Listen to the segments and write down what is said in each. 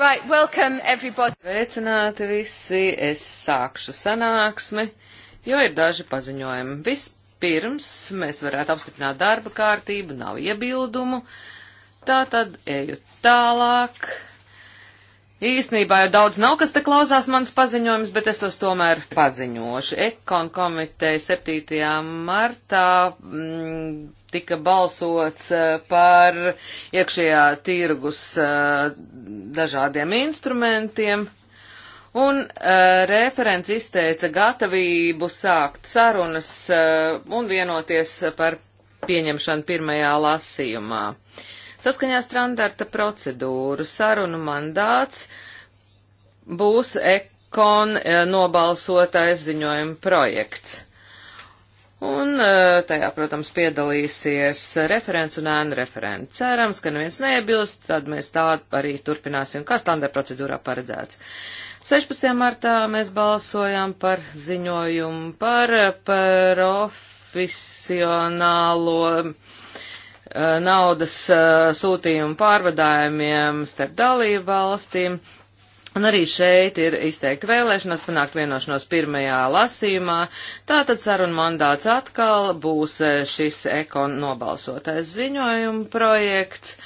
Right, welcome everybody. Veicināti visi, es sākšu sanāksmi, jo ir daži paziņojumi. Vispirms mēs varētu apstiprināt darba kārtību, nav iebildumu. Tā tad eju tālāk Īsnībā jau daudz nav, kas te klausās manas paziņojumus, bet es tos tomēr paziņošu. Ekon komiteja 7. martā m, mm, tika balsots eh, par iekšējā tirgus eh, dažādiem instrumentiem, un eh, referents izteica gatavību sākt sarunas un vienoties par pieņemšanu pirmajā lasījumā. Saskaņā standarta procedūru sarunu mandāts būs ekon eh, nobalsotais ziņojuma projekts. Un eh, tajā, protams, piedalīsies referents un ēnu referents. Cerams, ka neviens neiebilst, tad mēs tā arī turpināsim, kā standarta procedūrā paredzēts. 16. martā mēs balsojām par ziņojumu par eh, profesionālo uh, Uh, naudas uh, sūtījumu pārvadājumiem starp dalību valstīm. Un arī šeit ir izteikti vēlēšanās panākt vienošanos pirmajā lasīmā. Tātad saruna mandāts atkal būs uh, šis ekon nobalsotais ziņojuma projekts.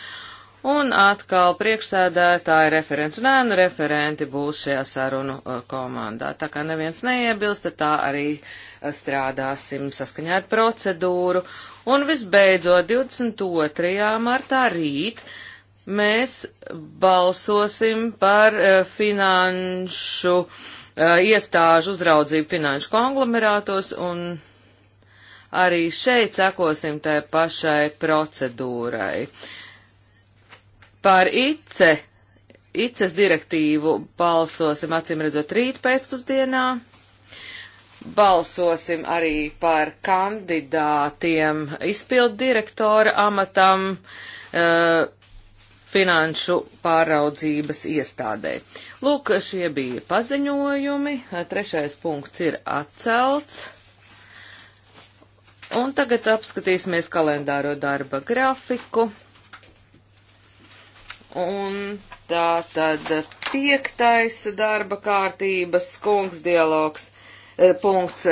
Un atkal priekšsēdētāji referents un ēnu referenti būs šajā sarunu komandā. Tā kā neviens neiebilst, tā arī strādāsim saskaņā ar procedūru. Un visbeidzot, 22. martā rīt mēs balsosim par uh, finanšu uh, iestāžu uzraudzību finanšu konglomerātos un arī šeit sekosim tai pašai procedūrai. Par ICE, ICES direktīvu balsosim acīm redzot rīt pēcpusdienā balsosim arī par kandidātiem izpildu direktora amatam uh, finanšu pāraudzības iestādē. Lūk, šie bija paziņojumi. Trešais punkts ir atcelts. Un tagad apskatīsimies kalendāro darba grafiku. Un tā tad piektais darba kārtības kungs dialogs Eh, punkts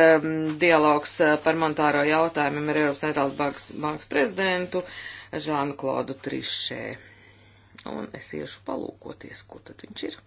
dialogs eh, par monetāro jautājumiem ar Eiropas Centrālas bankas, bankas prezidentu Žānu Klodu Trišē. Un es iešu palūkoties, kur tad viņš ir.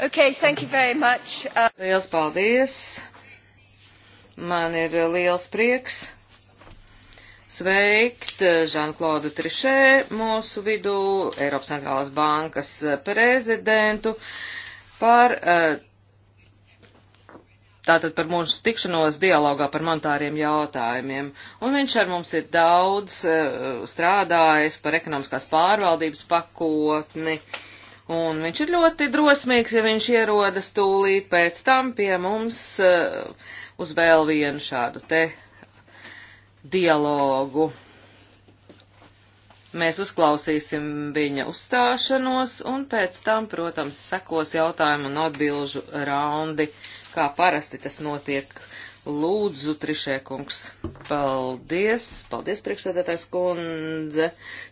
Okay, thank you very much. Uh... Liels paldies. Man ir liels prieks sveikt Žanklodu uh, Trišē mūsu vidū, Eiropas centrālās bankas uh, prezidentu, par uh, tātad par mūsu tikšanos dialogā par monetāriem jautājumiem. Un viņš ar mums ir daudz strādājis par ekonomiskās pārvaldības pakotni Un viņš ir ļoti drosmīgs, ja viņš ierodas tūlīt pēc tam pie mums uh, uz vēl vienu šādu te dialogu. Mēs uzklausīsim viņa uzstāšanos un pēc tam, protams, sekos jautājumu un atbilžu raundi, kā parasti tas notiek uh, Lūdzu, Trišēkungs. Paldies, paldies, priekšsēdētājs kundze,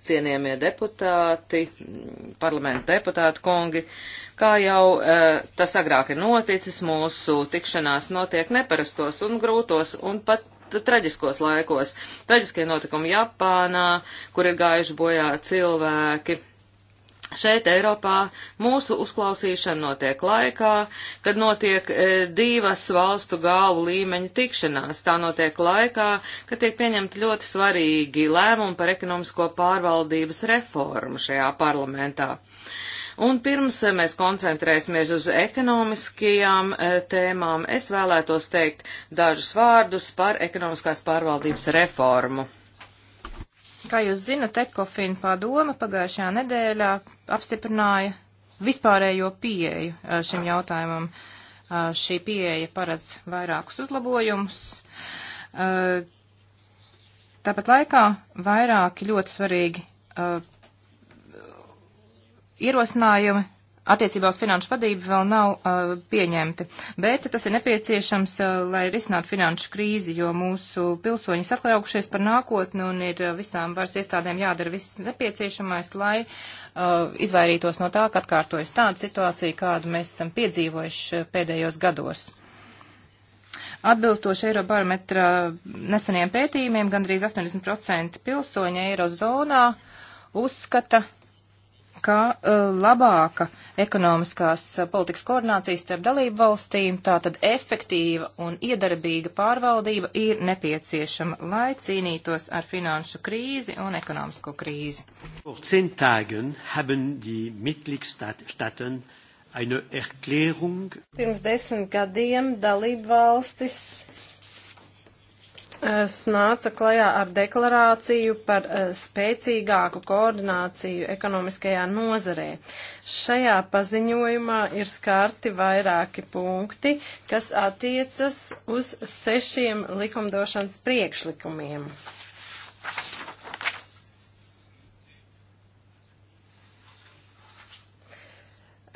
cienījamie deputāti, parlamenta deputāti kungi. Kā jau eh, tas agrāk ir noticis, mūsu tikšanās notiek neparastos un grūtos un pat traģiskos laikos. Traģiskie notikumi Japānā, kur ir gājuši bojā cilvēki Šeit Eiropā mūsu uzklausīšana notiek laikā, kad notiek e, divas valstu galvu līmeņa tikšanās. Tā notiek laikā, kad tiek pieņemti ļoti svarīgi lēmumi par ekonomisko pārvaldības reformu šajā parlamentā. Un pirms e, mēs koncentrēsimies uz ekonomiskajām e, tēmām, es vēlētos teikt dažus vārdus par ekonomiskās pārvaldības reformu. Kā jūs zinat, Ekofin padoma pagājušajā nedēļā apstiprināja vispārējo pieeju uh, šim jautājumam. Uh, šī pieeja paredz vairākus uzlabojumus. Uh, tāpat laikā vairāki ļoti svarīgi ierosinājumi attiecībā uz finanšu vadību vēl nav uh, pieņemti, bet tas ir nepieciešams, uh, lai risinātu finanšu krīzi, jo mūsu pilsoņi satraukušies par nākotni un ir uh, visām varas iestādēm jādara viss nepieciešamais, lai uh, izvairītos no tā, ka atkārtojas tāda situācija, kādu mēs esam piedzīvojuši uh, pēdējos gados. Atbilstoši Eirobarometra neseniem pētījumiem, gandrīz 80% pilsoņi Eirozonā uzskata, ka uh, labāka uh, ekonomiskās eh, politikas koordinācijas starp dalību valstīm, tātad efektīva un iedarbīga pārvaldība ir nepieciešama, lai cīnītos ar finanšu krīzi un ekonomisko krīzi. Pirms desmit gadiem dalību valstis nāca klajā ar deklarāciju par eh, spēcīgāku koordināciju ekonomiskajā nozarē. Šajā paziņojumā ir skarti vairāki punkti, kas attiecas uz sešiem likumdošanas priekšlikumiem.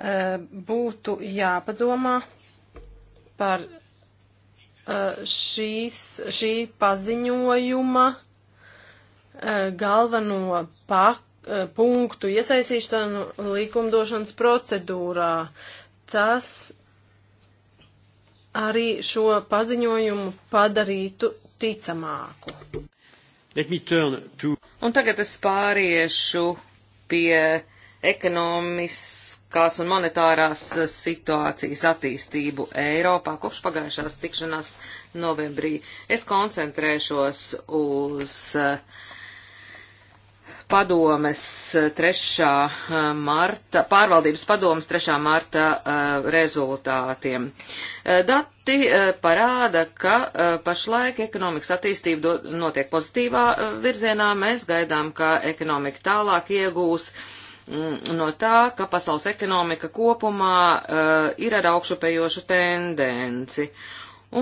Eh, būtu jāpadomā par šīs, šī paziņojuma galveno pak, punktu iesaistīšanu likumdošanas procedūrā. Tas arī šo paziņojumu padarītu ticamāku. To... Un tagad es pāriešu pie ekonomiskas ekonomiskās un monetārās eh, situācijas attīstību Eiropā kopš pagājušās tikšanās novembrī. Es koncentrēšos uz eh, padomes 3. Eh, marta, pārvaldības padomes 3. marta rezultātiem. Dati parāda, ka pašlaik ekonomikas attīstība notiek pozitīvā virzienā. Mēs gaidām, ka ekonomika tālāk iegūs Mm, no tā, ka pasaules ekonomika kopumā eh, ir ar augšupējošu tendenci.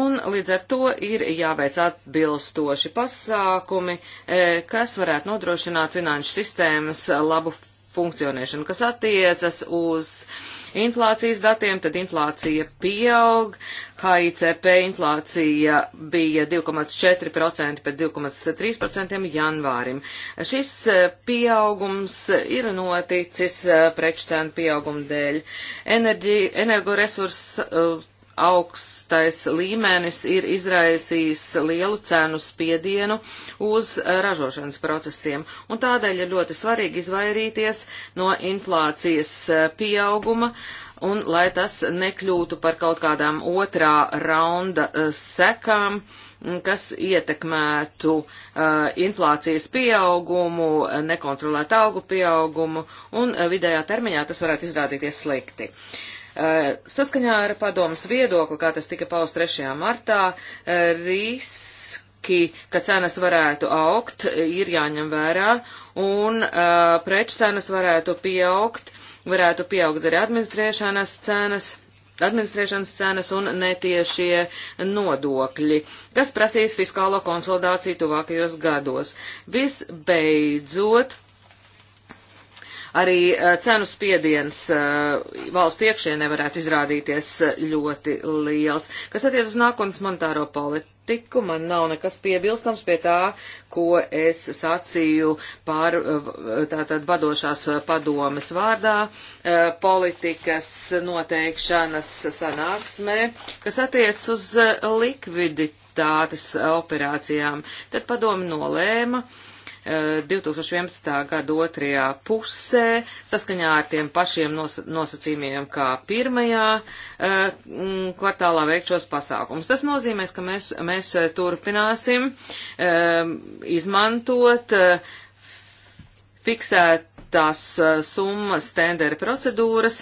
Un līdz ar to ir jāveic atbilstoši pasākumi, eh, kas varētu nodrošināt finanšu sistēmas labu funkcionēšanu, kas attiecas uz uh, inflācijas datiem, tad inflācija pieaug, HICP inflācija bija 2,4% pēc 2,3% janvārim. Šis e, pieaugums ir noticis e, preču cenu pieauguma dēļ. Enerģi, energoresursu e, augstais līmenis ir izraisījis lielu cenu spiedienu uz ražošanas procesiem, un tādēļ ir ļoti svarīgi izvairīties no inflācijas eh, pieauguma, un lai tas nekļūtu par kaut kādām otrā raunda eh, sekām mm, kas ietekmētu uh, inflācijas pieaugumu, nekontrolētu algu pieaugumu, un vidējā termiņā tas varētu izrādīties slikti. Uh, Eh, saskaņā ar padomas viedokli, kā tas tika paust 3. martā, risk eh, riski, ka cenas varētu augt, ir jāņem vērā, un uh, preču cenas varētu pieaugt, varētu pieaugt arī administrēšanas cenas administrēšanas cenas un netiešie nodokļi, kas prasīs fiskālo konsolidāciju tuvākajos gados. Visbeidzot, uh, arī eh, cenu spiediens eh, valstu iekšienē varētu izrādīties eh, ļoti liels. Kas attiec uz nākotnes monetāro politiku, man nav nekas piebilstams pie tā, ko es sacīju pār tātad vadošās padomes vārdā politikas noteikšanas sanāksmē, kas attiec uz likviditātes operācijām. Tad padomi nolēma, uh, 2011. Eh, gada otrajā pusē, saskaņā ar tiem pašiem nosacījumiem kā pirmajā eh, kvartālā veikšos pasākums. Tas nozīmēs, ka mēs, mēs eh, turpināsim izmantot fiksētās summas tendera procedūras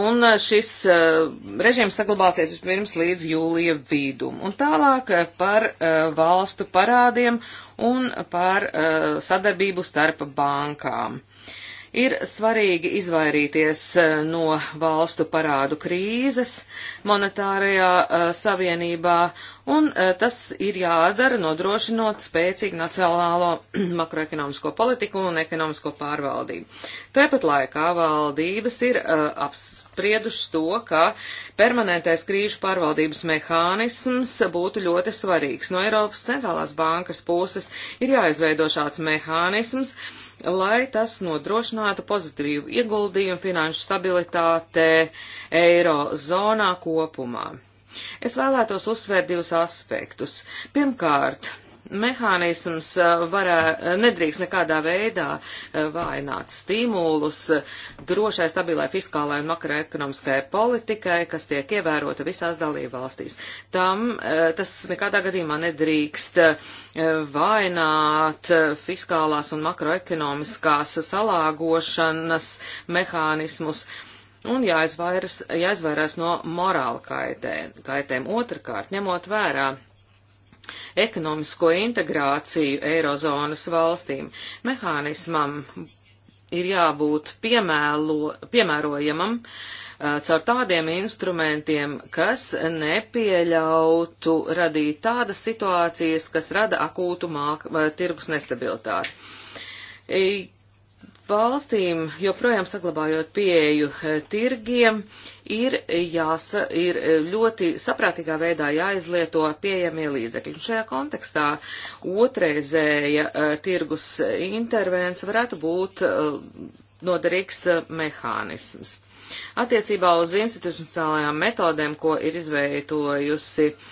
Un eh, šis uh, režīms saglabāsies vispirms līdz jūlija vidum. Un tālāk eh, par uh, valstu parādiem un par uh, sadarbību starp bankām. Ir svarīgi izvairīties eh, no valstu parādu krīzes monetārajā eh, savienībā, un eh, tas ir jādara nodrošinot spēcīgu nacionālo makroekonomisko politiku un ekonomisko pārvaldību. Tāpat laikā valdības ir apspriedušas to, ka permanentais krīžu pārvaldības mehānisms būtu ļoti svarīgs. No Eiropas centrālās bankas puses ir jāizveido šāds mehānisms, uh, lai tas nodrošinātu pozitīvu ieguldījumu finanšu stabilitātē eirozonā kopumā. Es vēlētos uzsvērt divus aspektus. Pirmkārt, mehānisms eh, varē, eh, nedrīkst nekādā veidā eh, vājināt stimulus drošai, stabilai fiskālai un makroekonomiskajai politikai, kas tiek ievērota visās dalībvalstīs. Tam tas nekādā gadījumā nedrīkst vainot fiskālās un makroekonomiskās salāgošanas mehānismus un jāizvairās, jāizvairās no morāla kaitē, kaitēm. Otrakārt, ņemot vērā ekonomisko integrāciju Eirozonas valstīm. Mehānismam ir jābūt piemēlo, piemērojamam eh, caur tādiem instrumentiem, kas nepieļautu radīt tādas situācijas, kas rada akūtu māk, tirgus nestabilitāti valstīm, joprojām saglabājot pieeju eh, tirgiem, ir, jāsa, ir eh, ļoti saprātīgā veidā jāizlieto pieejamie līdzekļi. Un šajā kontekstā otrreizēja eh, tirgus intervence varētu būt noderīgs mehānisms. Attiecībā uz institucionālajām metodēm, ko ir izveidojusi uh,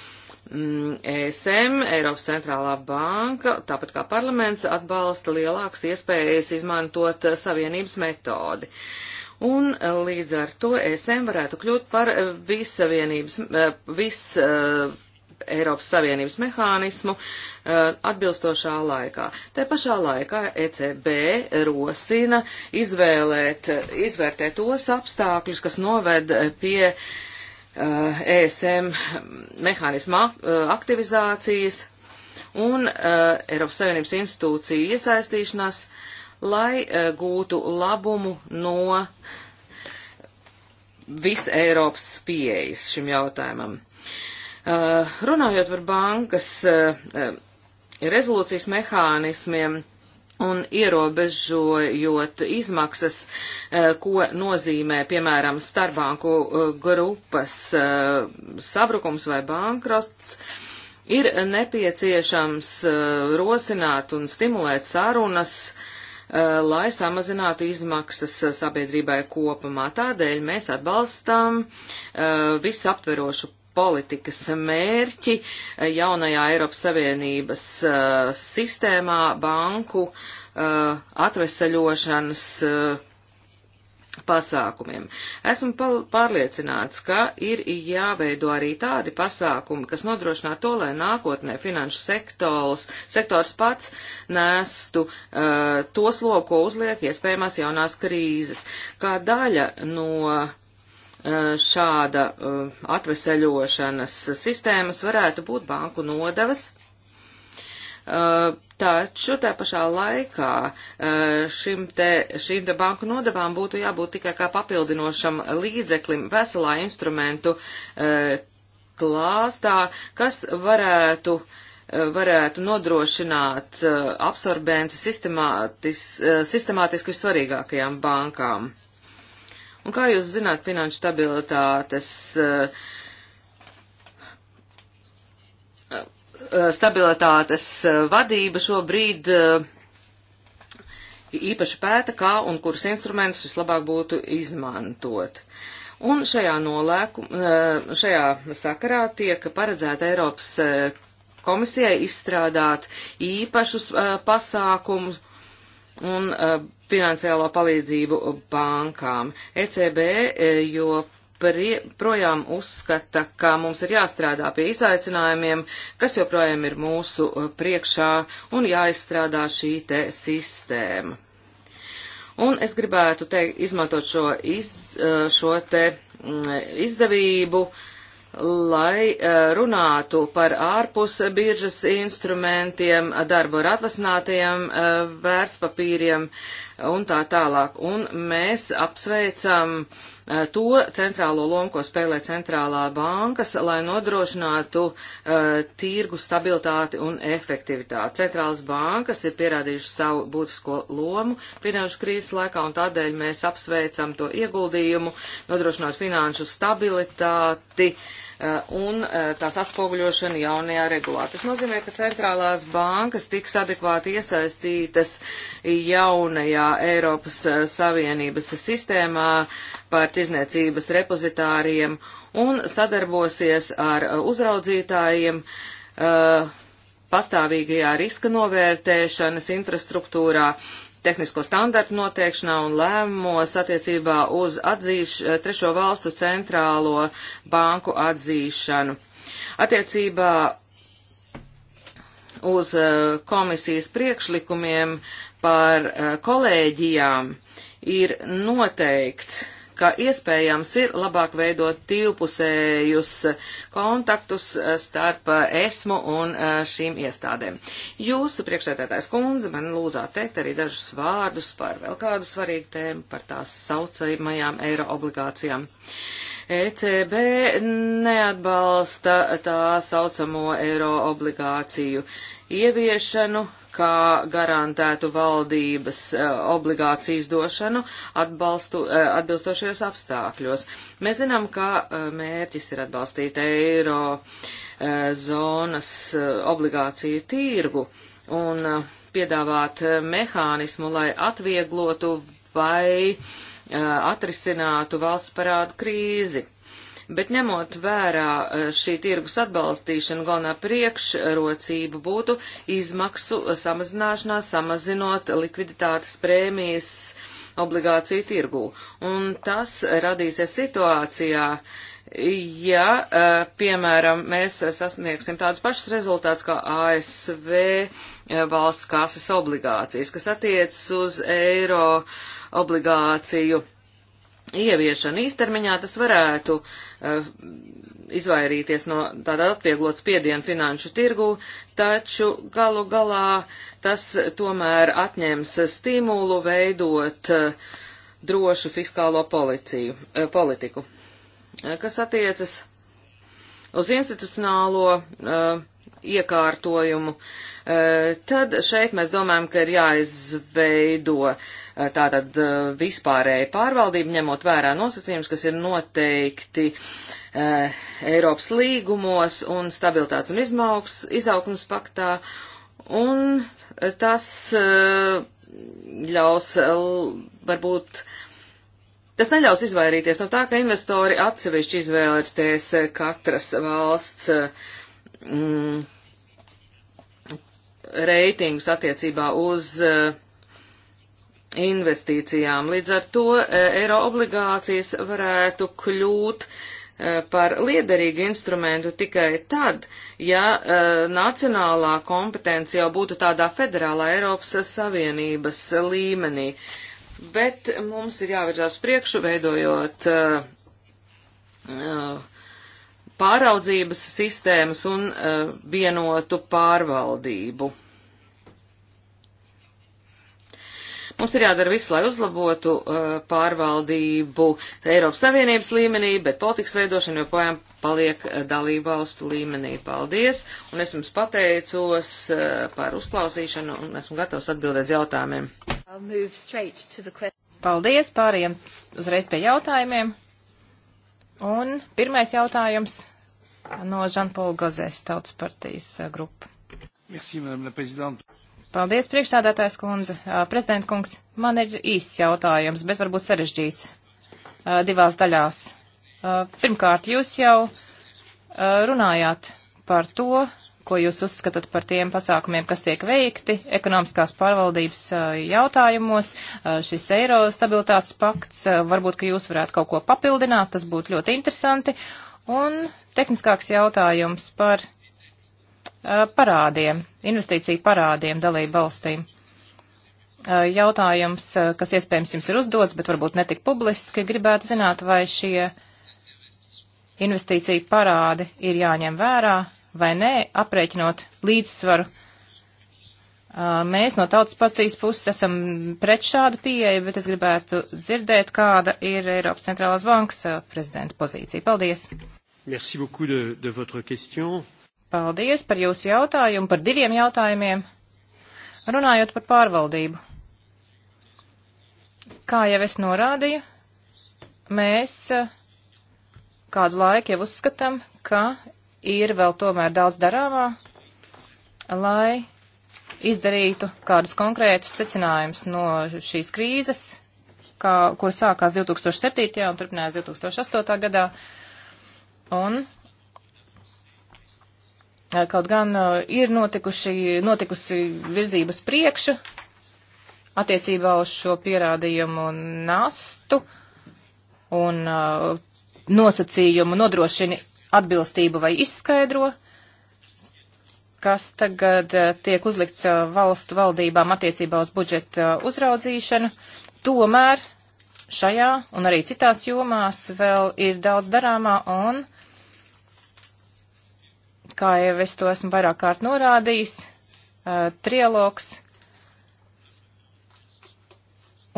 ESM, mm, e Eiropas centrālā banka, tāpat kā parlaments, atbalsta lielākas iespējas izmantot savienības metodi. Un e, līdz ar to ESM varētu kļūt par e, visavienības, vis Eiropas Savienības mehānismu atbilstošā laikā. Te pašā laikā ECB rosina izvēlēt, izvērtēt tos apstākļus, kas noved pie uh, ESM eh, e mehānisma eh, aktivizācijas un eh, Eiropas Savienības institūciju iesaistīšanās, lai gūtu labumu no visa Eiropas pieejas šim jautājumam. Runājot par bankas rezolūcijas mehānismiem, un ierobežojot izmaksas, eh, ko nozīmē, piemēram, starpbanku eh, grupas eh, sabrukums vai bankrots, ir nepieciešams rosināt un stimulēt sarunas, lai samazinātu izmaksas sabiedrībai kopumā. Tādēļ mēs atbalstām visaptverošu politikas mērķi eh, jaunajā Eiropas Savienības uh, sistēmā banku uh, eh, atveseļošanas uh, pasākumiem. Esmu pārliecināts, ka ir jāveido arī tādi pasākumi, kas nodrošinā to, lai nākotnē finanšu sektors, sektors pats nestu uh, tos loku, ko uzliek iespējamās jaunās krīzes. Kā daļa no Eh, šāda eh, atveseļošanas sistēmas varētu būt banku nodevas. Eh, taču tā pašā laikā šim te, šīm te banku nodevām būtu jābūt tikai kā papildinošam līdzeklim veselā instrumentu klāstā, kas varētu uh, varētu nodrošināt absorbenci sistemātis, sistemātiski vissvarīgākajām bankām. Un kā jūs zināt, finanšu stabilitātes uh, stabilitātes vadība šobrīd eh, īpaši pēta, kā un kurus instrumentus vislabāk būtu izmantot. Un šajā, nolēku, šajā sakarā tiek paredzēta Eiropas komisijai izstrādāt īpašus pasākumus un finansiālo palīdzību bankām. ECB e, jo prie, projām uzskata, ka mums ir jāstrādā pie izaicinājumiem, kas joprojām ir mūsu e, priekšā un jāizstrādā šī te sistēma. Un es gribētu teikt, izmantot šo, iz, e, šo te mm, izdevību, lai runātu par ārpus biržas instrumentiem, darbu ar atvasinātajiem vērtspapīriem, un tā tālāk. Un mēs apsveicam uh, Eh, to centrālo lomu, ko spēlē centrālā bankas, lai nodrošinātu uh, tirgu stabilitāti un efektivitāti. Centrālas bankas ir pierādījušas savu būtisko lomu finanšu krīzes laikā, un tādēļ mēs apsveicam to ieguldījumu, nodrošinot finanšu stabilitāti uh, un uh, tās atspoguļošanu jaunajā regulā. Tas nozīmē, ka centrālās bankas tiks adekvāti iesaistītas jaunajā Eiropas Savienības sistēmā par tirzniecības repozitāriem un sadarbosies ar uzraudzītājiem uh, pastāvīgajā riska novērtēšanas infrastruktūrā, tehnisko standartu noteikšanā un lēmumos attiecībā uz atzīš, eh, trešo valstu centrālo banku atzīšanu. Attiecībā uz eh, komisijas priekšlikumiem par kolēģijām ir noteikts, ka iespējams ir labāk veidot divpusējus kontaktus eh, starp eh, esmu un eh, šīm iestādēm. Jūsu priekšsēdētājs kundze man lūdzāt teikt arī dažus vārdus par vēl kādu svarīgu tēmu, par tās saucamajām eiro obligācijām. ECB neatbalsta tā saucamo eiro obligāciju ieviešanu, kā garantētu valdības eh, obligācijas došanu atbalstu, eh, atbilstošajos apstākļos. Mēs zinām, ka eh, mērķis ir atbalstīt eiro zonas obligāciju tirgu un piedāvāt mehānismu, lai atvieglotu vai atrisinātu valsts parādu krīzi bet ņemot vērā eh, šī tirgus atbalstīšana, galvenā priekšrocība būtu izmaksu samazināšanās, samazinot likviditātes prēmijas obligāciju tirgū. Un tas radīsies situācijā, ja, eh, piemēram, mēs sasniegsim tādus pašus rezultātus kā ASV eh, valsts kases obligācijas, kas attiecas uz eiro obligāciju ieviešanu. Īstermiņā tas varētu uh, Eh, izvairīties no tāda atvieglot spiedienu finanšu tirgu, taču galu galā tas tomēr atņems stimulu veidot eh, drošu fiskālo policiju, eh, politiku. Kas attiecas uz institucionālo uh, iekārtojumu, eh, tad šeit mēs domājam, ka ir jāizveido eh, tātad eh, vispārēja pārvaldība, ņemot vērā nosacījumus, kas ir noteikti Eiropas līgumos un stabilitātes un izmaugs, izaugsmas paktā, un tas ļaus varbūt Tas neļaus izvairīties no tā, ka investori atsevišķi izvēlēties katras valsts mm, reitingus attiecībā uz uh, investīcijām. Līdz ar to uh, eiro obligācijas varētu kļūt uh, par liederīgu instrumentu tikai tad, ja nacionālā kompetence jau būtu tādā federālā Eiropas Savienības līmenī. Bet mums ir jāvirzās priekšu, veidojot uh, uh, pāraudzības sistēmas un uh, vienotu pārvaldību. Mums ir jādara viss, lai uzlabotu uh, pārvaldību Eiropas Savienības līmenī, bet politikas veidošana joprojām paliek uh, dalību valstu līmenī. Paldies! Un es jums pateicos uh, par uzklausīšanu un esmu gatavs atbildēt jautājumiem. Paldies! Pāriem uzreiz pie jautājumiem. Un pirmais jautājums no Žanpola Gozēs tautas partijas eh, grupa. Merci, Paldies, priekšsādātājs kundze. Eh, prezident kungs, man ir īsts jautājums, bet varbūt sarežģīts eh, divās daļās. Pirmkārt, jūs jau runājāt par to, ko jūs uzskatāt par tiem pasākumiem, kas tiek veikti ekonomiskās pārvaldības jautājumos. Šis eiro stabilitātes pakts, varbūt, ka jūs varētu kaut ko papildināt, tas būtu ļoti interesanti. Un tehniskāks jautājums par uh, parādiem, investīciju parādiem dalību valstīm. Uh, jautājums, uh, kas iespējams jums ir uzdots, bet varbūt netik publiski, gribētu zināt, vai šie investīciju parādi ir jāņem vērā vai nē, aprēķinot līdzsvaru. Mēs no tautas pacīs puses esam pret šādu pieeju, bet es gribētu dzirdēt, kāda ir Eiropas centrālās bankas prezidenta pozīcija. Paldies! Merci beaucoup de, de votre question. Paldies par jūsu jautājumu, par diviem jautājumiem. Runājot par pārvaldību. Kā jau es norādīju, mēs eh, kādu laiku jau uzskatām, ka ir vēl tomēr daudz darāmā, lai izdarītu kādus konkrētus secinājumus no šīs krīzes, kā, ko sākās 2007. un turpinājās 2008. gadā. Un eh, kaut gan eh, ir notikuši, notikusi virzības priekšu attiecībā uz šo pierādījumu nastu un eh, nosacījumu nodrošina atbilstību vai izskaidro, kas tagad tiek uzlikts valstu valdībām attiecībā uz budžeta uzraudzīšanu. Tomēr šajā un arī citās jomās vēl ir daudz darāmā un uh, kā jau es to esmu vairāk kārt norādījis, uh, trialogs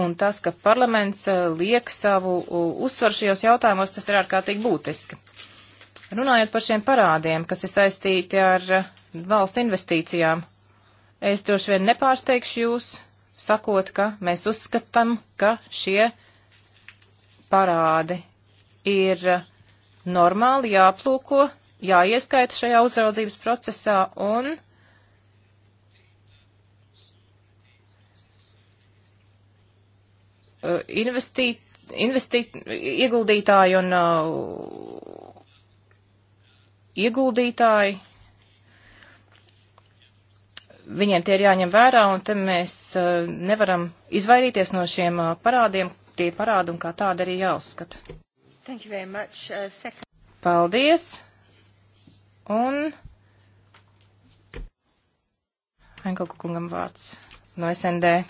un tas, ka parlaments uh, liek savu uzsvaru šajos jautājumos, tas ir ārkārtīgi būtiski. Runājot par šiem parādiem, kas ir saistīti ar uh, valsts investīcijām, es droši vien nepārsteigšu jūs, sakot, ka mēs uzskatām, ka šie parādi ir normāli jāplūko jāieskaita šajā uzraudzības procesā un uh, investīt, investīt, ieguldītāji un uh, ieguldītāji. Viņiem tie ir jāņem vērā, un te mēs uh, nevaram izvairīties no šiem uh, parādiem. Tie parādi un kā tādi arī jāuzskata. Thank you very much. Uh, second... Paldies. Un Henkoku kungam vārds no SND.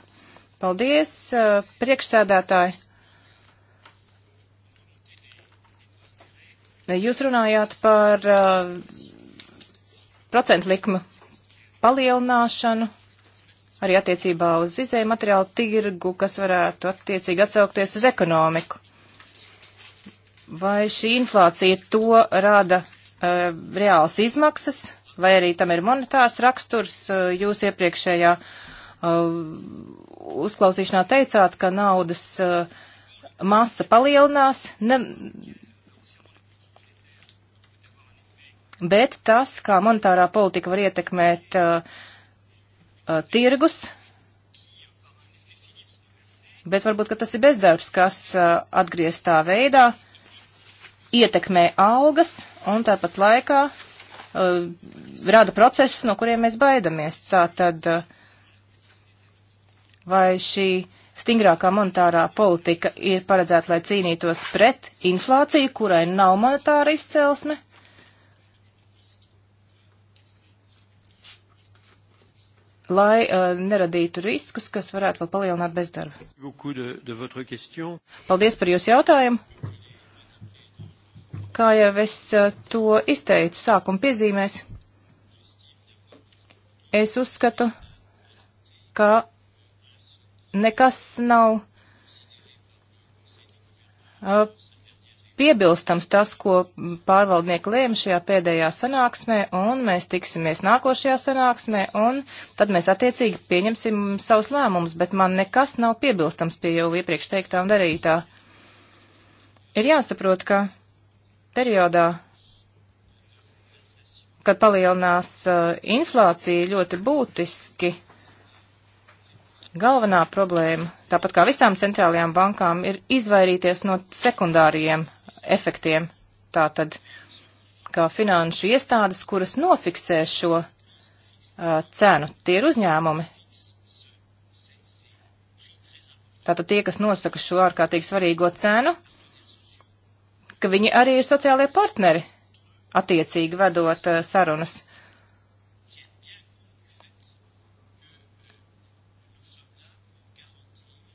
Paldies, uh, priekšsēdētāji. Jūs runājāt par uh, procentu likmu palielināšanu arī attiecībā uz izēju materiālu tirgu, kas varētu attiecīgi atsaukties uz ekonomiku. Vai šī inflācija to rada Eh, reāls izmaksas, vai arī tam ir monetārs raksturs. Eh, jūs iepriekšējā eh, uzklausīšanā teicāt, ka naudas masa palielinās, ne, bet tas, kā monetārā politika var ietekmēt uh, uh, tirgus, bet varbūt, ka tas ir bezdarbs, kas uh, atgrieztā veidā uh, ietekmē algas un tāpat laikā uh, rada procesus, no kuriem mēs baidamies. Tā tad uh, eh, vai šī stingrākā monetārā politika ir paredzēta, lai cīnītos pret inflāciju, kurai nav monetāra izcelsme? lai uh, neradītu riskus, kas varētu vēl palielināt bezdarbu. Paldies par jūsu jautājumu. Kā jau es to izteicu sākuma piezīmēs, es uzskatu, ka nekas nav piebilstams tas, ko pārvaldnieki lēma šajā pēdējā sanāksmē, un mēs tiksimies nākošajā sanāksmē, un tad mēs attiecīgi pieņemsim savus lēmumus, bet man nekas nav piebilstams pie jau iepriekš teiktā un darītā. Ir jāsaprot, ka periodā, kad palielinās uh, inflācija ļoti būtiski, galvenā problēma, tāpat kā visām centrālajām bankām, ir izvairīties no sekundāriem efektiem. Tātad, kā finanšu iestādes, kuras nofiksē šo uh, cenu, tie ir uzņēmumi. Tātad tie, kas nosaka šo ārkārtīgi svarīgo cenu, ka viņi arī ir sociālie partneri, attiecīgi vedot uh, sarunas.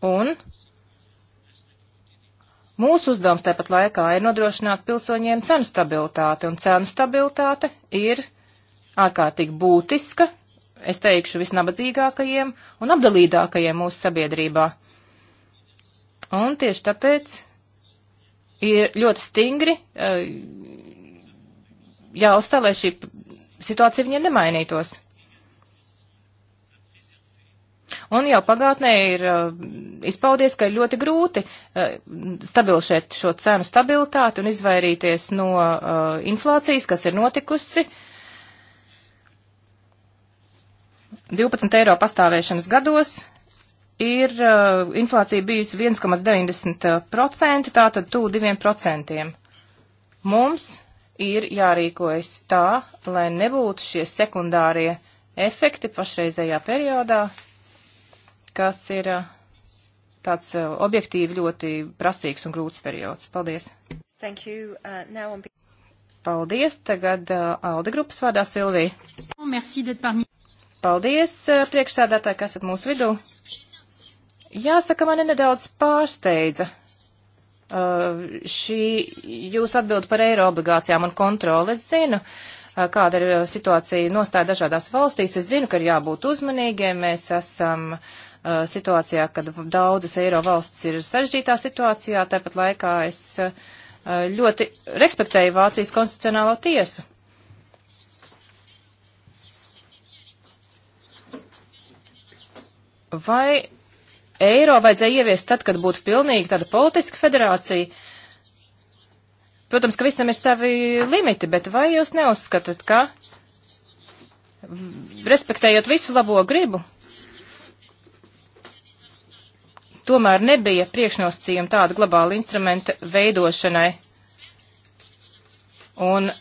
Un mūsu uzdevums tāpat laikā ir nodrošināt pilsoņiem cenu stabilitāti, un cenu stabilitāte ir ārkārtīgi būtiska, es teikšu, visnabadzīgākajiem un apdalītākajiem mūsu sabiedrībā. Un tieši tāpēc ir ļoti stingri eh, jāuzstāv, lai šī situācija viņiem nemainītos. Un jau pagātnē ir eh, izpaudies, ka ir ļoti grūti eh, stabilšēt šo cenu stabilitāti un izvairīties no inflācijas, kas ir notikusi. 12 eiro pastāvēšanas gados ir uh, inflācija bijusi 1,90%, uh, tātad tū 2%. Mums ir jārīkojas tā, lai nebūtu šie sekundārie efekti pašreizējā periodā, kas ir uh, tāds uh, objektīvi ļoti prasīgs un grūts periods. Paldies! Thank you. Uh, now on... Paldies! Tagad uh, Alde grupas vārdā Silvija. Paldies, uh, priekšsēdētāji, kas esat mūsu vidū. Jāsaka, mani nedaudz pārsteidza Uh, šī jūs atbild par eiro obligācijām un kontroli. Es zinu, uh, kāda ir uh, situācija nostāja dažādās valstīs. Es zinu, ka ir jābūt uzmanīgiem. Mēs esam uh, situācijā, kad daudzas eiro valstis ir sarežģītā situācijā. Tāpat laikā es uh, ļoti respektēju Vācijas konstitucionālo tiesu. Vai eiro vajadzēja ieviest tad, kad būtu pilnīgi tāda politiska federācija. Protams, ka visam ir savi limiti, bet vai jūs neuzskatāt, ka respektējot visu labo gribu, tomēr nebija priekšnosacījuma tāda globāla instrumenta veidošanai. Un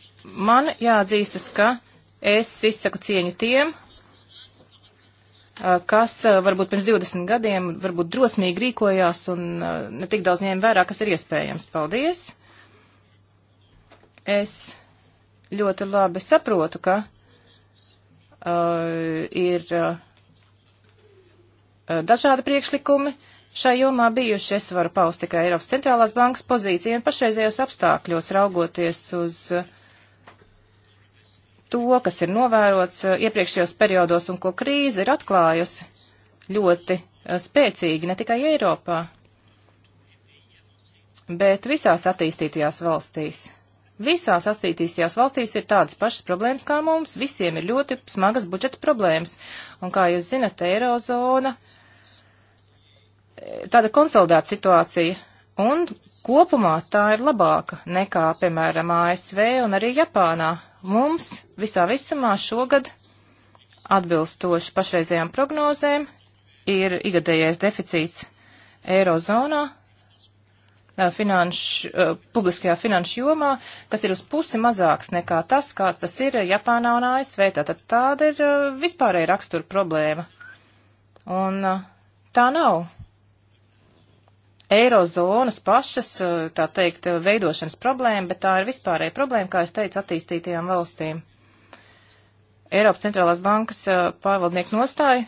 man jāatzīstas, ka es izsaku cieņu tiem, kas varbūt pirms 20 gadiem varbūt drosmīgi rīkojās un ne tik daudz ņēma vērā, kas ir iespējams. Paldies! Es ļoti labi saprotu, ka uh, ir uh, dažādi priekšlikumi šai jomā bijuši. Es varu paust tikai Eiropas centrālās bankas pozīciju un pašreizējos apstākļos raugoties uz uh, to, kas ir novērots uh, iepriekšējos periodos un ko krīze ir atklājusi ļoti uh, spēcīgi ne tikai Eiropā, bet visās attīstītajās valstīs. Visās attīstītajās valstīs ir tādas pašas problēmas kā mums, visiem ir ļoti smagas budžeta problēmas, un kā jūs zinat, Eirozona eh, tāda konsolidēta situācija, un kopumā tā ir labāka nekā, piemēram, ASV un arī Japānā, mums visā visumā šogad atbilstoši pašreizējām prognozēm ir igadējais deficīts Eirozonā finanš, publiskajā finanšu jomā, kas ir uz pusi mazāks nekā tas, kāds tas ir Japānā un ASV. Tātad tāda ir vispārēja rakstura problēma. Un tā nav eirozonas pašas, eh, tā teikt, eh, veidošanas problēma, bet tā ir vispārēja problēma, kā es teicu, attīstītajām valstīm. Eiropas centrālās bankas eh, pārvaldnieku nostāja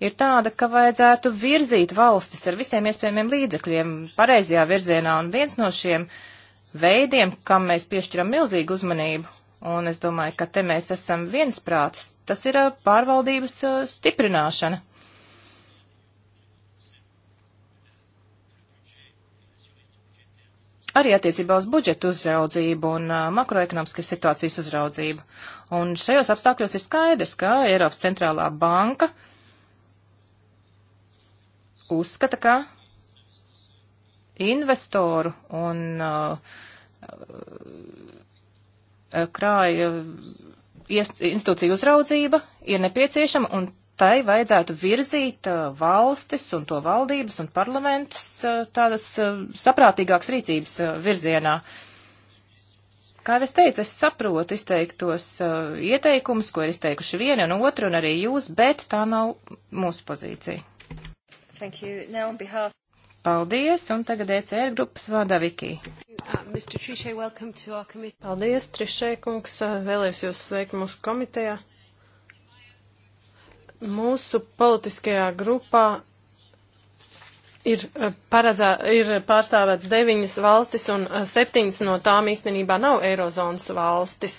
ir tāda, ka vajadzētu virzīt valstis ar visiem iespējamiem līdzekļiem pareizajā virzienā, un viens no šiem veidiem, kam mēs piešķiram milzīgu uzmanību, un es domāju, ka te mēs esam viensprātis, tas ir pārvaldības stiprināšana arī attiecībā uz budžetu uzraudzību un uh, makroekonomiskas situācijas uzraudzību. Un šajos apstākļos ir skaidrs, ka Eiropas centrālā banka uzskata, ka investoru un uh, krāja iest, institūcija uzraudzība ir nepieciešama un tai vajadzētu virzīt uh, valstis un to valdības un parlamentus uh, tādas uh, saprātīgākas rīcības virzienā. Kā jau es teicu, es saprotu izteiktos ieteikumus, ko ir izteikuši viena un otra un arī jūs, bet tā nav mūsu pozīcija. Behalf... Paldies, un tagad ECR grupas vārdā Viki. Paldies, Trišē kungs, vēlējos jūs sveikt mūsu komitejā. Mūsu politiskajā grupā ir, eh, paredzē, ir pārstāvēts deviņas valstis, un eh, septiņas no tām īstenībā nav Eirozonas valstis.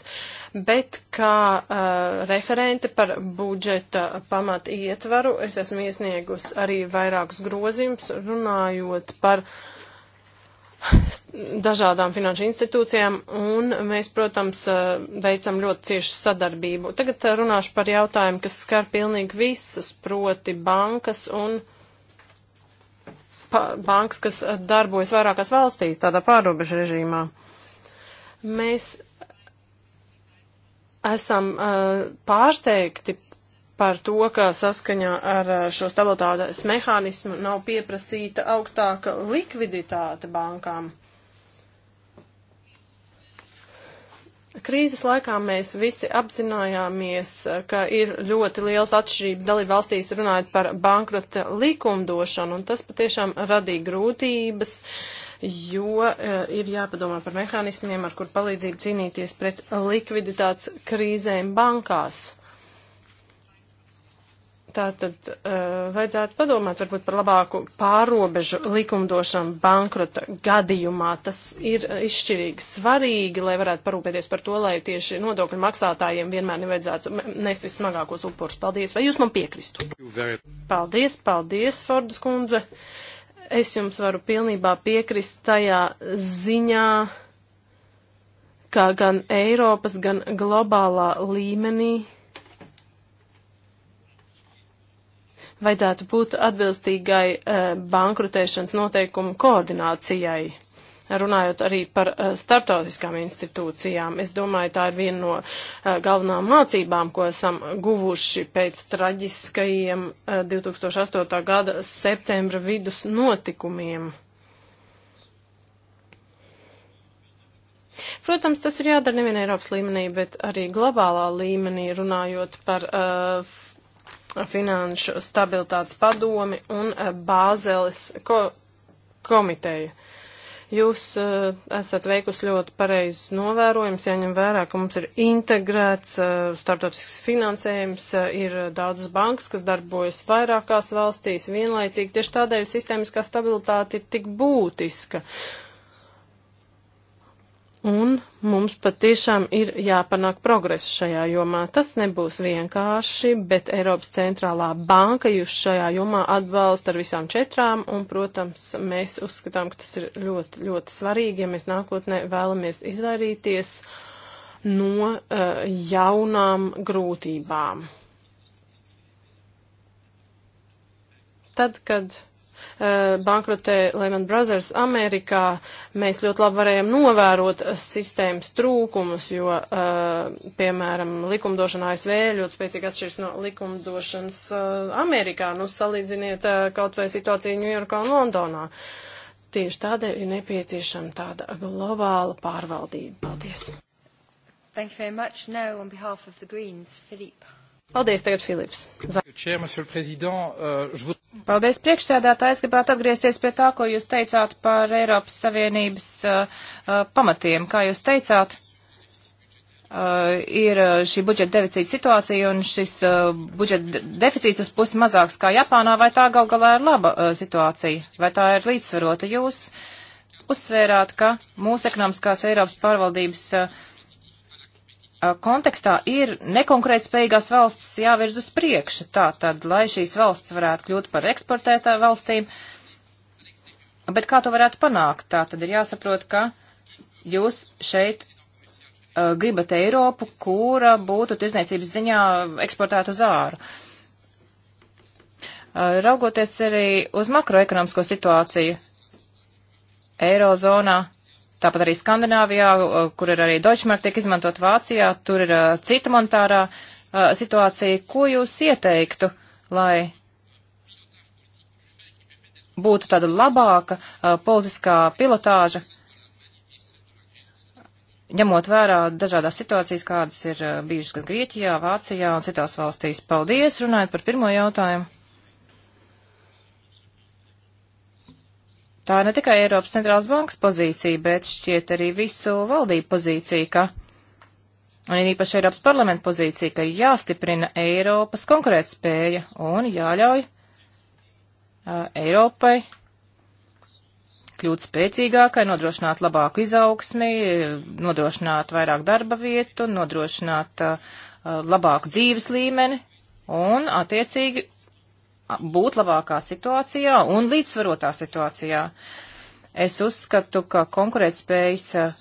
Bet kā uh, referente par budžeta pamatu ietvaru, es esmu iesniegus arī vairākus grozījumus runājot par uh, dažādām finanšu institūcijām, un mēs, protams, eh, veicam ļoti ciešu sadarbību. Tagad eh, runāšu par jautājumu, kas skar pilnīgi visas, proti bankas un bankas, kas eh, darbojas vairākās valstīs, tādā pārobežu režīmā. Mēs esam uh, pārsteigti par to, ka saskaņā ar eh, šo stabilitātes mehānismu nav pieprasīta augstāka likviditāte bankām. Krīzes laikā mēs visi apzinājāmies, ka ir ļoti liels atšķirības dalību valstīs runājot par bankrota likumdošanu, un tas patiešām radīja grūtības, jo eh, ir jāpadomā par mehānismiem, ar kur palīdzību cīnīties pret likviditātes krīzēm bankās. Tātad uh, vajadzētu padomāt varbūt par labāku pārobežu likumdošanu bankrota gadījumā. Tas ir izšķirīgi svarīgi, lai varētu parūpēties par to, lai tieši nodokļu maksātājiem vienmēr nevajadzētu nest vismagākos upurus. Paldies, vai jūs man piekristu? Paldies, paldies, Fordas kundze. Es jums varu pilnībā piekrist tajā ziņā ka gan Eiropas, gan globālā līmenī vajadzētu būt atbilstīgai eh, bankrutēšanas noteikumu koordinācijai runājot arī par eh, startautiskām institūcijām. Es domāju, tā ir viena no eh, galvenām mācībām, ko esam guvuši pēc traģiskajiem 2008. gada septembra vidus notikumiem. Protams, tas ir jādara nevien Eiropas līmenī, bet arī globālā līmenī runājot par uh, Finanšu stabilitātes padomi un e, Bāzeles ko komiteja. Jūs uh, esat veikusi ļoti pareizes novērojumus, jāņem vērā, ka mums ir integrēts uh, starptautisks finansējums, uh, ir daudzas bankas, kas darbojas vairākās valstīs vienlaicīgi. Tieši tādēļ sistēmiskā stabilitāte ir tik būtiska. Uh, Un mums patiešām ir jāpanāk progress šajā jomā. Tas nebūs vienkārši, bet Eiropas centrālā banka jūs šajā jomā atbalsta ar visām četrām, un, protams, mēs uzskatām, ka tas ir ļoti, ļoti svarīgi, ja mēs nākotnē vēlamies izvairīties no uh, jaunām grūtībām. Tad, kad Eh, bankrotē Lehman Brothers Amerikā, mēs ļoti labi varējām novērot sistēmas trūkumus, jo, eh, piemēram, likumdošana ASV ļoti spēcīgi atšķiras no likumdošanas eh, Amerikā. Nu, salīdziniet kaut vai situāciju Ņujorkā un Londonā. Tieši tādēļ ir nepieciešama tāda globāla pārvaldība. Paldies! Thank you very much. Now, on behalf of the Greens, Philippe. Paldies, tagad Filips. Euh, Paldies, priekšsēdētāji. Es gribētu atgriezties pie tā, ko jūs teicāt par Eiropas Savienības uh, uh, pamatiem. Kā jūs teicāt, uh, ir uh, šī budžeta deficīta situācija un šis uh, budžeta deficīts uz pusi mazāks kā Japānā. Vai tā gal galā ir laba uh, situācija? Vai tā ir līdzsvarota? Jūs uzsvērāt, ka mūsu ekonomiskās Eiropas pārvaldības. Uh, kontekstā ir nekonkrētspējīgās valsts jāvirz uz priekšu, tā tad, lai šīs valsts varētu kļūt par eksportētāju valstīm. Bet kā to varētu panākt? Tā tad ir jāsaprot, ka jūs šeit uh, gribat Eiropu, kura būtu tirzniecības ziņā eksportēta uz āru. Uh, raugoties arī uz makroekonomisko situāciju Eirozonā, Tāpat arī Skandināvijā, uh, kur ir arī Deutschmark tiek izmantot Vācijā, tur ir uh, cita monetārā uh, situācija. Ko jūs ieteiktu, lai būtu tāda labāka politiskā pilotāža, ņemot vērā dažādās situācijas, kādas ir bijušas gan Grieķijā, Vācijā un citās valstīs? Paldies, runājot par pirmo jautājumu. Tā ir ne tikai Eiropas centrālās bankas pozīcija, bet šķiet arī visu valdību pozīcija, ka, un īpaši Eiropas parlamenta pozīcija, ka jāstiprina Eiropas konkurētspēja un jāļauj uh, Eiropai kļūt spēcīgākai, nodrošināt labāku izaugsmi, nodrošināt vairāk darba vietu, nodrošināt uh, labāku dzīves līmeni un, attiecīgi, būt labākā situācijā un līdzsvarotā situācijā. Es uzskatu, ka konkurētspējas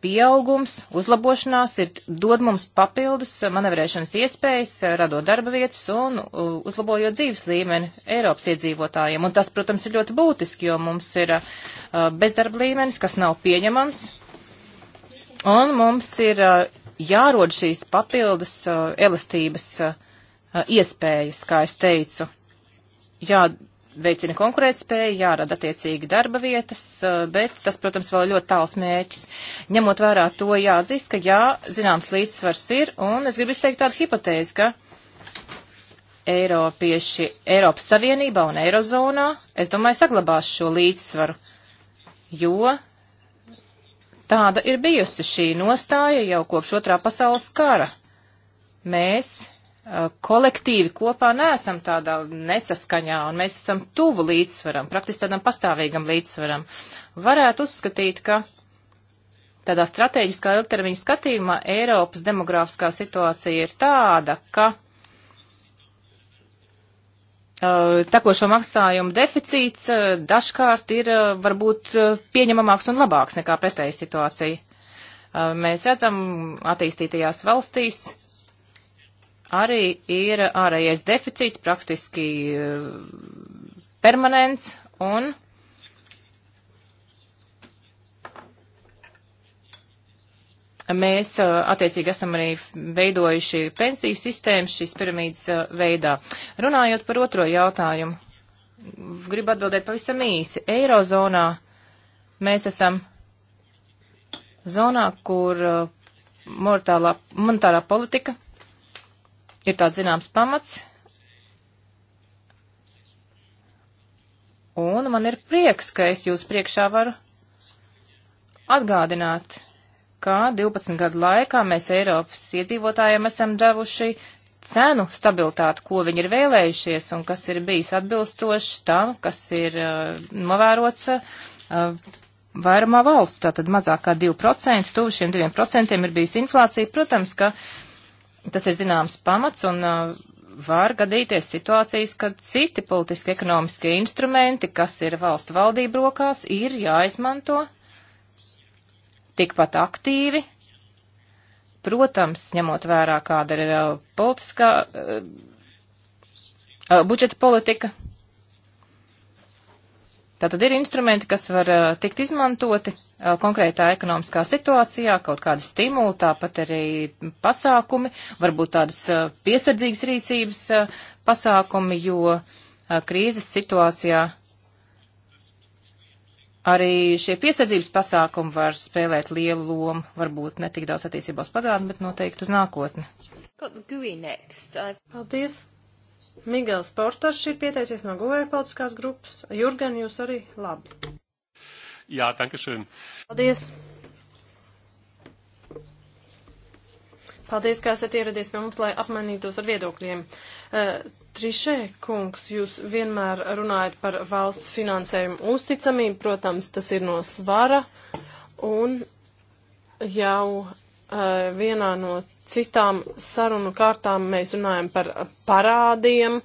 pieaugums, uzlabošanās ir dod mums papildus manevrēšanas iespējas, radot darba vietas un uzlabojot dzīves līmeni Eiropas iedzīvotājiem. Un tas, protams, ir ļoti būtiski, jo mums ir bezdarba līmenis, kas nav pieņemams. Un mums ir jārod šīs papildus elastības uh, Eh, iespējas, kā es teicu. Jā, veicina konkurētspēju, jārada attiecīgi darba vietas, eh, bet tas, protams, vēl ir ļoti tāls mērķis. Ņemot vērā to jāatzīst, ka jā, zināms līdzsvars ir, un es gribu izteikt tādu hipotēzi, ka Eiropieši Eiropas Savienībā un Eirozonā, es domāju, saglabās šo līdzsvaru, jo tāda ir bijusi šī nostāja jau kopš otrā pasaules kara. Mēs Eh, kolektīvi kopā neesam tādā nesaskaņā, un mēs esam tuvu līdzsvaram, praktiski tādam pastāvīgam līdzsvaram. Varētu uzskatīt, ka tādā strateģiskā ilgtermiņa skatījumā Eiropas demogrāfiskā situācija ir tāda, ka uh, tekošo maksājumu deficīts uh, dažkārt ir uh, varbūt pieņemamāks un labāks nekā pretēji situācija. Mēs redzam attīstītajās valstīs, arī ir ārējais deficīts, praktiski eh, permanents un. Mēs eh, attiecīgi esam arī veidojuši pensiju sistēmas šīs piramīdas eh, veidā. Runājot par otro jautājumu, gribu atbildēt pavisam īsi. Eirozonā mēs esam zonā, kur mortālā, monetārā politika ir tāds zināms pamats. Un man ir prieks, ka es jūs priekšā varu atgādināt, ka 12 gadu laikā mēs Eiropas iedzīvotājiem esam devuši cenu stabilitāti, ko viņi ir vēlējušies un kas ir bijis atbilstoši tam, kas ir uh, novērots uh, vairumā valstu. Tātad mazāk kā 2%, tuvu šiem 2% ir bijusi inflācija. Protams, ka uh, tas ir zināms pamats un uh, var gadīties situācijas, kad citi politiski ekonomiskie instrumenti, kas ir valstu valdību rokās, ir jāizmanto tikpat aktīvi. Protams, ņemot vērā, kāda ir uh, politiskā uh, budžeta politika, Tātad ir instrumenti, kas var uh, tikt izmantoti uh, konkrētā ekonomiskā situācijā, kaut kādi stimuli, tāpat arī pasākumi, varbūt tādas uh, piesardzīgas rīcības uh, pasākumi, jo uh, krīzes situācijā arī šie piesardzības pasākumi var spēlēt lielu lomu, varbūt ne tik daudz attiecībā uz pagātni, bet noteikti uz nākotni. Paldies! Migels Portašs ir pieteicies no Govēja politiskās grupas. Jurgen, jūs arī labi. Jā, tankašēn. Paldies. Paldies, ka esat ieradies pie mums, lai apmainītos ar viedokļiem. Uh, Trišē, kungs, jūs vienmēr runājat par valsts finansējumu uzticamību, protams, tas ir no svara, un jau Eh, vienā no citām sarunu kārtām mēs runājam par parādiem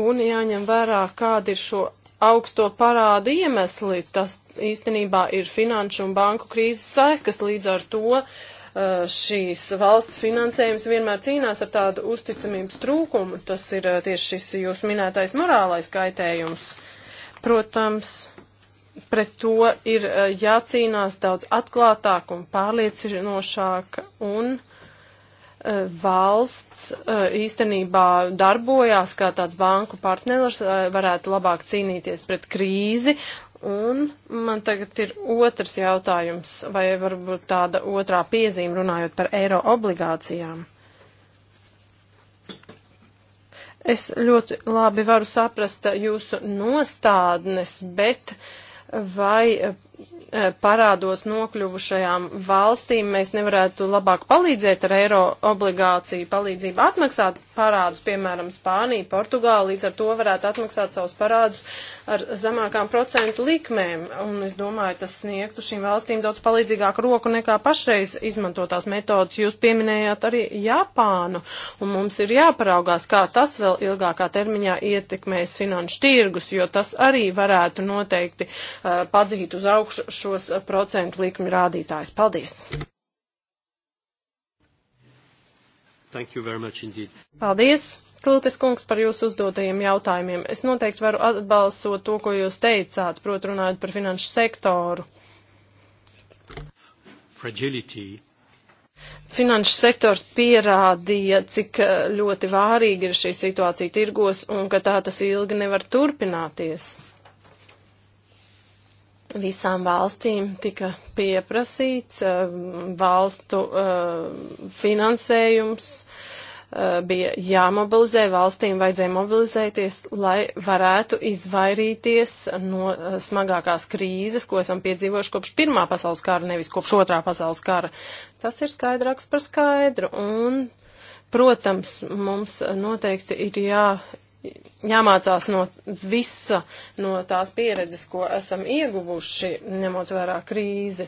un jāņem vērā, kāda ir šo augsto parādu iemesli. Tas īstenībā ir finanšu un banku krīzes sekas līdz ar to. Eh, šīs valsts finansējums vienmēr cīnās ar tādu uzticamības trūkumu. Tas ir eh, tieši šis jūs minētais morālais kaitējums. Protams, pret to ir e, jācīnās daudz atklātāk un pārliecinošāk, un e, valsts e, īstenībā darbojās kā tāds banku partners, varētu labāk cīnīties pret krīzi. Un man tagad ir otrs jautājums, vai varbūt tāda otrā piezīme runājot par eiro obligācijām. Es ļoti labi varu saprast jūsu nostādnes, bet uh, vai E, parādos nokļuvušajām valstīm mēs nevarētu labāk palīdzēt ar eiro obligāciju palīdzību atmaksāt parādus, piemēram, Spānija, Portugāla, līdz ar to varētu atmaksāt savus parādus ar zemākām procentu likmēm. Un es domāju, tas sniegtu šīm valstīm daudz palīdzīgāku roku nekā pašreiz izmantotās metodas. Jūs pieminējāt arī Japānu, un mums ir jāparaugās, kā tas vēl ilgākā termiņā ietekmēs finanšu tirgus, jo tas arī varētu noteikti uh, padzīt uz augšu augšu šos eh, procentu likmi rādītājus. Paldies! Thank you very much indeed. Paldies! Klūtes kungs par jūsu uzdotajiem jautājumiem. Es noteikti varu atbalsot to, ko jūs teicāt, proti runājot par finanšu sektoru. Fragility. Finanšu sektors pierādīja, cik eh, ļoti vārīga ir šī situācija tirgos un ka tā tas ilgi nevar turpināties visām valstīm tika pieprasīts eh, valstu eh, finansējums, eh, bija jāmobilizē, valstīm vajadzēja mobilizēties, lai varētu izvairīties no smagākās krīzes, ko esam piedzīvojuši kopš Pirmā pasaules kara, nevis kopš Otrā pasaules kara. Tas ir skaidrāks par skaidru. Un, protams, mums noteikti ir jā jāmācās no visa, no tās pieredzes, ko esam ieguvuši, ņemot vērā krīzi.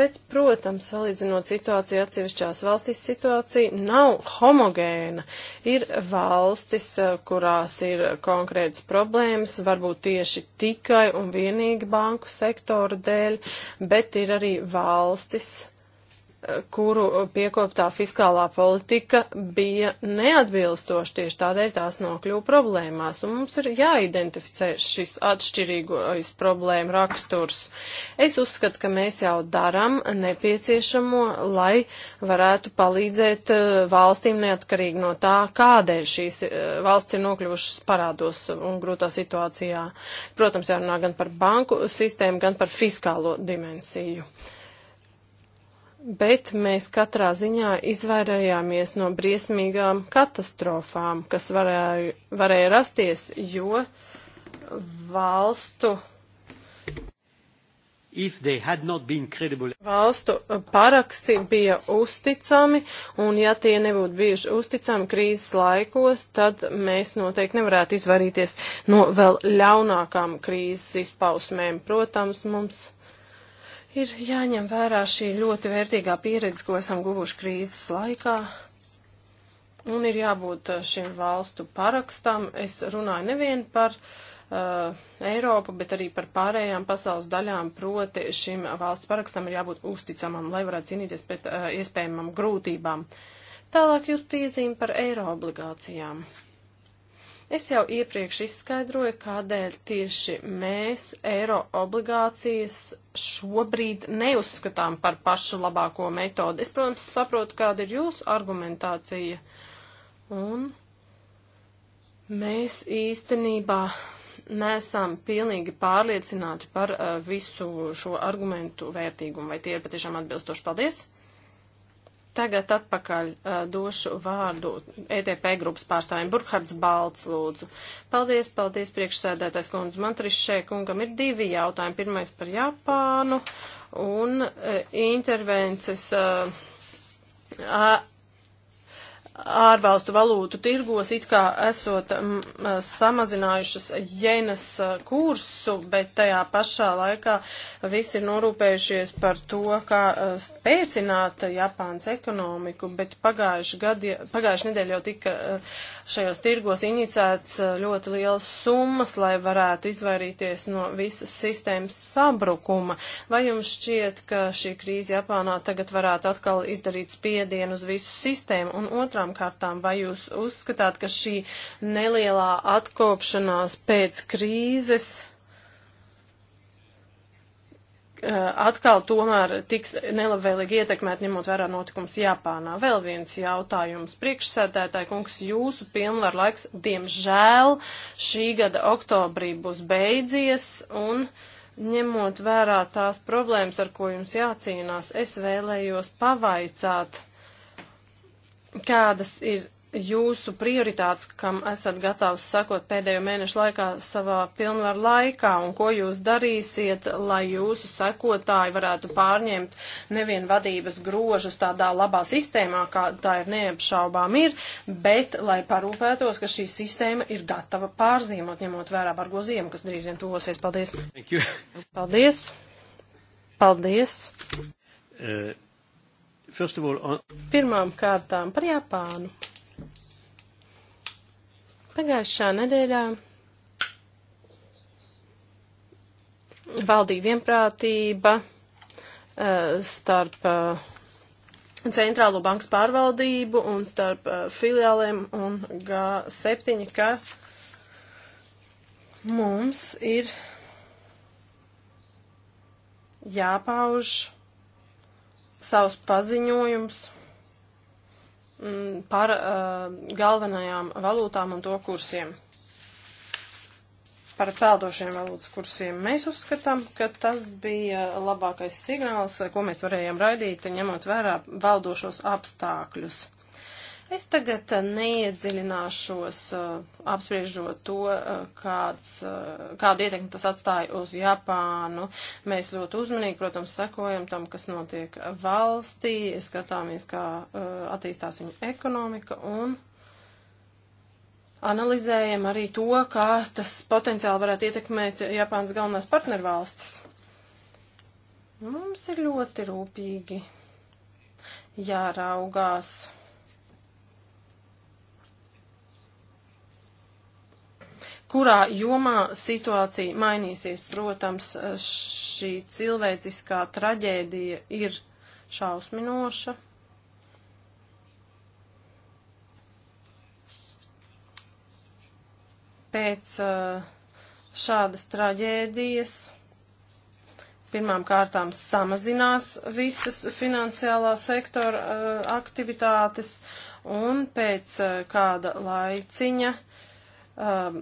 Bet, protams, salīdzinot situāciju atsevišķās valstīs, situācija nav homogēna. Ir valstis, kurās ir konkrētas problēmas, varbūt tieši tikai un vienīgi banku sektora dēļ, bet ir arī valstis, kuru piekoptā fiskālā politika bija neatbilstoša tieši tādēļ tās nokļuva problēmās. Un mums ir jāidentificē šis atšķirīgais problēma raksturs. Es uzskatu, ka mēs jau daram nepieciešamo, lai varētu palīdzēt uh, valstīm neatkarīgi no tā, kādēļ šīs uh, valsts ir nokļuvušas parādos un grūtā situācijā. Protams, jārunā gan par banku sistēmu, gan par fiskālo dimensiju. Thank you bet mēs katrā ziņā izvairījāmies no briesmīgām katastrofām, kas varēja, varēja rasties, jo valstu. Valstu paraksti bija uzticami, un ja tie nebūtu bijuši uzticami krīzes laikos, tad mēs noteikti nevarētu izvairīties no vēl ļaunākām krīzes izpausmēm. Protams, mums Ir jāņem vērā šī ļoti vērtīgā pieredze, ko esam guvuši krīzes laikā, un ir jābūt eh, šim valstu parakstam. Es runāju nevien par uh, Eiropu, bet arī par pārējām pasaules daļām, proti šim valsts parakstam ir jābūt uzticamam, lai varētu cīnīties pret uh, eh, iespējamam grūtībām. Tālāk jūs piezīme par eiro obligācijām. Uh, Es jau iepriekš izskaidroju, kādēļ tieši mēs eiro obligācijas šobrīd neuzskatām par pašu labāko metodi. Es, protams, saprotu, kāda ir jūsu argumentācija. Un mēs īstenībā nesam pilnīgi pārliecināti par uh, visu šo argumentu vērtīgumu, vai tie ir patiešām atbilstoši. Paldies! Tagad atpakaļ uh, došu vārdu ETP grupas pārstāvjiem. Burkhards Balts, lūdzu. Paldies, paldies, priekšsēdētais kundze. Man trišē kungam ir divi jautājumi. Pirmais par Japānu un uh, intervences. Uh, ārvalstu valūtu tirgos it kā esot m, samazinājušas jenas kursu, bet tajā pašā laikā visi ir norūpējušies par to, kā spēcināt Japānas ekonomiku, bet pagājuši, gadi, pagājuši nedēļ jau tika šajos tirgos inicēts ļoti liels summas, lai varētu izvairīties no visas sistēmas sabrukuma. Vai jums šķiet, ka šī krīze Japānā tagad varētu atkal izdarīt spiedienu uz visu sistēmu? Un otrā Pirmām kārtām, vai jūs uzskatāt, ka šī nelielā atkopšanās pēc krīzes eh, atkal tomēr tiks nelabvēlīgi ietekmēt, ņemot vērā notikums Japānā. Vēl viens jautājums. Priekšsēdētāji kungs, jūsu pilnvar laiks, diemžēl, šī gada oktobrī būs beidzies un. Ņemot vērā tās problēmas, ar ko jums jācīnās, es vēlējos pavaicāt, Kādas ir jūsu prioritātes, kam esat gatavs sakot pēdējo mēnešu laikā savā pilnvaru laikā, un ko jūs darīsiet, lai jūsu sekotāji varētu pārņemt nevien vadības grožus tādā labā sistēmā, kā tā ir neapšaubām ir, bet lai parūpētos, ka šī sistēma ir gatava pārzīmot, ņemot vērā bargo ziemu, kas drīz vien tuvosies. Paldies! Paldies! Paldies! Uh. First of all, on... Pirmām kārtām par Japānu. Pagājušā nedēļā valdīja vienprātība eh, starp eh, Centrālo bankas pārvaldību un starp eh, filiāliem un G7, ka mums ir jāpauž savus paziņojumus mm, par uh, galvenajām valūtām un to kursiem. Par peldošiem valūtas kursiem mēs uzskatām, ka tas bija labākais signāls, ko mēs varējām raidīt, ņemot vērā valdošos apstākļus. Es tagad uh, neiedziļināšos uh, apspriežot to, uh, kāds, kādu ietekmi tas atstāja uz Japānu. Mēs ļoti uzmanīgi, protams, sekojam tam, kas notiek valstī, skatāmies, kā attīstās viņu ekonomika un analizējam arī to, kā tas potenciāli varētu ietekmēt Japānas galvenās partnervalstis. Mums ir ļoti rūpīgi jāraugās. Ja kurā jomā situācija mainīsies. Protams, šī cilvēciskā traģēdija ir šausminoša. Pēc uh, šādas traģēdijas pirmām kārtām samazinās visas finansiālā sektora uh, aktivitātes un pēc uh, kāda laiciņa uh, Um,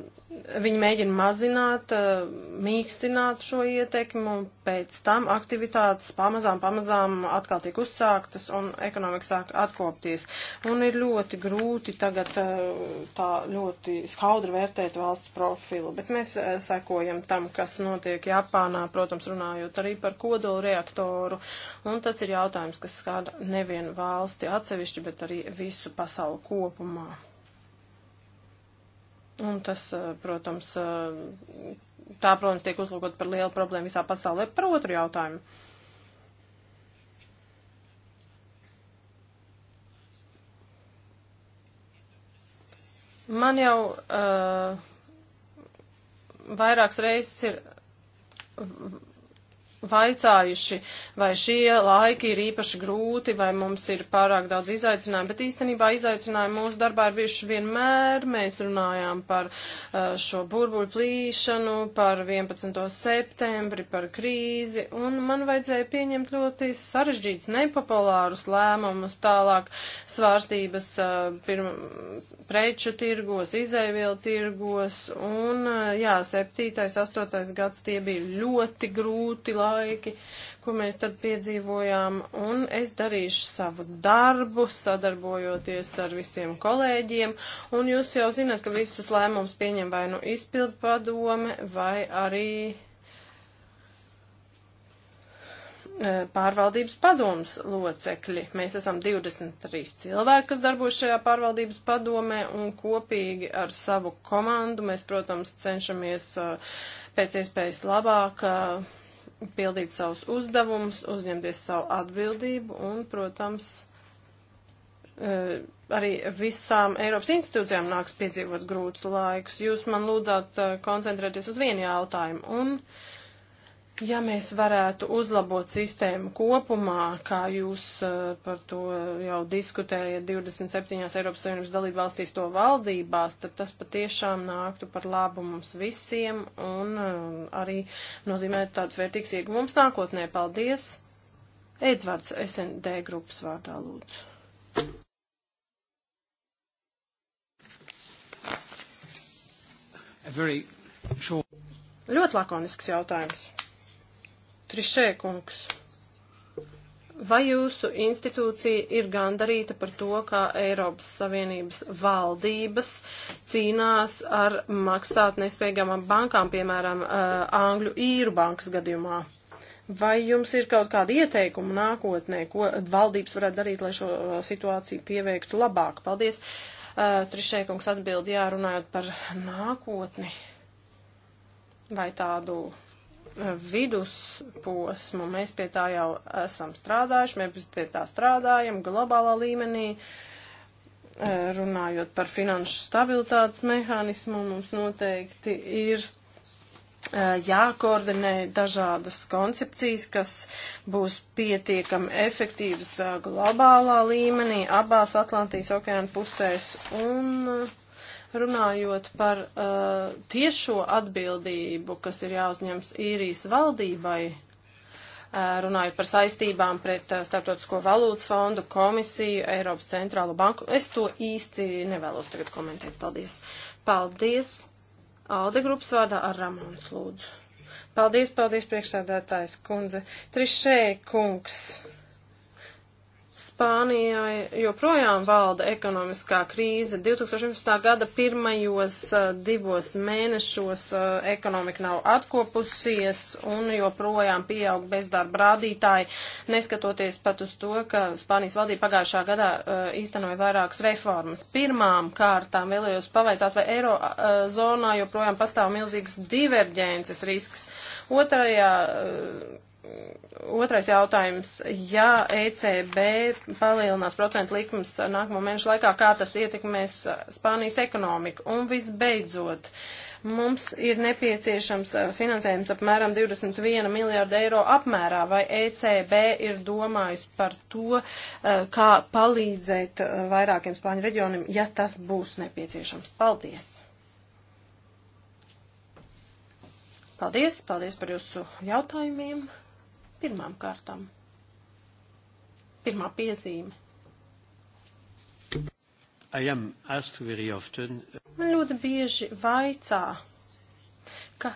viņi mēģina mazināt, uh, mīkstināt šo ietekmi, un pēc tam aktivitātes pamazām, pamazām atkal tiek uzsāktas, un ekonomika sāk atkopties. Un ir ļoti grūti tagad uh, tā ļoti skaudri vērtēt valsts profilu, bet mēs uh, sekojam tam, kas notiek Japānā, protams, runājot arī par kodolu reaktoru, un tas ir jautājums, kas skar nevienu valsti atsevišķi, bet arī visu pasauli kopumā. Un tas, eh, protams, eh, tā, protams, tiek uzlūkot par lielu problēmu visā pasaulē. Par otru jautājumu. Man jau uh, vairākas reizes ir vaicājuši, vai šie laiki ir īpaši grūti, vai mums ir pārāk daudz izaicinājumu, bet īstenībā izaicinājumi mūsu darbā ir bijuši vienmēr. Mēs runājām par uh, šo burbuļu plīšanu, par 11. septembri, par krīzi, un man vajadzēja pieņemt ļoti sarežģītus, nepopulārus lēmumus tālāk svārstības uh, pirma, preču tirgos, izēvielu tirgos, un uh, jā, 7. 8. gads tie bija ļoti grūti laiki laiki, ko mēs tad piedzīvojām, un es darīšu savu darbu, sadarbojoties ar visiem kolēģiem, un jūs jau zināt, ka visus lēmumus pieņem vai nu izpildu padome, vai arī e, pārvaldības padomas locekļi. Mēs esam 23 cilvēki, kas darbojas šajā pārvaldības padomē, un kopīgi ar savu komandu mēs, protams, cenšamies e, pēc iespējas labāk e, pildīt savus uzdevumus, uzņemties savu atbildību un, protams, e, arī visām Eiropas institūcijām nāks piedzīvot grūtus laikus. Jūs man lūdzāt e, koncentrēties uz vienu jautājumu, un Ja mēs varētu uzlabot sistēmu kopumā, kā jūs eh, par to jau diskutējat 27. Eiropas Savienības dalību valstīs to valdībās, tad tas patiešām nāktu par labu mums visiem un eh, arī nozīmētu tāds vērtīgs iegumums nākotnē. Paldies! Edvards SND grupas vārdā lūdzu. Very short. Ļoti lakonisks jautājums. Trišēkungs. Vai jūsu institūcija ir gandarīta par to, kā Eiropas Savienības valdības cīnās ar maksāt nespējamām bankām, piemēram, eh, Angļu īru bankas gadījumā? Vai jums ir kaut kāda ieteikuma nākotnē, ko valdības varētu darīt, lai šo eh, situāciju pieveiktu labāk? Paldies. Eh, Trišēkungs atbild, jā, runājot par nākotni vai tādu vidusposmu. Mēs pie tā jau esam strādājuši, mēs pie tā strādājam globālā līmenī, eh, runājot par finanšu stabilitātes mehānismu, mums noteikti ir eh, jākoordinē dažādas koncepcijas, kas būs pietiekami efektīvas eh, globālā līmenī abās Atlantijas okeāna pusēs un uh, Runājot par uh, tiešo atbildību, kas ir jāuzņems īrijas valdībai, uh, runājot par saistībām pret uh, Startautisko valūtas fondu, komisiju, Eiropas centrālo banku. Es to īsti nevēlos tagad komentēt. Paldies. Paldies. Alde grupas vārdā ar Ramons lūdzu. Paldies, paldies, priekšsēdētājs kundze. Trišē kungs. Spānijai joprojām valda ekonomiskā krīze. 2011. gada pirmajos eh, divos mēnešos eh, ekonomika nav atkopusies un joprojām pieaug bezdarba rādītāji, neskatoties pat uz to, ka Spānijas valdība pagājušā gadā eh, īstenoja vairākas reformas. Pirmām kārtām vēlējos pavaicāt, vai Eirozonā joprojām pastāv milzīgs diverģences risks. Otrajā Otrais jautājums. Ja ECB palielinās procentu likmes nākamo mēnešu laikā, kā tas ietekmēs Spānijas ekonomiku? Un visbeidzot, mums ir nepieciešams finansējums apmēram 21 miljārdu eiro apmērā. Vai ECB ir domājis par to, kā palīdzēt vairākiem Spāņu reģioniem, ja tas būs nepieciešams? Paldies! Paldies, paldies par jūsu jautājumiem! Pirmām kārtām. Pirmā piezīme. Man ļoti bieži vaicā, ka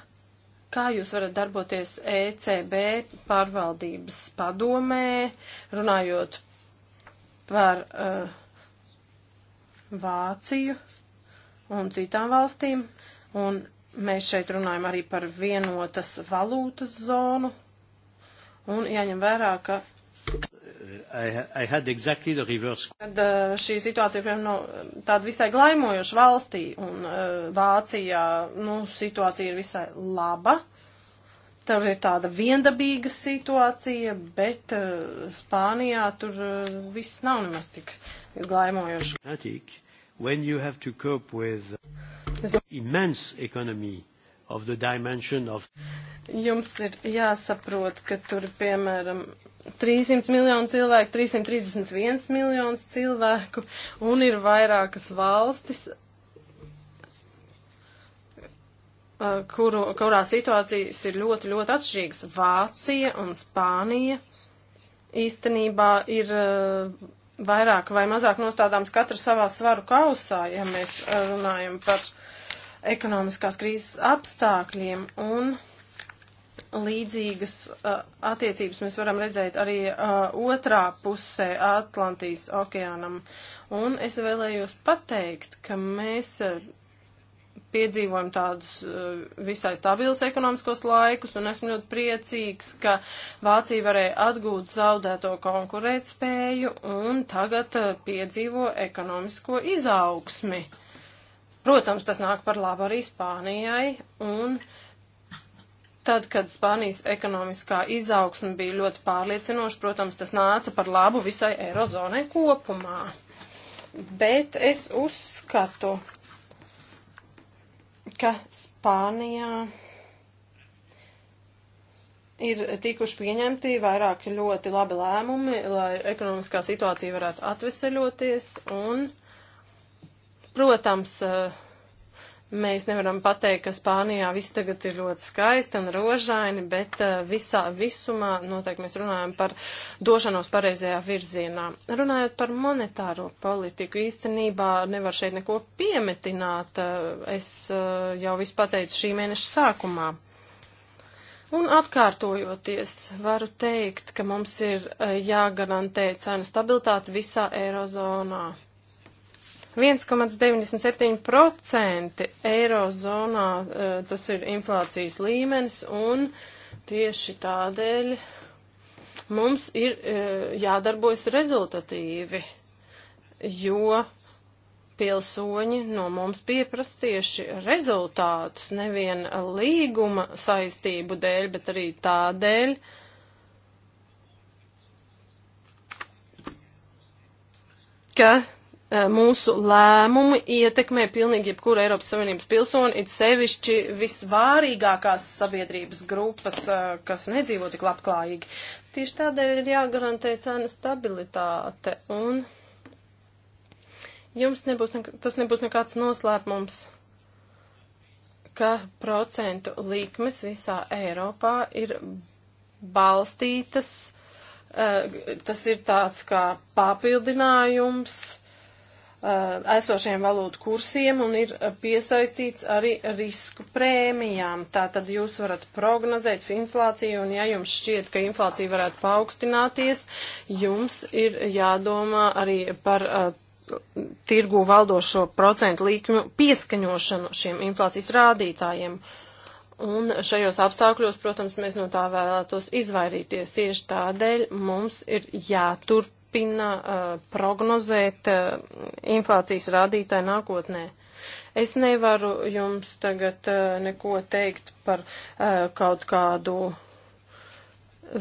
kā jūs varat darboties ECB pārvaldības padomē, runājot par uh, Vāciju un citām valstīm, un mēs šeit runājam arī par vienotas valūtas zonu. Un jāņem vērā, ka I, I had exactly the reverse. Kad uh, šī situācija, piemēram, nav tāda visai glaimojoša valstī, un uh, Vācijā, nu, situācija ir visai laba. Tur ir tāda viendabīga situācija, bet uh, Spānijā tur uh, viss nav nemaz tik glaimojoši. With... Immense economy of the dimension of. Jums ir jāsaprot, ka tur, piemēram, 300 miljonu cilvēku, 331 miljonus cilvēku, un ir vairākas valstis, kuru, kurā situācijas ir ļoti, ļoti atšķirīgas. Vācija un Spānija īstenībā ir vairāk vai mazāk nostādāms katra savā svaru kausā, ja mēs runājam par ekonomiskās krīzes apstākļiem un līdzīgas uh, attiecības mēs varam redzēt arī uh, otrā pusē Atlantijas okeānam. Un es vēlējos pateikt, ka mēs uh, piedzīvojam tādus uh, visai stabilus ekonomiskos laikus, un esmu ļoti priecīgs, ka Vācija varēja atgūt zaudēto konkurētspēju un tagad uh, piedzīvo ekonomisko izaugsmi. Uh, Protams, tas nāk par labu arī Spānijai, un tad, kad Spānijas ekonomiskā izaugsme bija ļoti pārliecinoša, protams, tas nāca par labu visai Eirozonai kopumā. Bet es uzskatu, ka Spānijā ir tikuši pieņemti vairāki ļoti labi lēmumi, lai ekonomiskā situācija varētu atveseļoties un. Protams, eh, mēs nevaram pateikt, ka Spānijā viss tagad ir ļoti skaisti un rožaini, bet eh, visā visumā noteikti mēs runājam par došanos pareizajā virzienā. Runājot par monetāro politiku, īstenībā nevar šeit neko piemetināt. Eh, es jau visu pateicu šī mēneša sākumā. Un atkārtojoties, varu teikt, ka mums ir jāgarantē cenu stabilitāte visā Eirozonā. 1,97% eirozonā eh, tas ir inflācijas līmenis un tieši tādēļ mums ir eh, jādarbojas rezultatīvi, jo pilsoņi no mums pieprasa tieši rezultātus nevien līguma saistību dēļ, bet arī tādēļ, ka Eh, mūsu lēmumi ietekmē pilnīgi jebkuru Eiropas Savienības pilsoni, it sevišķi visvārīgākās sabiedrības grupas, eh, kas nedzīvo tik labklājīgi. Tieši tādēļ ir jāgarantē cenu stabilitāte, un jums nebūs, nek tas nebūs nekāds noslēpums, ka procentu likmes visā Eiropā ir balstītas, eh, tas ir tāds kā papildinājums, Uh, esošiem valūtu kursiem un ir uh, piesaistīts arī risku prēmijām. Tātad jūs varat prognozēt inflāciju un ja jums šķiet, ka inflācija varētu paaugstināties, jums ir jādomā arī par uh, tirgu valdošo procentu līkņu pieskaņošanu šiem inflācijas rādītājiem. Un šajos apstākļos, protams, mēs no tā vēlētos izvairīties. Tieši tādēļ mums ir jāturp turpina uh, prognozēt uh, inflācijas rādītāju nākotnē. Es nevaru jums tagad uh, neko teikt par uh, kaut kādu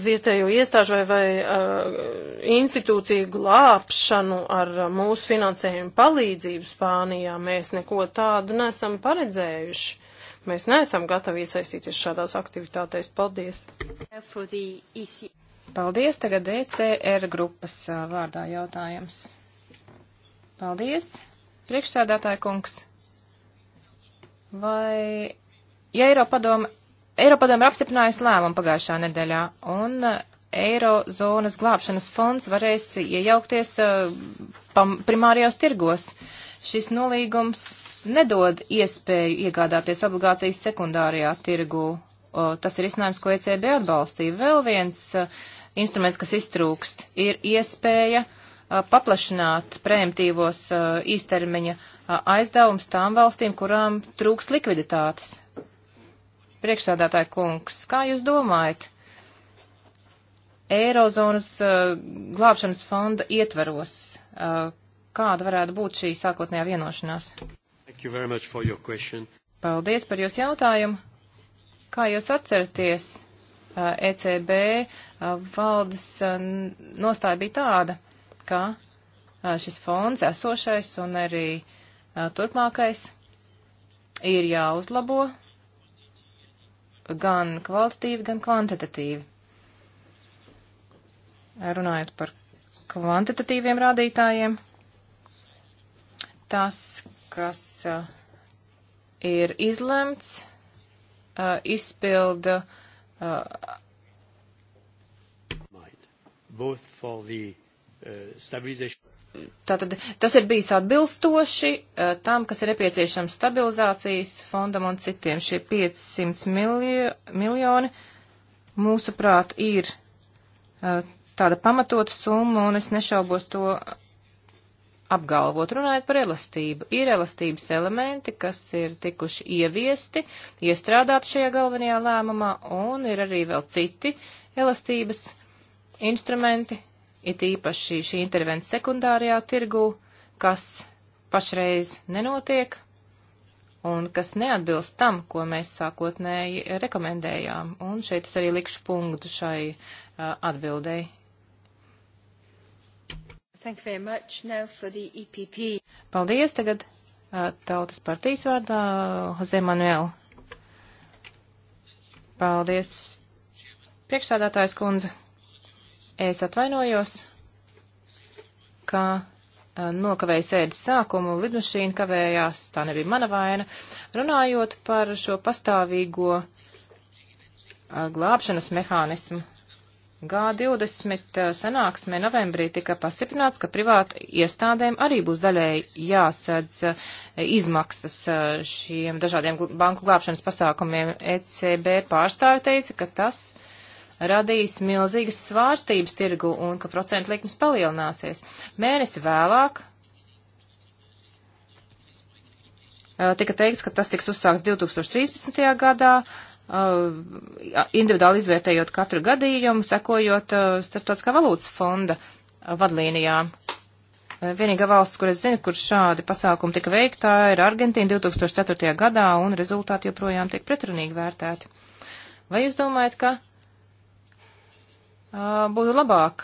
vietējo iestāžu vai, vai uh, institūciju glābšanu ar mūsu finansējumu palīdzību Spānijā. Mēs neko tādu nesam paredzējuši. Mēs neesam gatavi iesaistīties šādās aktivitātēs. Paldies! Paldies, tagad ECR grupas vārdā jautājums. Paldies, priekšsēdētāja kungs. Vai, ja Eiropadoma, Eiropadoma ir apstiprinājusi lēmumu pagājušā nedēļā, un Eirozonas glābšanas fonds varēs iejaukties uh, pam, primārajos tirgos. Šis nolīgums nedod iespēju iegādāties obligācijas sekundārajā tirgu. Uh, tas ir iznājums, ko ECB atbalstīja. Vēl viens uh, instruments, kas iztrūkst, ir iespēja a, uh, paplašināt preemptīvos a, uh, īstermiņa a, uh, aizdevums tām valstīm, kurām trūkst likviditātes. Priekšsādātāja kungs, kā jūs domājat? Eirozonas glābšanas fonda ietveros, kāda varētu būt šī sākotnējā vienošanās? Paldies par jūsu jautājumu. Kā jūs atceraties, ECB Uh, valdes uh, nostāja bija tāda, ka uh, šis fonds esošais un arī turpmākais ir jāuzlabo gan kvalitatīvi, gan kvantitatīvi. Runājot par kvantitatīviem rādītājiem, tas, kas ir izlemts, izpilda both for the uh, stabilization. Tātad tas ir bijis atbilstoši uh, tam, kas ir nepieciešams stabilizācijas fondam un citiem. Šie 500 miljo, miljoni, mūsuprāt, ir uh, tāda pamatota summa, un es nešaubos to apgalvot. Runājot par elastību, ir elastības elementi, kas ir tikuši ieviesti, iestrādāti šajā galvenajā lēmumā, un ir arī vēl citi elastības instrumenti, it īpaši šī intervence sekundārajā tirgū, kas pašreiz nenotiek un kas neatbilst tam, ko mēs sākotnēji rekomendējām. Un šeit es arī likšu punktu šai uh, atbildēji. E Paldies tagad uh, Tautas partijas vārdā, uh, Jose Manuel. Paldies, priekšsādātājs kundze. Es atvainojos, ka e, nokavēja sēdes sākumu, lidmašīna kavējās, tā nebija mana vaina. Runājot par šo pastāvīgo e, glābšanas mehānismu, G20 e, sanāksmē novembrī tika pastiprināts, ka privāta iestādēm arī būs daļēji jāsēdz izmaksas šiem dažādiem banku glābšanas pasākumiem. ECB pārstāvi teica, ka tas uh, radīs milzīgas svārstības tirgu un ka procentu likmes palielināsies. Mēnesi vēlāk tika teikts, ka tas tiks uzsāks 2013. gadā, individuāli izvērtējot katru gadījumu, sekojot starptautiskā valūtas fonda vadlīnijām. Vienīgā valsts, kur es zinu, kur šādi pasākumi tika veiktā, ir Argentīna 2004. gadā, un rezultāti joprojām tiek pretrunīgi vērtēti. Vai jūs domājat, ka būtu labāk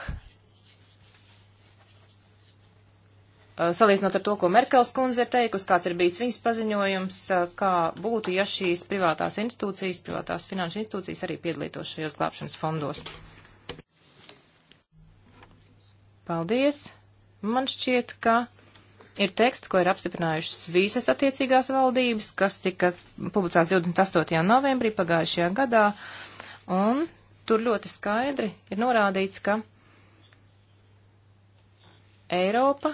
salīdzinot ar to, ko Merkels kundze ir teikusi, kāds ir bijis viņas paziņojums, kā būtu, ja šīs privātās institūcijas, privātās finanšu institūcijas arī piedalītos šajos glābšanas fondos. Paldies! Man šķiet, ka ir teksts, ko ir apstiprinājušas visas attiecīgās valdības, kas tika publicēts 28. novembrī pagājušajā gadā, un Tur ļoti skaidri ir norādīts, ka Eiropa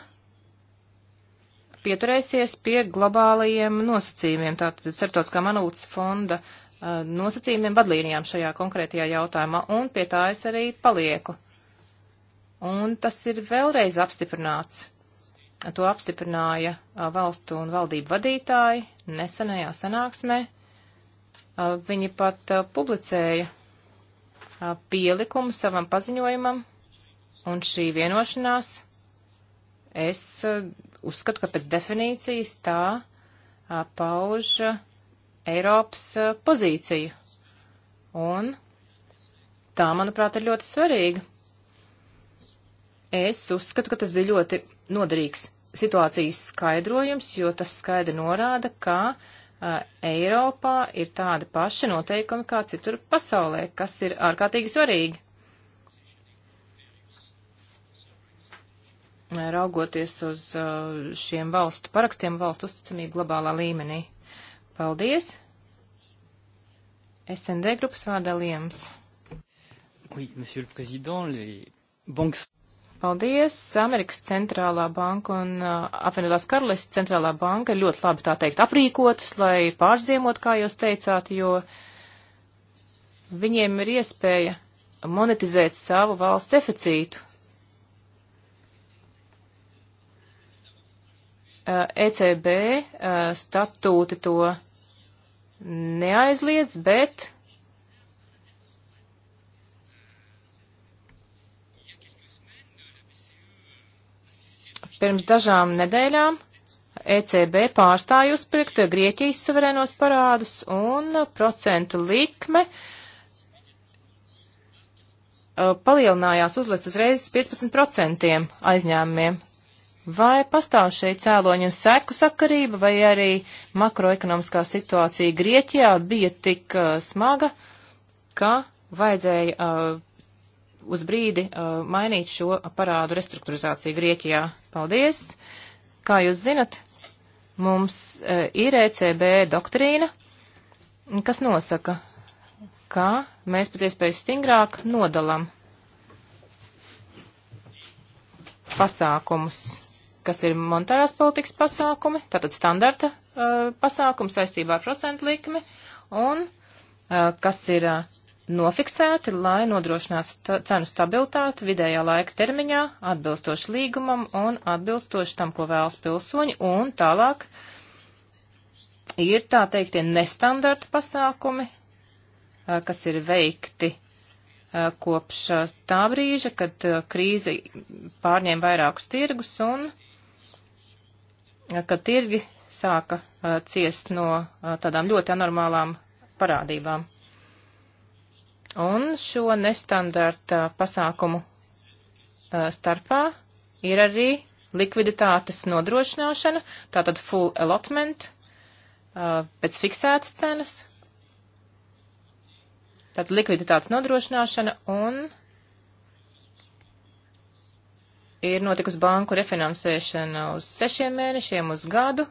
pieturēsies pie globālajiem nosacījumiem, tātad starptautiskā manūtas fonda uh, nosacījumiem, vadlīnijām šajā konkrētajā jautājumā, un pie tā es arī palieku. Un tas ir vēlreiz apstiprināts. To apstiprināja uh, valstu un valdību vadītāji nesenajā sanāksmē. Uh, viņi pat uh, publicēja pielikumu savam paziņojumam, un šī vienošanās es uzskatu, ka pēc definīcijas tā pauž Eiropas pozīciju. Un tā, manuprāt, ir ļoti svarīga. Es uzskatu, ka tas bija ļoti noderīgs situācijas skaidrojums, jo tas skaidri norāda, ka uh, Eiropā ir tādi paši noteikumi kā citur pasaulē, kas ir ārkārtīgi svarīgi. Raugoties uz šiem valstu parakstiem, valstu uzticamību globālā līmenī. Paldies! SND grupas vārdā Liems. Oui, monsieur le président, les banques. Paldies! Amerikas centrālā banka un uh, apvienotās karalists centrālā banka ir ļoti labi, tā teikt, aprīkotas, lai pārziemot, kā jūs teicāt, jo viņiem ir iespēja monetizēt savu valsts deficītu. Uh, ECB uh, statūti to neaizliedz, bet Pirms dažām nedēļām ECB pārstāja uzpirkt Grieķijas suverēnos parādus un procentu likme palielinājās uzlicis uzreiz 15% aizņēmumiem. Vai pastāv šeit cēloņa un seku sakarība, vai arī makroekonomiskā situācija Grieķijā bija tik uh, smaga, ka vajadzēja uh, uz brīdi uh, mainīt šo parādu restruktūrizāciju Grieķijā. Paldies! Kā jūs zinat, mums uh, ir ECB doktrīna, kas nosaka, ka mēs pēc iespējas stingrāk nodalam pasākumus, kas ir monetārās politikas pasākumi, tātad standarta uh, pasākums saistībā ar procentu likmi, un uh, kas ir uh, nofiksēti, lai nodrošinātu sta cenu stabilitāti vidējā laika termiņā, atbilstoši līgumam un atbilstoši tam, ko vēlas pilsoņi, un tālāk ir tā teiktie nestandarta pasākumi, kas ir veikti kopš tā brīža, kad krīze pārņēma vairākus tirgus un kad tirgi sāka ciest no tādām ļoti anormālām parādībām. Un šo nestandarta pasākumu starpā ir arī likviditātes nodrošināšana, tātad full allotment, pēc fiksētas cenas, tātad likviditātes nodrošināšana un ir notikusi banku refinansēšana uz sešiem mēnešiem, uz gadu,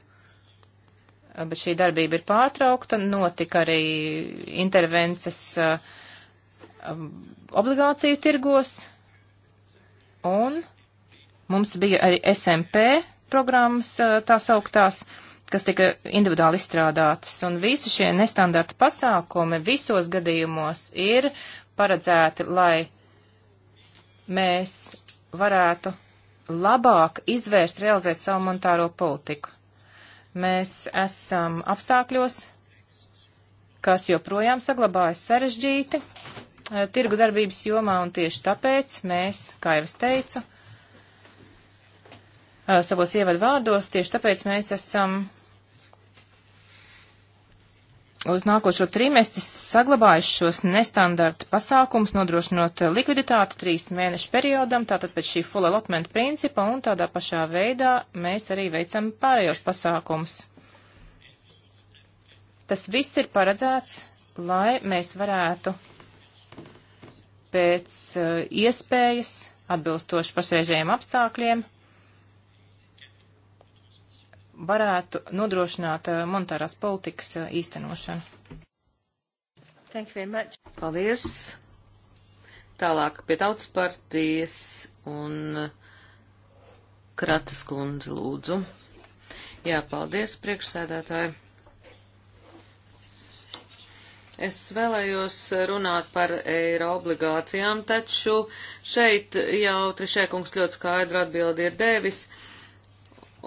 bet šī darbība ir pārtraukta, notika arī intervences uh, Um, obligāciju tirgos, un mums bija arī SMP programmas uh, tā sauktās, kas tika individuāli izstrādātas, un visi šie nestandarta pasākumi visos gadījumos ir paredzēti, lai mēs varētu labāk izvērst, realizēt savu monetāro politiku. Mēs esam apstākļos, kas joprojām saglabājas sarežģīti, Eh, tirgu darbības jomā, un tieši tāpēc mēs, kā jau es teicu, eh, savos ievadu vārdos, tieši tāpēc mēs esam uz nākošo trimestri saglabājuši šos nestandarta pasākums, nodrošinot likviditāti trīs mēnešu periodam, tātad pēc šī full allotment principa, un tādā pašā veidā mēs arī veicam pārējos pasākums. Tas viss ir paredzēts, lai mēs varētu pēc eh, iespējas atbilstoši pašreizējiem apstākļiem varētu nodrošināt eh, monetārās politikas eh, īstenošanu. Paldies! Tālāk pie tautas partijas un Kratas kundze lūdzu. Jā, paldies priekšsēdētāji. Es vēlējos runāt par eiro obligācijām, taču šeit jau Trišēkungs ļoti skaidru atbildi ir devis,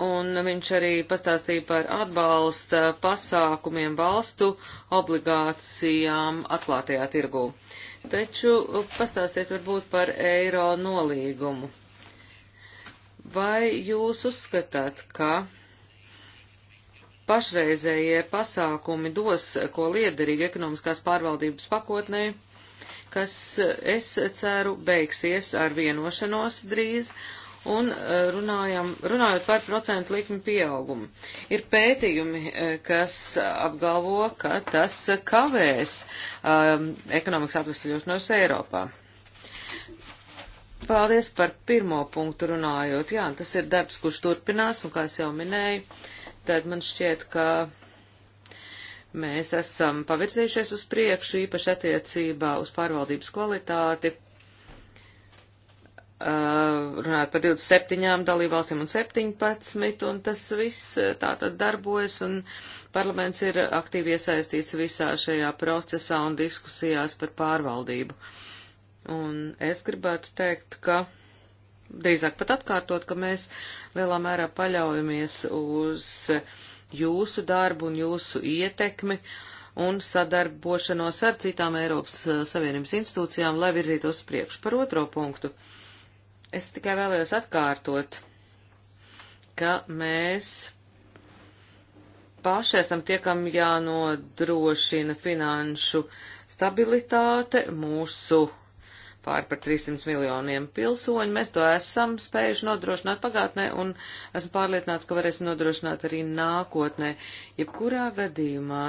un viņš arī pastāstīja par atbalsta pasākumiem valstu obligācijām atklātajā tirgū. Taču pastāstiet varbūt par eiro nolīgumu. Vai jūs uzskatāt, ka pašreizējie pasākumi dos ko liederīgi ekonomiskās pārvaldības pakotnē, kas, es ceru, beigsies ar vienošanos drīz un e, runājam, runājot par procentu likmi pieaugumu. Ir pētījumi, e, kas apgalvo, ka tas kavēs um, ekonomikas atvesļošanos Eiropā. Paldies par pirmo punktu runājot. Jā, tas ir darbs, kurš turpinās, un kā es jau minēju, tad man šķiet, ka mēs esam pavirzījušies uz priekšu, īpaši attiecībā uz pārvaldības kvalitāti. Uh, runāt par 27 dalībvalstīm un 17, un tas viss uh, tā tad darbojas, un parlaments ir aktīvi iesaistīts visā šajā procesā un diskusijās par pārvaldību. Un es gribētu teikt, ka drīzāk pat atkārtot, ka mēs lielā mērā paļaujamies uz jūsu darbu un jūsu ietekmi un sadarbošanos ar citām Eiropas eh, Savienības institūcijām, lai virzītos priekš par otro punktu. Es tikai vēlējos atkārtot, ka mēs paši esam tie, kam jānodrošina finanšu stabilitāte, mūsu pār par 300 miljoniem pilsoņu. Mēs to esam spējuši nodrošināt pagātnē un esmu pārliecināts, ka varēsim nodrošināt arī nākotnē. Jebkurā gadījumā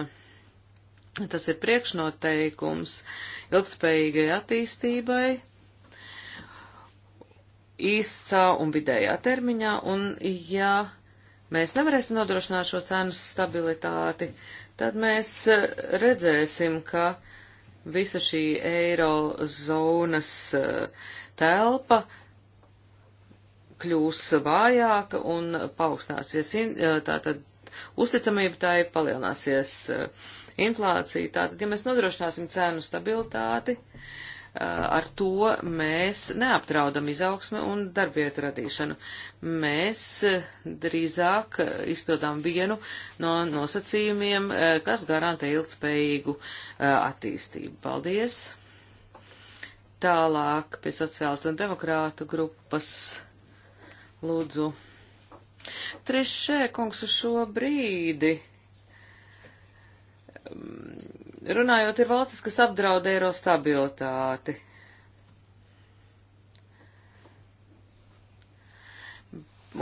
tas ir priekšnoteikums ilgspējīgai attīstībai īsā un vidējā termiņā, un ja mēs nevarēsim nodrošināt šo cenu stabilitāti, tad mēs redzēsim, ka uh, visa šī eirozonas eh, telpa kļūs vājāka un paaugstināsies. Eh, tātad uzticamība tai palielināsies eh, inflācija. Tātad, ja mēs nodrošināsim cēnu stabilitāti, ar to mēs neapdraudam izaugsmi un darbvietu radīšanu. Mēs drīzāk izpildām vienu no nosacījumiem, kas garantē ilgspējīgu attīstību. Paldies! Tālāk pie sociālas un demokrātu grupas lūdzu. Trešē kungs uz šo brīdi Mm, runājot, ir valstis, kas apdraud eiro stabilitāti.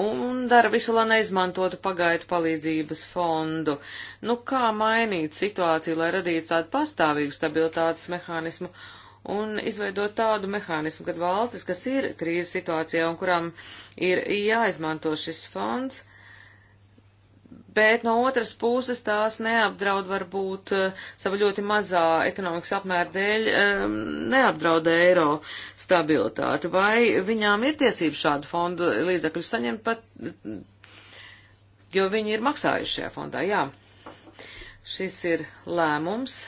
Un dara visu, lai neizmantotu pagaidu palīdzības fondu. Nu, kā mainīt situāciju, lai radītu tādu pastāvīgu stabilitātes mehānismu un izveidot tādu mehānismu, kad valstis, kas ir krīzes situācijā un kurām ir jāizmanto šis fonds, uh, bet no otras puses tās neapdraud varbūt eh, sava ļoti mazā ekonomikas apmēra dēļ, ehm, neapdraud eiro stabilitāti. Vai viņām ir tiesības šādu fondu līdzekļu saņemt pat, jo viņi ir maksājuši šajā fondā, jā. Šis ir lēmums,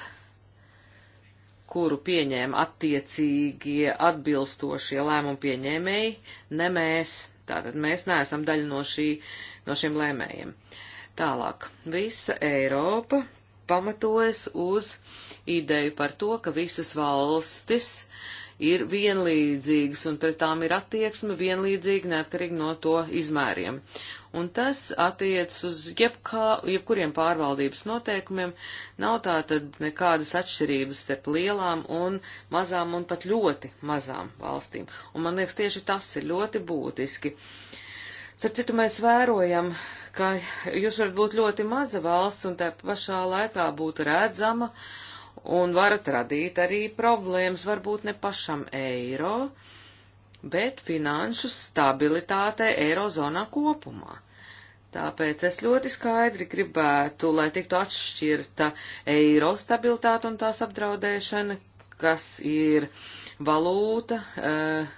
kuru pieņēma attiecīgie atbilstošie lēmumu pieņēmēji, ne mēs. Tātad mēs neesam daļa no, šī, no šiem lēmējiem. Uh, Tālāk, visa Eiropa pamatojas uz ideju par to, ka visas valstis ir vienlīdzīgas un pret tām ir attieksme vienlīdzīga neatkarīgi no to izmēriem. Un tas attiec uz jebkā, jebkuriem pārvaldības noteikumiem, nav tā tad nekādas atšķirības starp lielām un mazām un pat ļoti mazām valstīm. Un man liekas, tieši tas ir ļoti būtiski. Starp citu, mēs vērojam ka jūs varat būt ļoti maza valsts un tā pašā laikā būt redzama un varat radīt arī problēmas, varbūt ne pašam eiro, bet finanšu stabilitātei eirozonā kopumā. Tāpēc es ļoti skaidri gribētu, lai tiktu atšķirta eiro stabilitāte un tās apdraudēšana, kas ir valūta, uh,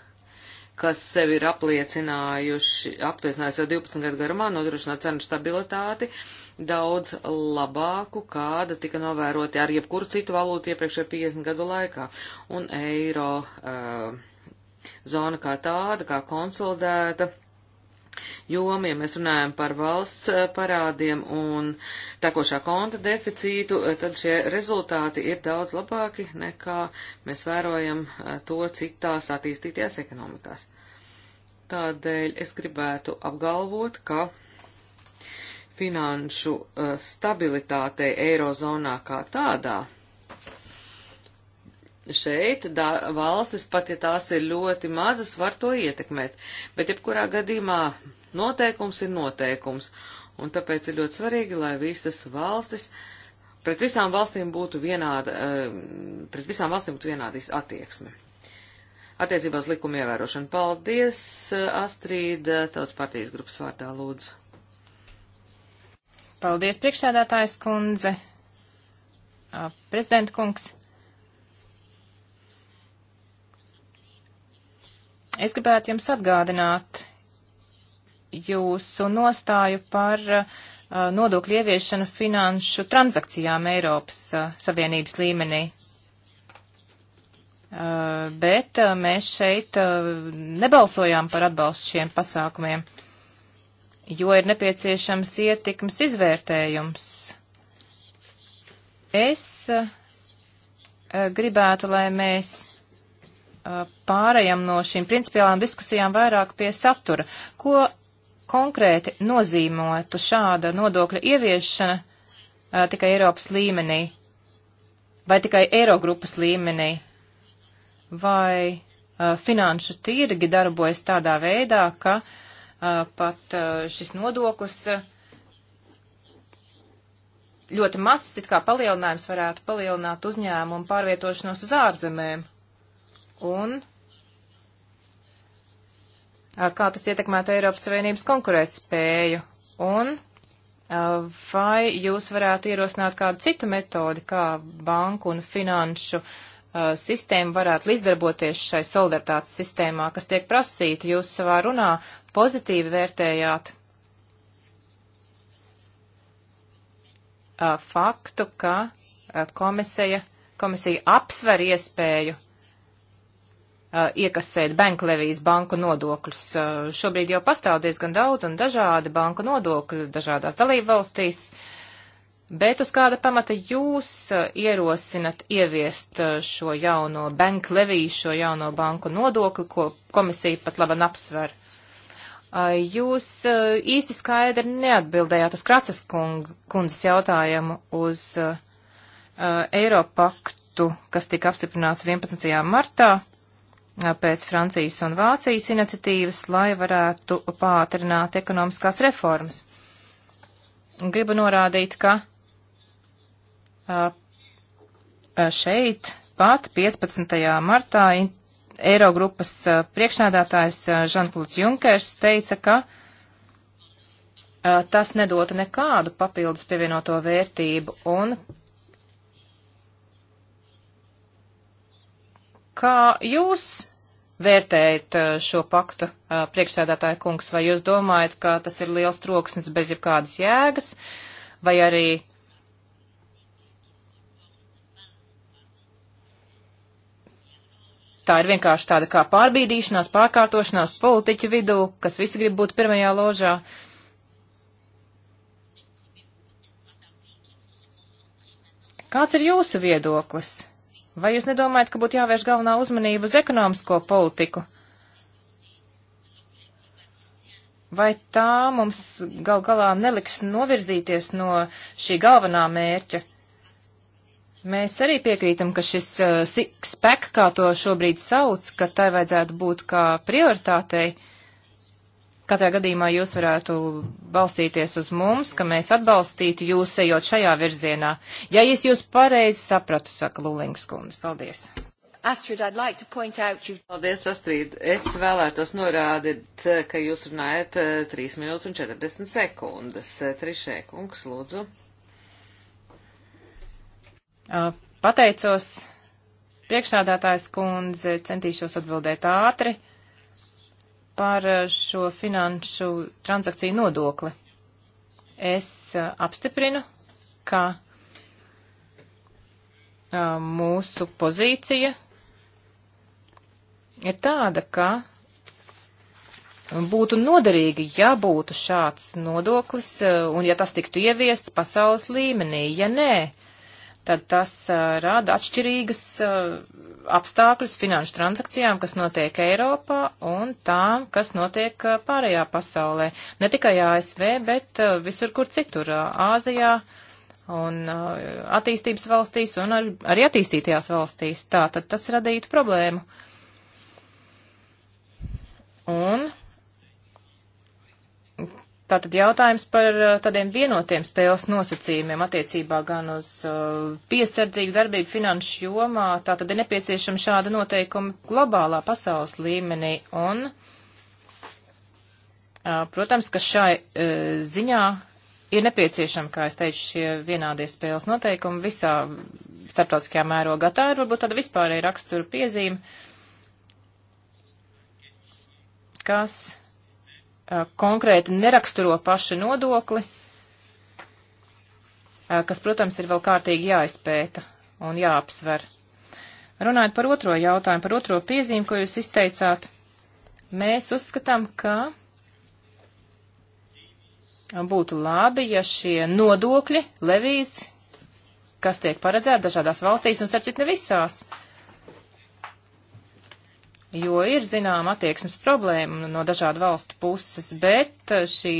kas sevi ir apliecinājuši, apliecinājusi jau 12 gadu garumā, nodrošināt cenu stabilitāti daudz labāku, kāda tika novēroti ar jebkuru citu valūtu iepriekšējo 50 gadu laikā. Un eiro uh, zona kā tāda, kā konsolidēta joma, ja mēs runājam par valsts eh, parādiem un tekošā konta deficītu, eh, tad šie rezultāti ir daudz labāki nekā mēs vērojam eh, to citās attīstītajās ekonomikās. Tādēļ es gribētu apgalvot, ka finanšu stabilitātei Eirozonā kā tādā šeit da, valstis, pat ja tās ir ļoti mazas, var to ietekmēt. Bet jebkurā gadījumā noteikums ir noteikums. Un tāpēc ir ļoti svarīgi, lai visas valstis, pret visām valstīm būtu vienāda, eh, pret visām valstīm būtu vienādīs attieksme. Attiecībā uz likumu ievērošanu. Paldies, Astrid, Tautas partijas grupas vārdā lūdzu. Paldies, priekšsēdētājs kundze, prezidenta kungs. Es gribētu jums atgādināt jūsu nostāju par uh, nodokļu ieviešanu finanšu transakcijām Eiropas uh, Savienības līmenī. Uh, bet uh, mēs šeit uh, nebalsojām par atbalstu šiem pasākumiem, jo ir nepieciešams ietekmes izvērtējums. Es uh, gribētu, lai mēs Uh, pārējām no šīm principiālām diskusijām vairāk pie satura. Ko konkrēti nozīmotu šāda nodokļa ieviešana uh, tikai Eiropas līmenī vai tikai Eirogrupas līmenī? Vai uh, finanšu tirgi darbojas tādā veidā, ka uh, pat uh, šis nodoklis uh, ļoti mazs, it kā palielinājums varētu palielināt uzņēmumu pārvietošanos uz ārzemēm? un kā tas ietekmētu Eiropas Savienības konkurētspēju, un vai jūs varētu ierosināt kādu citu metodi, kā banku un finanšu sistēma varētu līdzdarboties šai solidaritātes sistēmā, kas tiek prasīta. Jūs savā runā pozitīvi vērtējāt faktu, ka komisija, komisija apsver iespēju Uh, iekasēt Banklevijas banku nodokļus. Uh, šobrīd jau pastāv diezgan daudz un dažādi banku nodokļi dažādās dalību valstīs, bet uz kāda pamata jūs uh, ierosinat ieviest šo jauno Bankleviju, šo jauno banku nodokli, ko komisija pat laban apsver? Jūs īsti skaidri neatbildējāt uz Kracas kundzes jautājumu uz Eiropaktu, kas tika apstiprināts 11. martā pēc Francijas un Vācijas iniciatīvas, lai varētu pātrināt ekonomiskās reformas. Gribu norādīt, ka šeit pat 15. martā Eirogrupas priekšnādātājs Žankluds Junkers teica, ka tas nedotu nekādu papildus pievienoto vērtību un kā jūs vērtējat eh, šo paktu, eh, priekšsēdētāja kungs, vai jūs domājat, ka tas ir liels troksnis bez jebkādas jēgas, vai arī tā ir vienkārši tāda kā pārbīdīšanās, pārkārtošanās politiķu vidū, kas visi grib būt pirmajā ložā. Kāds ir jūsu viedoklis? Vai jūs nedomājat, ka būtu jāvērš galvenā uzmanība uz ekonomisko politiku? Vai tā mums gal galā neliks novirzīties no šī galvenā mērķa? Mēs arī piekrītam, ka šis uh, spek, kā to šobrīd sauc, ka tai vajadzētu būt kā prioritātei. Uh, Katrā gadījumā jūs varētu balstīties uz mums, ka mēs atbalstītu jūs ejot šajā virzienā. Ja es jūs pareizi sapratu, saka Lulings kundze. Paldies. Astrid, I'd like to point out you... Paldies, Astrid. Es vēlētos norādīt, ka jūs runājat 3 eh, minūtes un 40 sekundes. Eh, Trišē, kungs, lūdzu. Pateicos, priekšādātājs kundze, centīšos atbildēt ātri par eh, šo finanšu transakciju nodokli. Es eh, apstiprinu, ka eh, mūsu pozīcija ir tāda, ka būtu noderīgi, ja būtu šāds nodoklis un ja tas tiktu ieviests pasaules līmenī. Ja nē, tad tas uh, rada atšķirīgas uh, apstākļus finanšu transakcijām, kas notiek Eiropā un tām, kas notiek uh, pārējā pasaulē. Ne tikai ASV, bet uh, visur, kur citur - Āzijā un uh, attīstības valstīs un ar, arī attīstītajās valstīs. Tā tad tas radītu problēmu. Un Tātad jautājums par uh, tādiem vienotiem spēles nosacījumiem attiecībā gan uz uh, piesardzīgu darbību finanšu jomā. Tātad ir nepieciešama šāda noteikuma globālā pasaules līmenī. Un, uh, protams, ka šai uh, ziņā ir nepieciešama, kā es teicu, šie vienādie spēles noteikumi visā starptautiskajā mērogā. Tā ir varbūt tāda vispārēja rakstura piezīme, kas konkrēti neraksturo pašu nodokli, kas, protams, ir vēl kārtīgi jāizpēta un jāapsver. Runājot par otro jautājumu, par otro piezīmi, ko jūs izteicāt, mēs uzskatām, ka būtu labi, ja šie nodokļi, levīs, kas tiek paredzēti dažādās valstīs un starp citu ne visās, uh, jo ir zinām attieksmes problēma no dažādu valstu puses, bet eh, šī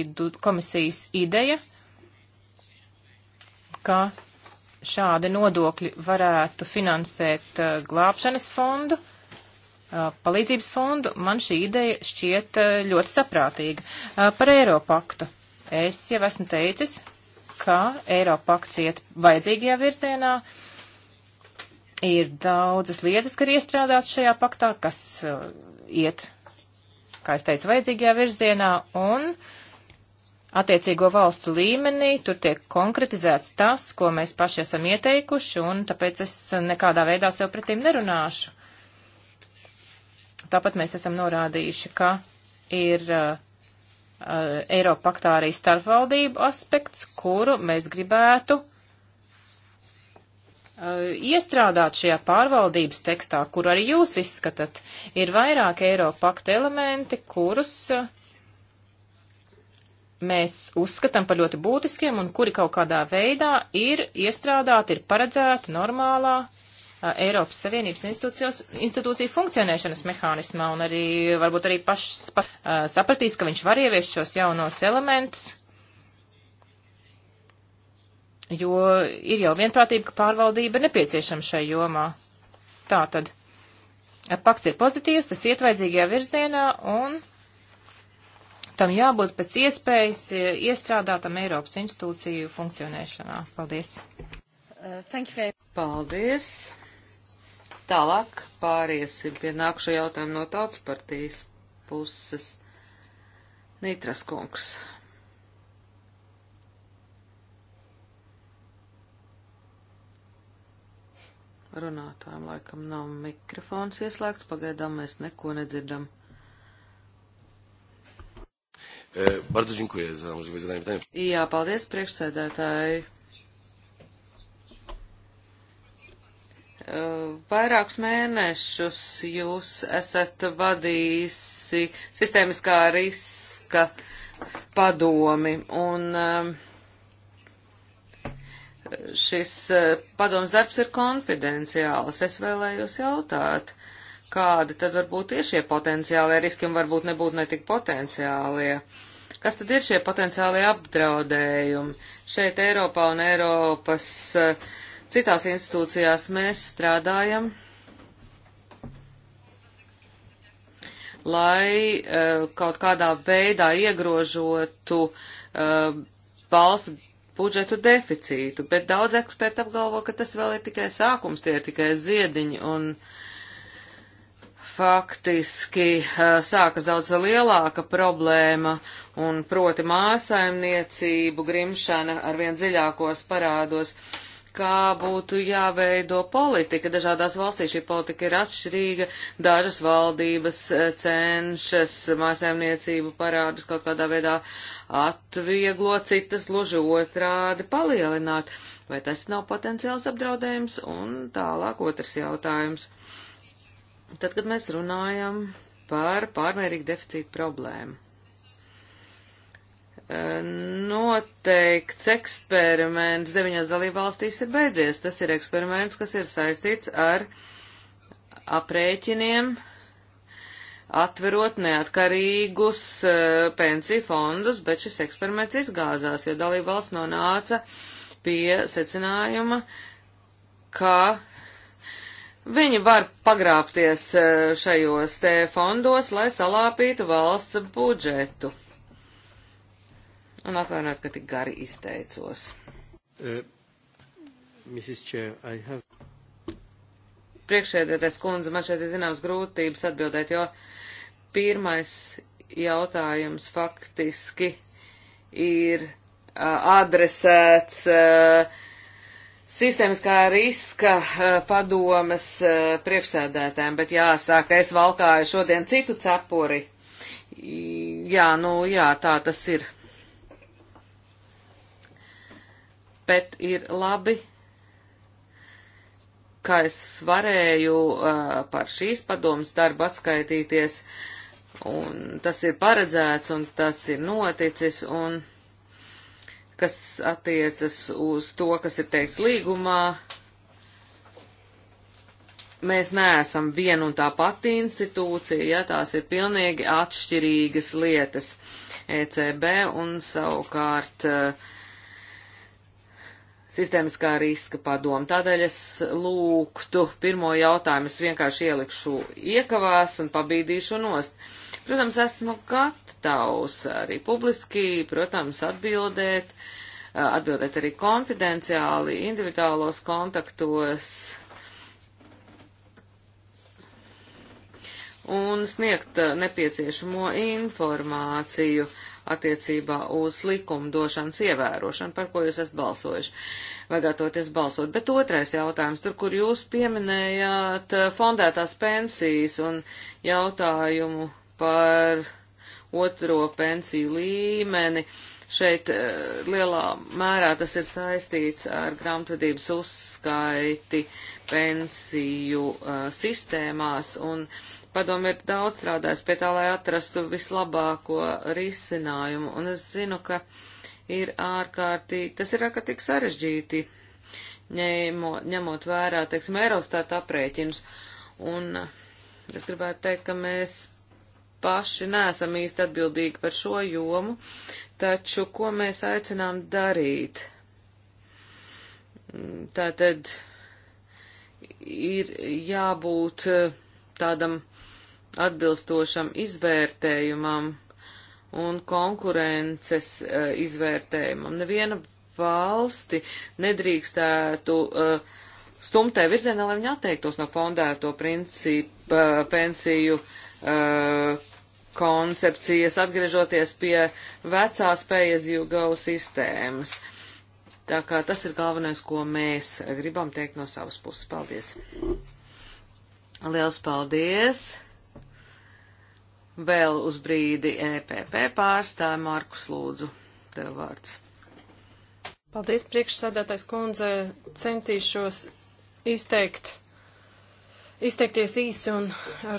komisijas ideja, ka šādi nodokļi varētu finansēt eh, glābšanas fondu, eh, palīdzības fondu, man šī ideja šķiet ļoti saprātīga. Par Eiropaktu. Es jau esmu teicis, ka Eiropakts iet vajadzīgajā virzienā. Uh, Ir daudzas lietas, kas ir iestrādātas šajā paktā, kas uh, iet, kā es teicu, vajadzīgajā virzienā, un attiecīgo valstu līmenī tur tiek konkretizēts tas, ko mēs paši esam ieteikuši, un tāpēc es nekādā veidā sev pretim nerunāšu. Tāpat mēs esam norādījuši, ka ir uh, uh, Eiropa paktā arī starpvaldību aspekts, kuru mēs gribētu Eh, iestrādāt šajā pārvaldības tekstā, kur arī jūs izskatat, ir vairāk Eiropa pakta elementi, kurus eh, mēs uzskatām par ļoti būtiskiem un kuri kaut kādā veidā ir iestrādāti, ir paredzēti normālā eh, Eiropas Savienības institūciju funkcionēšanas mehānismā un arī varbūt arī pašs pa, sapratīs, ka viņš var ieviest šos jaunos elementus jo ir jau vienprātība, ka pārvaldība ir nepieciešama šai jomā. Tā tad pakts ir pozitīvs, tas iet vajadzīgajā virzienā un tam jābūt pēc iespējas eh, iestrādātam Eiropas institūciju funkcionēšanā. Paldies! Uh, Paldies! Tālāk pāriesim pie nākšā jautājuma no tautas partijas puses. Nitras kungs. Runātājiem laikam nav mikrofons ieslēgts, pagaidām mēs neko nedzirdam. E, bardzo dziękuję za możliwość zadania pytania. Jā, paldies priekšsēdētāji. E, vairākus mēnešus jūs esat vadījusi sistēmiskā riska padomi un uh, šis eh, padoms darbs ir konfidenciāls. Es vēlējos jautāt, kādi tad varbūt ir šie potenciālie riski un varbūt nebūtu netik potenciālie. Kas tad ir šie potenciālie apdraudējumi? Šeit Eiropā un Eiropas eh, citās institūcijās mēs strādājam, lai eh, kaut kādā veidā iegrožotu valstu uh, budžetu deficītu, bet daudz eksperti apgalvo, ka tas vēl ir tikai sākums, tie ir tikai ziediņi un faktiski sākas daudz lielāka problēma un proti māsaimniecību grimšana ar vien dziļākos parādos. Kā būtu jāveido politika? Dažādās valstīs šī politika ir atšķirīga. Dažas valdības cenšas māsaimniecību parādus kaut kādā veidā atvieglot, citas gluži otrādi palielināt. Vai tas nav potenciāls apdraudējums? Un tālāk otrs jautājums. Tad, kad mēs runājam par pārmērīgu deficītu problēmu. E, noteikts eksperiments deviņās dalībvalstīs ir beidzies. Tas ir eksperiments, kas ir saistīts ar aprēķiniem, atverot neatkarīgus eh, pensiju fondus, bet šis eksperiments izgāzās, jo dalība valsts nonāca pie secinājuma, ka Viņi var pagrāpties eh, šajos te fondos, lai salāpītu valsts budžetu. Un atvainojiet, ka tik gari izteicos. Uh, Chair, have... Priekšēdētais kundze, man šeit ir zināmas grūtības atbildēt, jo Pirmais jautājums faktiski ir adresēts sistēmiskā riska padomas priekšsēdētājiem, bet jāsaka, es valkāju šodien citu cepuri. Jā, nu jā, tā tas ir. Bet ir labi, ka es varēju par šīs padomas darbu atskaitīties uh, Un tas ir paredzēts un tas ir noticis un kas attiecas uz to, kas ir teikts līgumā. Mēs neesam viena un tā pati institūcija, ja tās ir pilnīgi atšķirīgas lietas. ECB un savukārt uh, sistēmiskā riska padomu. Tādēļ es lūgtu pirmo jautājumu, es vienkārši ielikšu iekavās un pabīdīšu nost. Uh, Protams, esmu gatavs arī publiski, protams, atbildēt, atbildēt arī konfidenciāli, individuālos kontaktos. un sniegt nepieciešamo informāciju attiecībā uz likumdošanas ievērošanu, par ko jūs esat balsojuši vai gatavoties balsot. Bet otrais jautājums, tur, kur jūs pieminējāt fondētās pensijas un jautājumu par otro pensiju līmeni. Šeit eh, lielā mērā tas ir saistīts ar grāmatvedības uzskaiti pensiju uh, sistēmās, un padomu ir daudz strādājis pie tā, lai atrastu vislabāko risinājumu, un es zinu, ka ir ārkārtīgi, tas ir ārkārtīgi sarežģīti, ņemot, ņemot vērā, teiksim, Eurostat aprēķinus, un es gribētu teikt, ka mēs paši neesam īsti atbildīgi par šo jomu, taču ko mēs aicinām darīt? Tātad ir jābūt eh, tādam atbilstošam izvērtējumam un konkurences eh, izvērtējumam. Neviena valsti nedrīkstētu eh, stumtē virzienā, lai viņi atteiktos no fondēto principu pensiju koncepcijas, atgriežoties pie vecās pējas jūgau sistēmas. Tā kā tas ir galvenais, ko mēs gribam teikt no savas puses. Paldies! Liels paldies! Vēl uz brīdi EPP pārstāja Markus Lūdzu. Tev vārds. Paldies, priekšsādātais kundze. Centīšos izteikt izteikties īsi un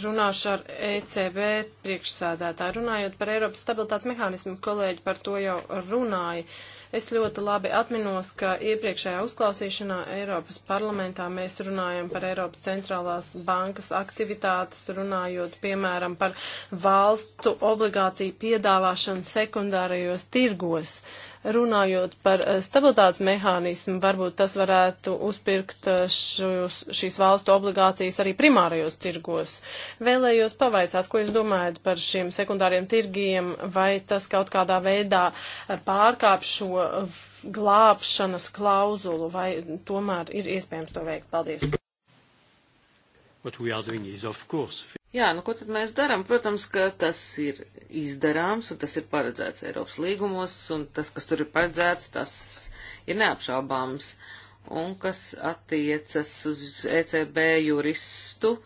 runāšu ar ECB priekšsēdētāju. Runājot par Eiropas stabilitātes mehānismu, kolēģi par to jau runāja. Es ļoti labi atminos, ka iepriekšējā uzklausīšanā Eiropas parlamentā mēs runājam par Eiropas centrālās bankas aktivitātes, runājot piemēram par valstu obligāciju piedāvāšanu sekundārajos tirgos. Uh, Runājot par eh, stabilitātes mehānismu, varbūt tas varētu uzpirkt eh, šos, šīs valstu obligācijas arī primārajos tirgos. Vēlējos pavaicāt, ko jūs domājat par šiem sekundāriem tirgiem, vai tas kaut kādā veidā eh, pārkāp šo glābšanas klauzulu, vai tomēr ir iespējams to veikt. Paldies! What we are doing is, of course. Jā, nu ko tad mēs darām? Protams, ka tas ir izdarāms un tas ir paredzēts Eiropas līgumos, un tas, kas tur ir paredzēts, tas ir neapšaubāms. Un kas attiecas uz ECB juristu uh,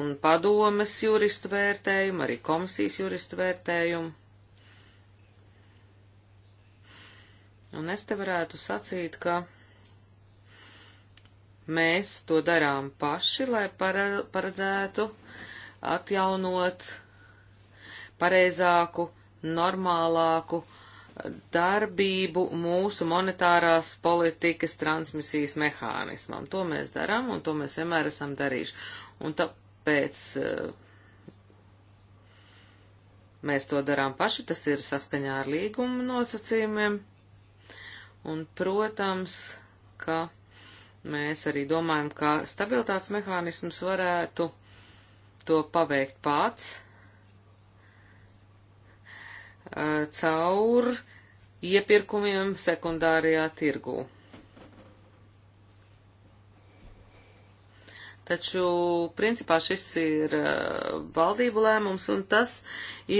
un padomes juristu vērtējumu, arī komisijas juristu vērtējumu. Un es te varētu sacīt, ka. Mēs to darām paši, lai paredzētu atjaunot pareizāku, normālāku darbību mūsu monetārās politikas transmisijas mehānismam. To mēs darām un to mēs vienmēr esam darījuši. Un tāpēc eh, mēs to darām paši, tas ir saskaņā ar līguma nosacījumiem. Un, protams, ka Mēs arī domājam, ka stabilitātes mehānisms varētu to paveikt pats eh, caur iepirkumiem sekundārajā tirgū. Taču, principā, šis ir eh, valdību lēmums, un tas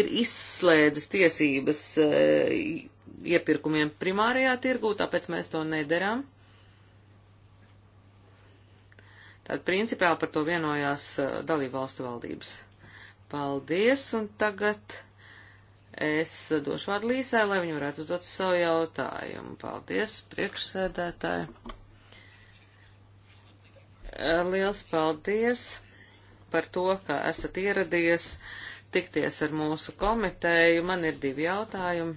ir izslēdzis tiesības eh, iepirkumiem primārajā tirgū, tāpēc mēs to nedarām. Tad principiāli par to vienojās eh, dalībvalstu valdības. Paldies, un tagad es došu vārdu Līsai, lai viņa varētu uzdot savu jautājumu. Paldies, priekšsēdētāji. Eh, liels paldies par to, ka esat ieradies tikties ar mūsu komiteju. Man ir divi jautājumi.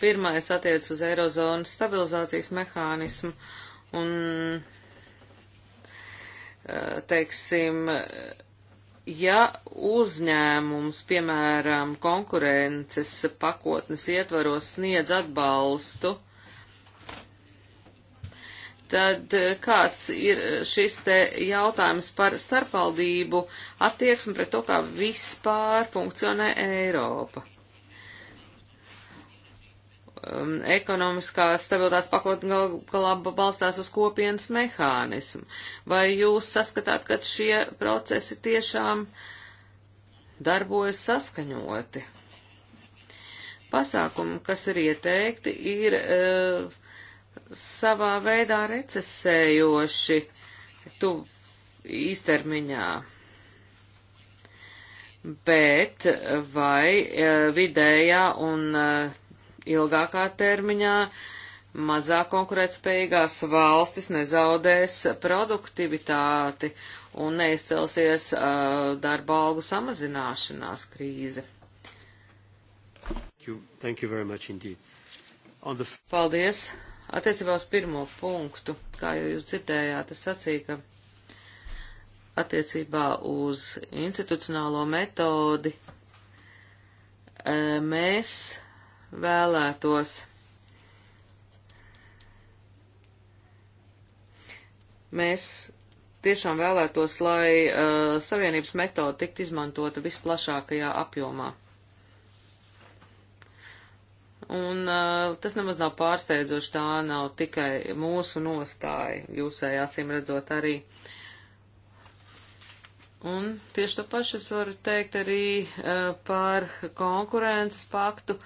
Pirmais attiec uz Eirozonas stabilizācijas mehānismu un, eh, teiksim, ja uzņēmums, piemēram, konkurences pakotnes ietvaros sniedz atbalstu, tad eh, kāds ir šis te jautājums par starpvaldību attieksmi pret to, kā vispār funkcionē Eiropa? um, ekonomiskā stabilitātes pakotne gal, galā balstās uz kopienas mehānismu. Vai jūs saskatāt, ka šie procesi tiešām darbojas saskaņoti? Pasākumi, kas ir ieteikti, ir uh, savā veidā recesējoši tu īstermiņā bet vai uh, vidējā un uh, ilgākā termiņā mazāk konkurētspējīgās valstis nezaudēs produktivitāti un neizcelsies uh, darba algu samazināšanās krīze. Thank you. Thank you very much indeed. On the... Paldies. Attiecībā uz pirmo punktu, kā jau jūs dzirdējāt, es sacīju, ka attiecībā uz institucionālo metodi eh, mēs vēlētos. Mēs tiešām vēlētos, lai uh, savienības metode tiktu izmantota visplašākajā apjomā. Un uh, tas nemaz nav pārsteidzoši, tā nav tikai mūsu nostāja, jūsēji acīm redzot arī. Uh, Un tieši to pašu es varu teikt arī uh, par konkurences paktu.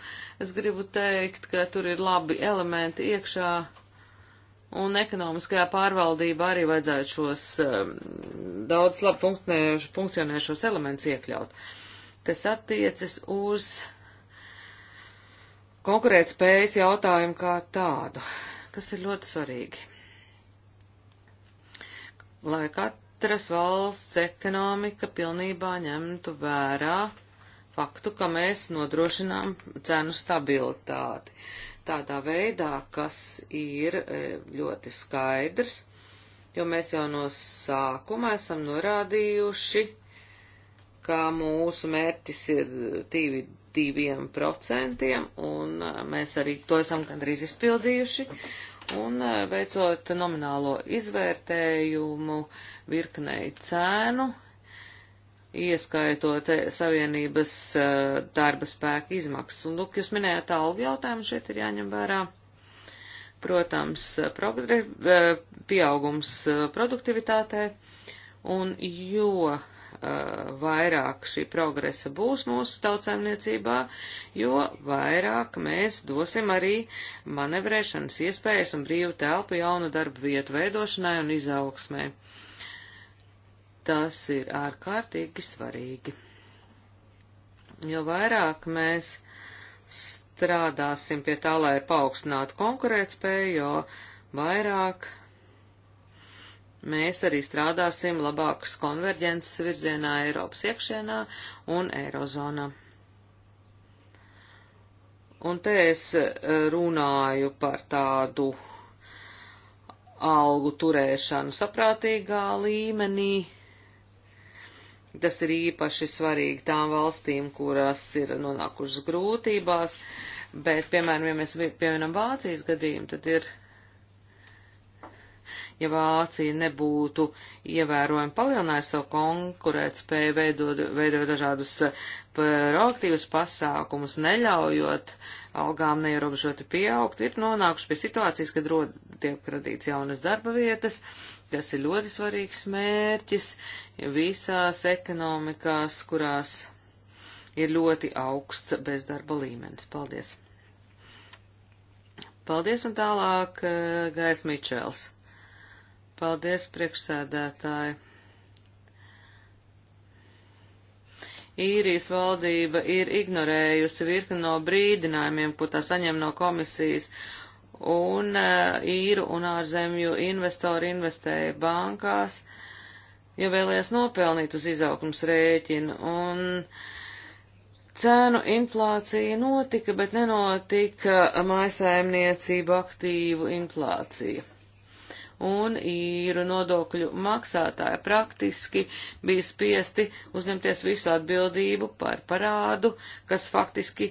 Es gribu teikt, ka tur ir labi elementi iekšā, un ekonomiskajā pārvaldībā arī vajadzētu šos um, daudz labi funkcionējušos elementus iekļaut. Tas attiecas uz konkurētspējas jautājumu kā tādu, kas ir ļoti svarīgi. Lai kat katras valsts ekonomika pilnībā ņemtu vērā faktu, ka mēs nodrošinām cenu stabilitāti. Tādā veidā, kas ir e, ļoti skaidrs, jo mēs jau no sākuma esam norādījuši, ka mūsu mērķis ir divi, diviem procentiem, un e, mēs arī to esam gandrīz izpildījuši. Un eh, veicot nominālo izvērtējumu virknei cēnu, ieskaitot eh, savienības eh, darba spēka izmaksas. Un, lūk, jūs minējāt algu jautājumu, šeit ir jāņem vērā. Protams, progre, pieaugums produktivitātē, un jo Uh, vairāk šī progresa būs mūsu tautsēmniecībā, jo vairāk mēs dosim arī manevrēšanas iespējas un brīvu telpu jaunu darbu vietu veidošanai un izaugsmē. Tas ir ārkārtīgi svarīgi. Jo vairāk mēs strādāsim pie tā, lai paaugstinātu konkurētspēju, jo vairāk mēs arī strādāsim labākas konverģences virzienā Eiropas iekšienā un Eirozonā. Un te es eh, runāju par tādu algu turēšanu saprātīgā līmenī. Tas ir īpaši svarīgi tām valstīm, kuras ir nonākušas grūtībās, bet, piemēram, ja mēs pieminam Vācijas gadījumu, tad ir ja Vācija nebūtu ievērojami palielinājusi savu konkurētspēju, veidot, veidot dažādus eh, proaktīvus pasākumus, neļaujot algām neierobežoti pieaugt, ir nonākuši pie situācijas, kad rod, tiek radīts jaunas darba vietas, kas ir ļoti svarīgs mērķis visās ekonomikās, kurās ir ļoti augsts bezdarba līmenis. Paldies! Paldies un tālāk, eh, Gais Mičels. Paldies, priekšsēdētāji. īrijas valdība ir ignorējusi virkni no brīdinājumiem, ko tā saņem no komisijas, un eh, īru un ārzemju investori investēja bankās, jo vēlies nopelnīt uz izaugums rēķinu, un cēnu inflācija notika, bet nenotika maisaimniecību aktīvu inflāciju un īru nodokļu maksātāji praktiski bija spiesti uzņemties visu atbildību par parādu, kas faktiski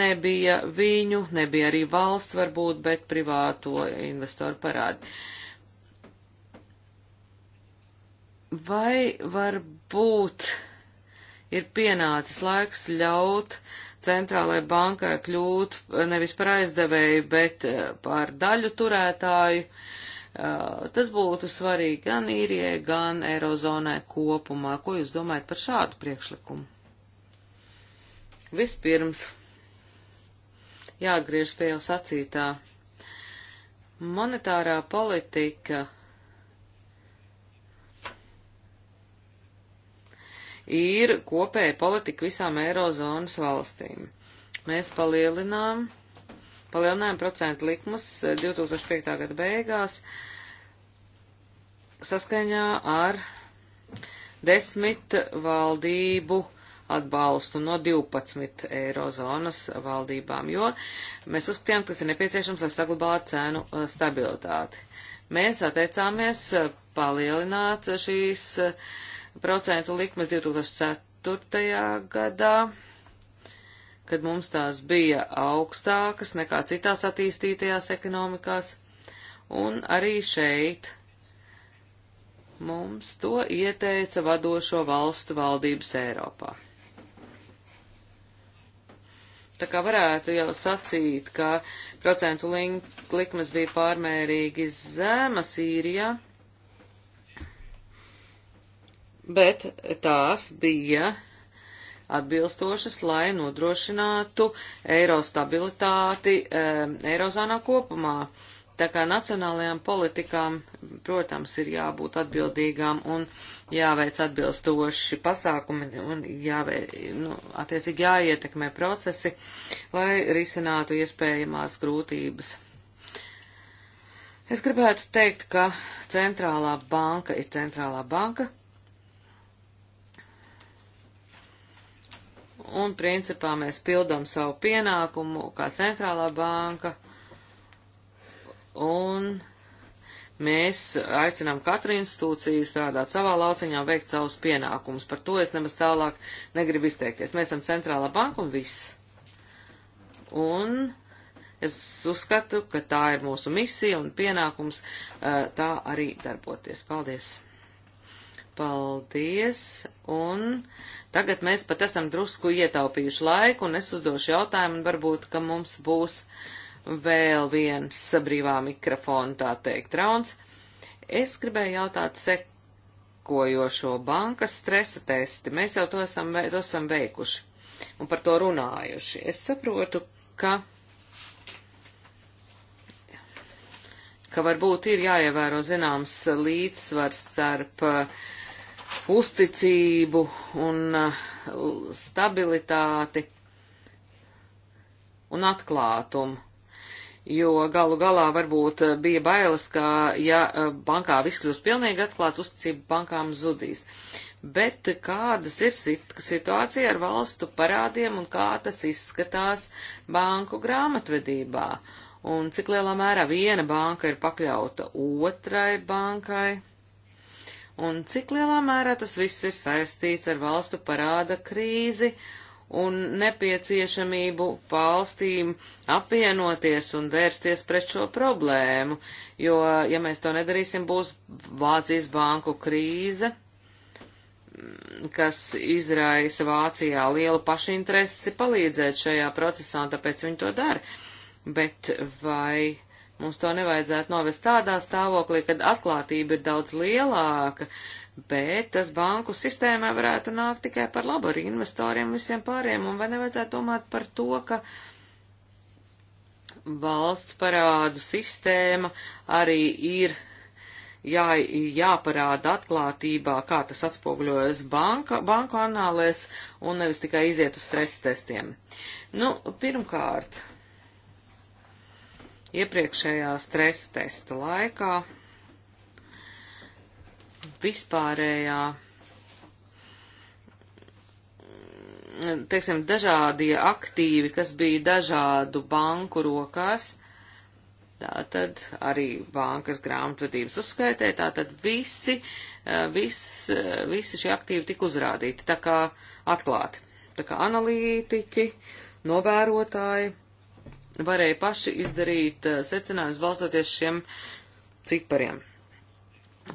nebija viņu, nebija arī valsts varbūt, bet privāto investoru parādi. Vai varbūt ir pienācis laiks ļaut centrālajai bankai kļūt nevis par aizdevēju, bet eh, par daļu turētāju, uh, Eh, tas būtu svarīgi gan īrijai, gan Eirozonai kopumā. Ko jūs domājat par šādu priekšlikumu? Vispirms jāatgriežas pie jau sacītā. Monetārā politika ir kopēja politika visām Eirozonas valstīm. Mēs palielinām palielinājām procentu likmas 2005. Eh, gada beigās saskaņā ar desmit valdību atbalstu no 12 eirozonas valdībām, jo mēs uzskatījām, ka tas ir nepieciešams, lai saglabātu cēnu eh, stabilitāti. Mēs atteicāmies eh, palielināt šīs procentu likmes 2004. gadā kad mums tās bija augstākas nekā citās attīstītajās ekonomikās, un arī šeit mums to ieteica vadošo valstu valdības Eiropā. Tā kā varētu jau sacīt, ka procentu likmes bija pārmērīgi zema Sīrijā, bet tās bija atbilstošas, lai nodrošinātu eiro stabilitāti e, ehm, eirozānā kopumā. Tā kā nacionālajām politikām, protams, ir jābūt atbildīgām un jāveic atbilstoši pasākumi un jāveic, nu, attiecīgi jāietekmē procesi, lai risinātu iespējamās grūtības. Es gribētu teikt, ka centrālā banka ir centrālā banka, un principā mēs pildām savu pienākumu kā centrālā banka, un mēs aicinām katru institūciju strādāt savā lauciņā, veikt savus pienākumus. Par to es nemaz tālāk negribu izteikties. Mēs esam centrālā banka un viss. Un es uzskatu, ka tā ir mūsu misija un pienākums eh, tā arī darboties. Paldies! Paldies, un tagad mēs pat esam drusku ietaupījuši laiku, un es uzdošu jautājumu, un varbūt, ka mums būs vēl viens brīvā mikrofona, tā teikt, rauns. Es gribēju jautāt sekojošo bankas stresa testi. Mēs jau to esam, to esam veikuši un par to runājuši. Es saprotu, ka, ka varbūt ir jāievēro zināms līdzsvars starp uh, uzticību un eh, stabilitāti un atklātumu. Jo galu galā varbūt eh, bija bailes, ka ja eh, bankā viss kļūs pilnīgi atklāts, uzticība bankām zudīs. Bet kādas ir situācija ar valstu parādiem un kā tas izskatās banku grāmatvedībā? Un cik lielā mērā viena banka ir pakļauta otrai bankai? un cik lielā mērā tas viss ir saistīts ar valstu parāda krīzi un nepieciešamību valstīm apvienoties un vērsties pret šo problēmu, jo, ja mēs to nedarīsim, būs Vācijas banku krīze, kas izraisa Vācijā lielu pašinteresi palīdzēt šajā procesā, un tāpēc viņi to dara. Bet vai Mums to nevajadzētu novest tādā stāvoklī, kad atklātība ir daudz lielāka, bet tas banku sistēmā varētu nākt tikai par labu arī investoriem visiem pāriem, un vai nevajadzētu domāt par to, ka valsts parādu sistēma arī ir jā, jāparāda atklātībā, kā tas atspoguļojas banka, banku analēs, un nevis tikai iziet uz stresa testiem. Nu, pirmkārt, iepriekšējā stresa testa laikā vispārējā, teiksim, dažādie aktīvi, kas bija dažādu banku rokās, tātad arī bankas grāmatvedības uzskaitē, tātad visi, vis, visi šie aktīvi tika uzrādīti, tā kā atklāti, tā kā analītiķi, novērotāji varēja paši izdarīt eh, secinājumus balstoties šiem cipariem.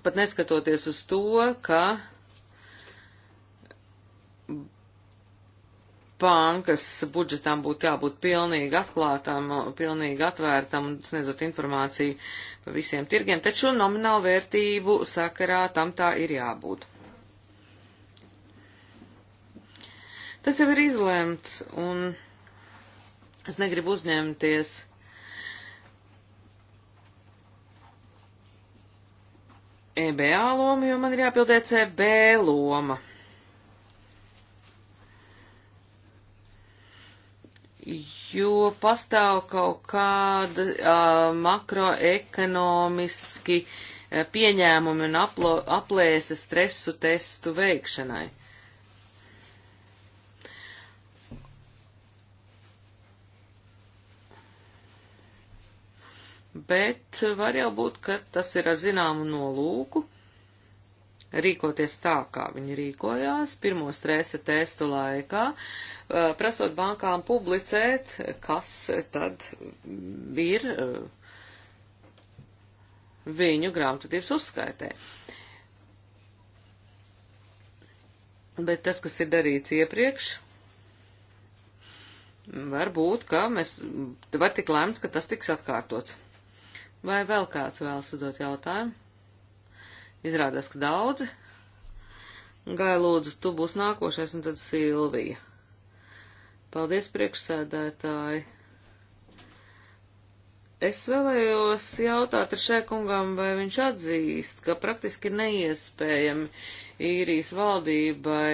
Pat neskatoties uz to, ka bankas budžetām būtu jābūt pilnīgi atklātām, pilnīgi atvērtām un sniedzot informāciju par visiem tirgiem, taču nominālu vērtību sakarā tam tā ir jābūt. Tas jau ir izlēmts, un Es negribu uzņemties EBA lomu, jo man ir jāpildē CB loma. jo pastāv kaut kāda uh, makroekonomiski uh, pieņēmumi un aplo, aplēse stresu testu veikšanai. bet var jau būt, ka tas ir ar zināmu nolūku rīkoties tā, kā viņi rīkojās pirmo stresa testu laikā, prasot bankām publicēt, kas tad ir viņu grāmatvedības uzskaitē. Bet tas, kas ir darīts iepriekš, var būt, ka mēs, var tik lēmts, ka tas tiks atkārtots. Vai vēl kāds vēlas uzdot jautājumu? Izrādās, ka daudzi. Gai lūdzu, tu būs nākošais un tad Silvija. Paldies, priekšsēdētāji. Es vēlējos jautāt ar šai kungam, vai viņš atzīst, ka praktiski neiespējami īrijas valdībai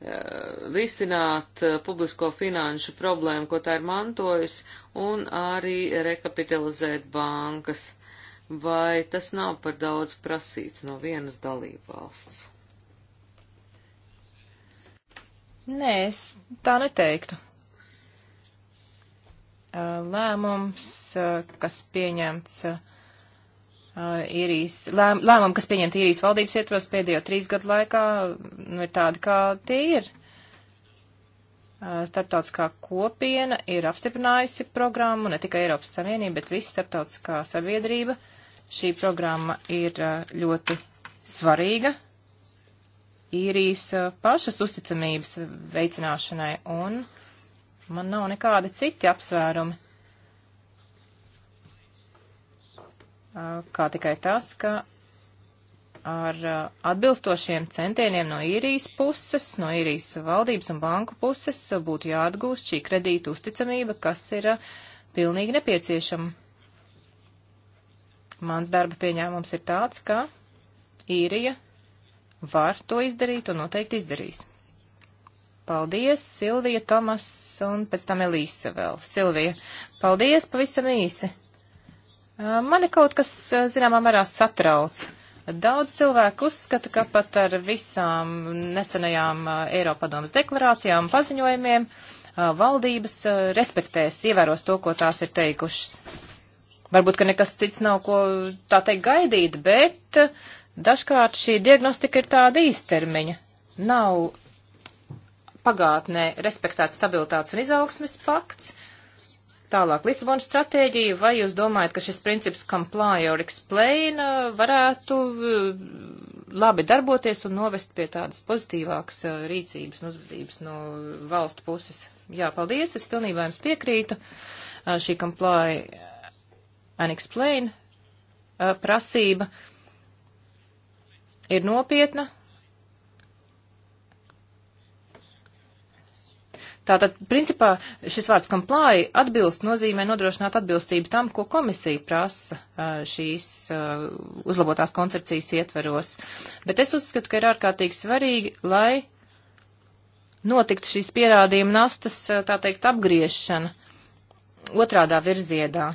Eh, risināt eh, publisko finanšu problēmu, ko tā ir mantojusi, un arī rekapitalizēt bankas. Vai tas nav par daudz prasīts no vienas dalībvalsts? Nē, es tā neteiktu. Eh, lēmums, kas pieņemts īrijas, uh, lēm, lēmumu, kas pieņemti īrijas valdības ietvaros pēdējo trīs gadu laikā, nu, ir tādi, kā tie ir. Uh, startautiskā kopiena ir apstiprinājusi programmu, ne tikai Eiropas Savienība, bet visa startautiskā sabiedrība. Šī programma ir uh, ļoti svarīga īrijas pašas uzticamības veicināšanai, un man nav nekādi citi apsvērumi kā tikai tas, ka ar atbilstošiem centieniem no īrijas puses, no īrijas valdības un banku puses būtu jāatgūst šī kredīta uzticamība, kas ir pilnīgi nepieciešama. Mans darba pieņēmums ir tāds, ka īrija var to izdarīt un noteikti izdarīs. Paldies, Silvija, Tomas un pēc tam Elīsa vēl. Silvija, paldies pavisam īsi. Mani kaut kas, zināmā mērā, satrauc. Daudz cilvēku uzskata, ka pat ar visām nesenajām Eiropadomas deklarācijām un paziņojumiem valdības respektēs, ievēros to, ko tās ir teikušas. Varbūt, ka nekas cits nav ko tā teikt gaidīt, bet dažkārt šī diagnostika ir tāda īstermiņa. Nav pagātnē respektēts stabilitātes un izaugsmes pakts, uh, Tālāk, Lisabonas stratēģija, vai jūs domājat, ka šis princips comply or explain uh, varētu uh, labi darboties un novest pie tādas pozitīvākas uh, rīcības un uzvedības no valstu puses? Jā, paldies, es pilnībā jums piekrītu. Šī comply and explain prasība ir nopietna, Tātad, principā, šis vārds comply atbilst nozīmē nodrošināt atbilstību tam, ko komisija prasa šīs uzlabotās koncepcijas ietveros. Bet es uzskatu, ka ir ārkārtīgi svarīgi, lai notiktu šīs pierādījuma nastas, tā teikt, apgriešana otrādā virziedā.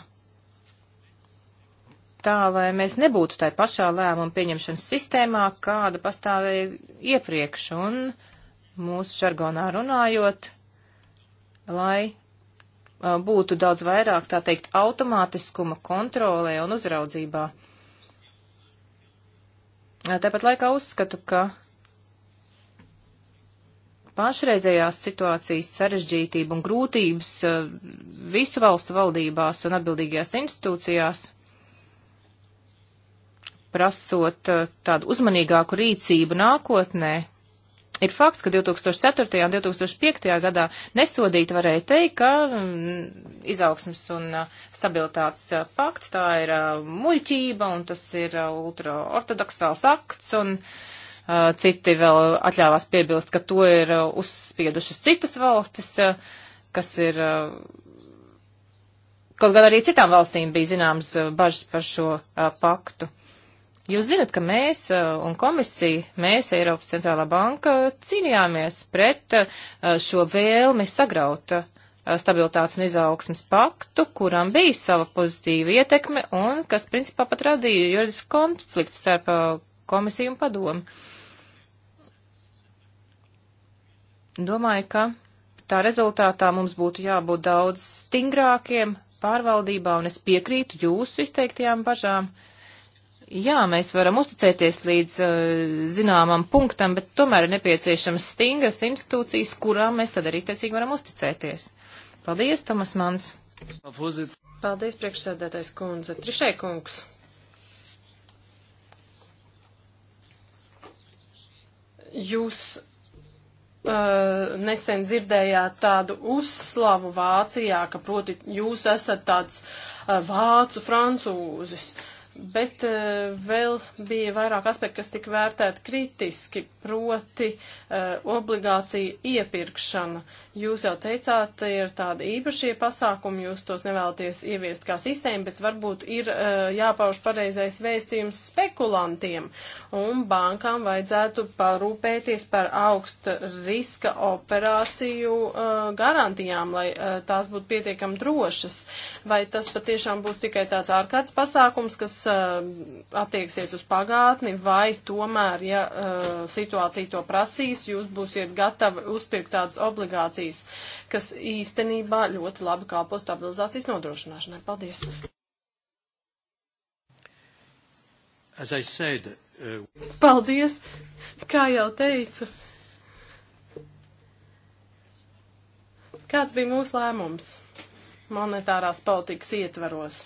Tā, lai mēs nebūtu tai pašā lēmuma pieņemšanas sistēmā, kāda pastāvēja iepriekš, un mūsu žargonā runājot, lai būtu daudz vairāk, tā teikt, automātiskuma kontrolē un uzraudzībā. Tāpat laikā uzskatu, ka pašreizējās situācijas sarežģītība un grūtības visu valstu valdībās un atbildīgajās institūcijās, prasot tādu uzmanīgāku rīcību nākotnē, Ir fakts, ka 2004. un 2005. gadā nesodīti varēja teikt, ka mm, izaugsmas un stabilitātes pakts tā ir muļķība un tas ir ultraortodoksāls akts. Un, Citi vēl atļāvās piebilst, ka to ir uzspiedušas citas valstis, kas ir Kaut gan arī citām valstīm bija zināms bažas par šo a, paktu. Jūs zinat, ka mēs uh, un komisija, mēs Eiropas centrālā banka cīnījāmies pret uh, šo vēlmi sagraut uh, stabilitātes un izaugsmas paktu, kuram bija sava pozitīva ietekme un kas principā pat radīja juridisku konfliktu starp komisiju un padomu. Domāju, ka tā rezultātā mums būtu jābūt daudz stingrākiem pārvaldībā, un es piekrītu jūsu izteiktajām bažām. Uh, jā, mēs varam uzticēties līdz uh, zināmam punktam, bet tomēr ir nepieciešams stingras institūcijas, kurām mēs tad arī tiecīgi varam uzticēties. Paldies, Tomas Mans. Paldies, priekšsēdētais kundze. Trišai kungs. Jūs Uh, nesen dzirdējāt tādu uzslavu Vācijā, ka proti jūs esat tāds uh, vācu francūzis. Bet uh, vēl bija vairāk aspekti, kas tika vērtēti kritiski, proti uh, eh, obligācija iepirkšana. Jūs jau teicāt, ir tādi īpašie pasākumi, jūs tos nevēlaties ieviest kā sistēmu, bet varbūt ir uh, jāpauž pareizais vēstījums spekulantiem. Un bankām vajadzētu parūpēties par augsta riska operāciju uh, garantijām, lai uh, tās būtu pietiekami drošas. Vai tas patiešām būs tikai tāds ārkārtas pasākums, kas attieksies uz pagātni, vai tomēr, ja situācija to prasīs, jūs būsiet gatavi uzpirkt tādas obligācijas? valstīs, kas īstenībā ļoti labi kalpo stabilizācijas nodrošināšanai. Paldies! Said, uh... Paldies! Kā jau teicu, kāds bija mūsu lēmums monetārās politikas ietvaros?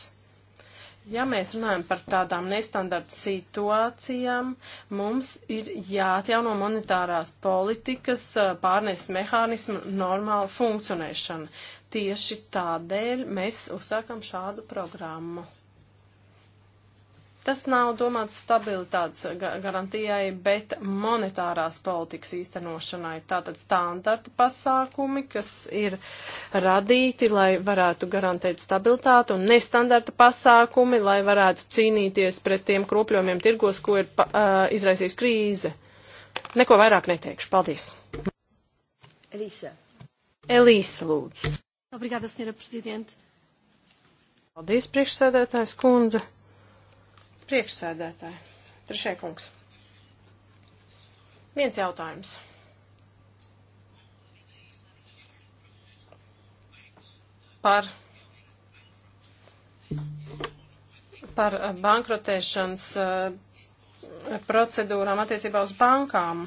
Ja mēs runājam par tādām nestandarta situācijām, mums ir jāatjauno monetārās politikas pārneses mehānismu normāla funkcionēšana. Tieši tādēļ mēs uzsākam šādu programmu. Tas nav domāts stabilitātes garantijai, bet monetārās politikas īstenošanai. Tātad standarta pasākumi, kas ir radīti, lai varētu garantēt stabilitātu, un nestandarta pasākumi, lai varētu cīnīties pret tiem kropļojumiem tirgos, ko ir uh, izraisījis krīze. Neko vairāk neteikšu. Paldies. Elisa. Elisa, lūdzu. Obrigada, senhora Presidente. Paldies, priekšsēdētājs kundze. Priekšsēdētāji. Trešie kungs. Viens jautājums. Par, par bankrotēšanas eh, procedūrām attiecībā uz bankām.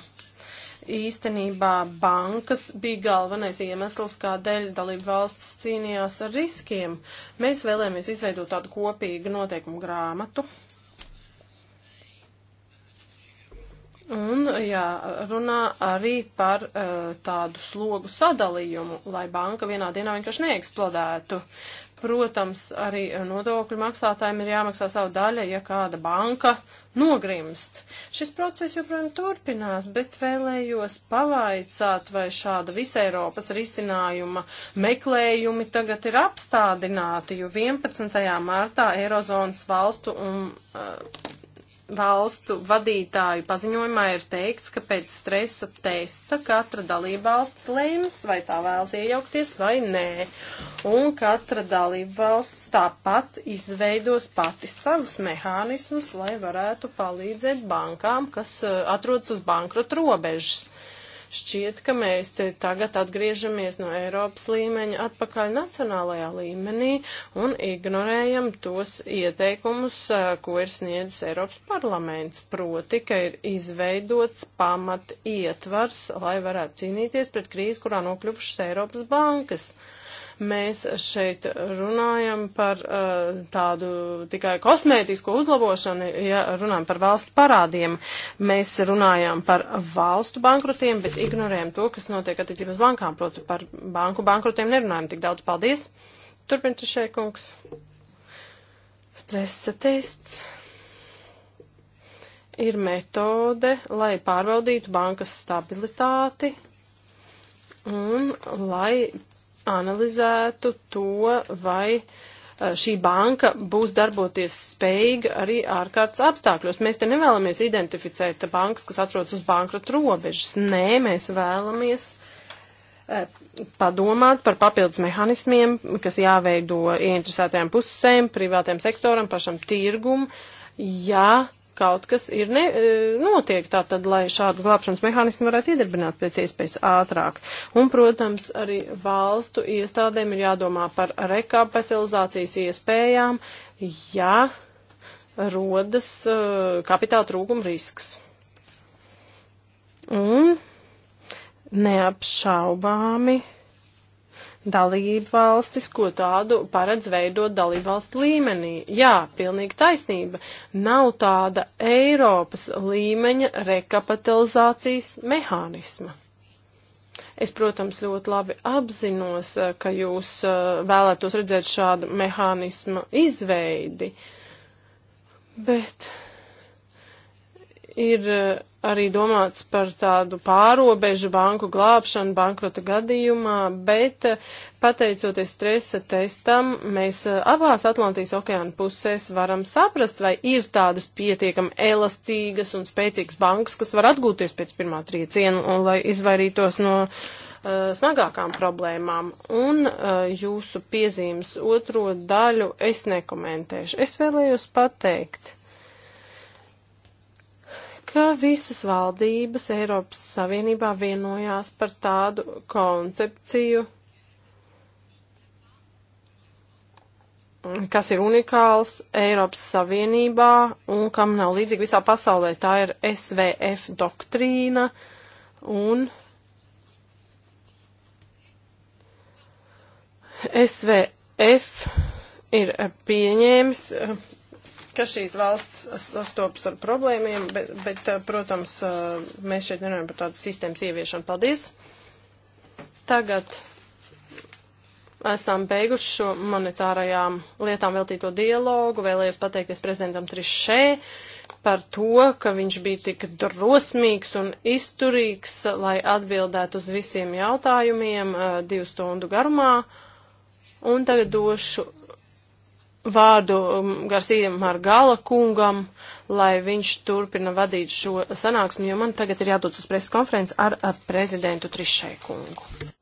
Īstenībā bankas bija galvenais iemesls, kādēļ dalību valsts cīnījās ar riskiem. Mēs vēlēmies izveidot tādu kopīgu noteikumu grāmatu, Un jārunā arī par uh, tādu slogu sadalījumu, lai banka vienā dienā vienkārši neeksplodētu. Protams, arī nodokļu maksātājiem ir jāmaksā savu daļu, ja kāda banka nogrimst. Šis process joprojām turpinās, bet vēlējos pavaicāt, vai šāda visa Eiropas risinājuma meklējumi tagad ir apstādināti, jo 11. martā Eirozonas valstu un. Uh, valstu vadītāju paziņojumā ir teikts, ka pēc stresa testa katra dalībvalsts lēms, vai tā vēlas iejaukties vai nē. Un katra dalībvalsts tāpat izveidos pati savus mehānismus, lai varētu palīdzēt bankām, kas eh, atrodas uz bankrota robežas. Uh, Šķiet, ka mēs tagad atgriežamies no Eiropas līmeņa atpakaļ nacionālajā līmenī un ignorējam tos ieteikumus, ko ir sniedzis Eiropas parlaments. Proti, ka ir izveidots pamat ietvars, lai varētu cīnīties pret krīzi, kurā nokļuvušas Eiropas bankas. Uh, Mēs šeit runājam par uh, tādu tikai kosmētisku uzlabošanu, ja runājam par valstu parādiem. Mēs runājam par valstu bankrotiem, bet ignorējam to, kas notiek attiecības bankām. Proti par banku bankrotiem nerunājam tik daudz. Paldies! Turpiniet, Šeikungs. Stresa tests ir metode, lai pārbaudītu bankas stabilitāti un lai analizētu to, vai eh, šī banka būs darboties spējīga arī ārkārtas apstākļos. Mēs te nevēlamies identificēt bankas, kas atrodas uz bankrota robežas. Nē, mēs vēlamies eh, padomāt par papildus mehānismiem, kas jāveido ieinteresētajām pusēm, privātajam sektoram, pašam tirgum, ja kaut kas ir ne, e, notiek, tātad, lai šādu glābšanas mehānismu varētu iedarbināt pēc iespējas ātrāk. Un, protams, arī valstu iestādēm ir jādomā par rekapitalizācijas iespējām, ja rodas e, kapitāla trūkuma risks. Un neapšaubāmi dalību valstis, ko tādu paredz veidot dalību valstu līmenī. Jā, pilnīgi taisnība. Nav tāda Eiropas līmeņa rekapitalizācijas mehānisma. Es, protams, ļoti labi apzinos, eh, ka jūs eh, vēlētos redzēt šādu mehānismu izveidi, bet ir eh, arī domāts par tādu pārobežu banku glābšanu bankrota gadījumā, bet eh, pateicoties stresa testam, mēs eh, abās Atlantijas okeāna pusēs varam saprast, vai ir tādas pietiekami elastīgas un spēcīgas bankas, kas var atgūties pēc pirmā trieciena un lai izvairītos no uh, smagākām problēmām. Un uh, jūsu piezīmes otro daļu es nekomentēšu. Es vēlējos pateikt ka visas valdības Eiropas Savienībā vienojās par tādu koncepciju, kas ir unikāls Eiropas Savienībā un kam nav līdzīgi visā pasaulē. Tā ir SVF doktrīna un SVF ir pieņēmis ka šīs valsts sastopas ar problēmiem, bet, bet eh, protams, eh, mēs šeit nerunājam par tādu sistēmas ieviešanu. Paldies! Tagad esam beiguši šo monetārajām lietām veltīto dialogu. Vēlējos pateikties prezidentam Trišē par to, ka viņš bija tik drosmīgs un izturīgs, lai atbildētu uz visiem jautājumiem eh, divu stundu garumā. Un tagad došu vārdu um, Garcijam Margala kungam, lai viņš turpina vadīt šo sanāksmi, jo man tagad ir jādodas uz preses konferenci ar, ar prezidentu Trišai kungu.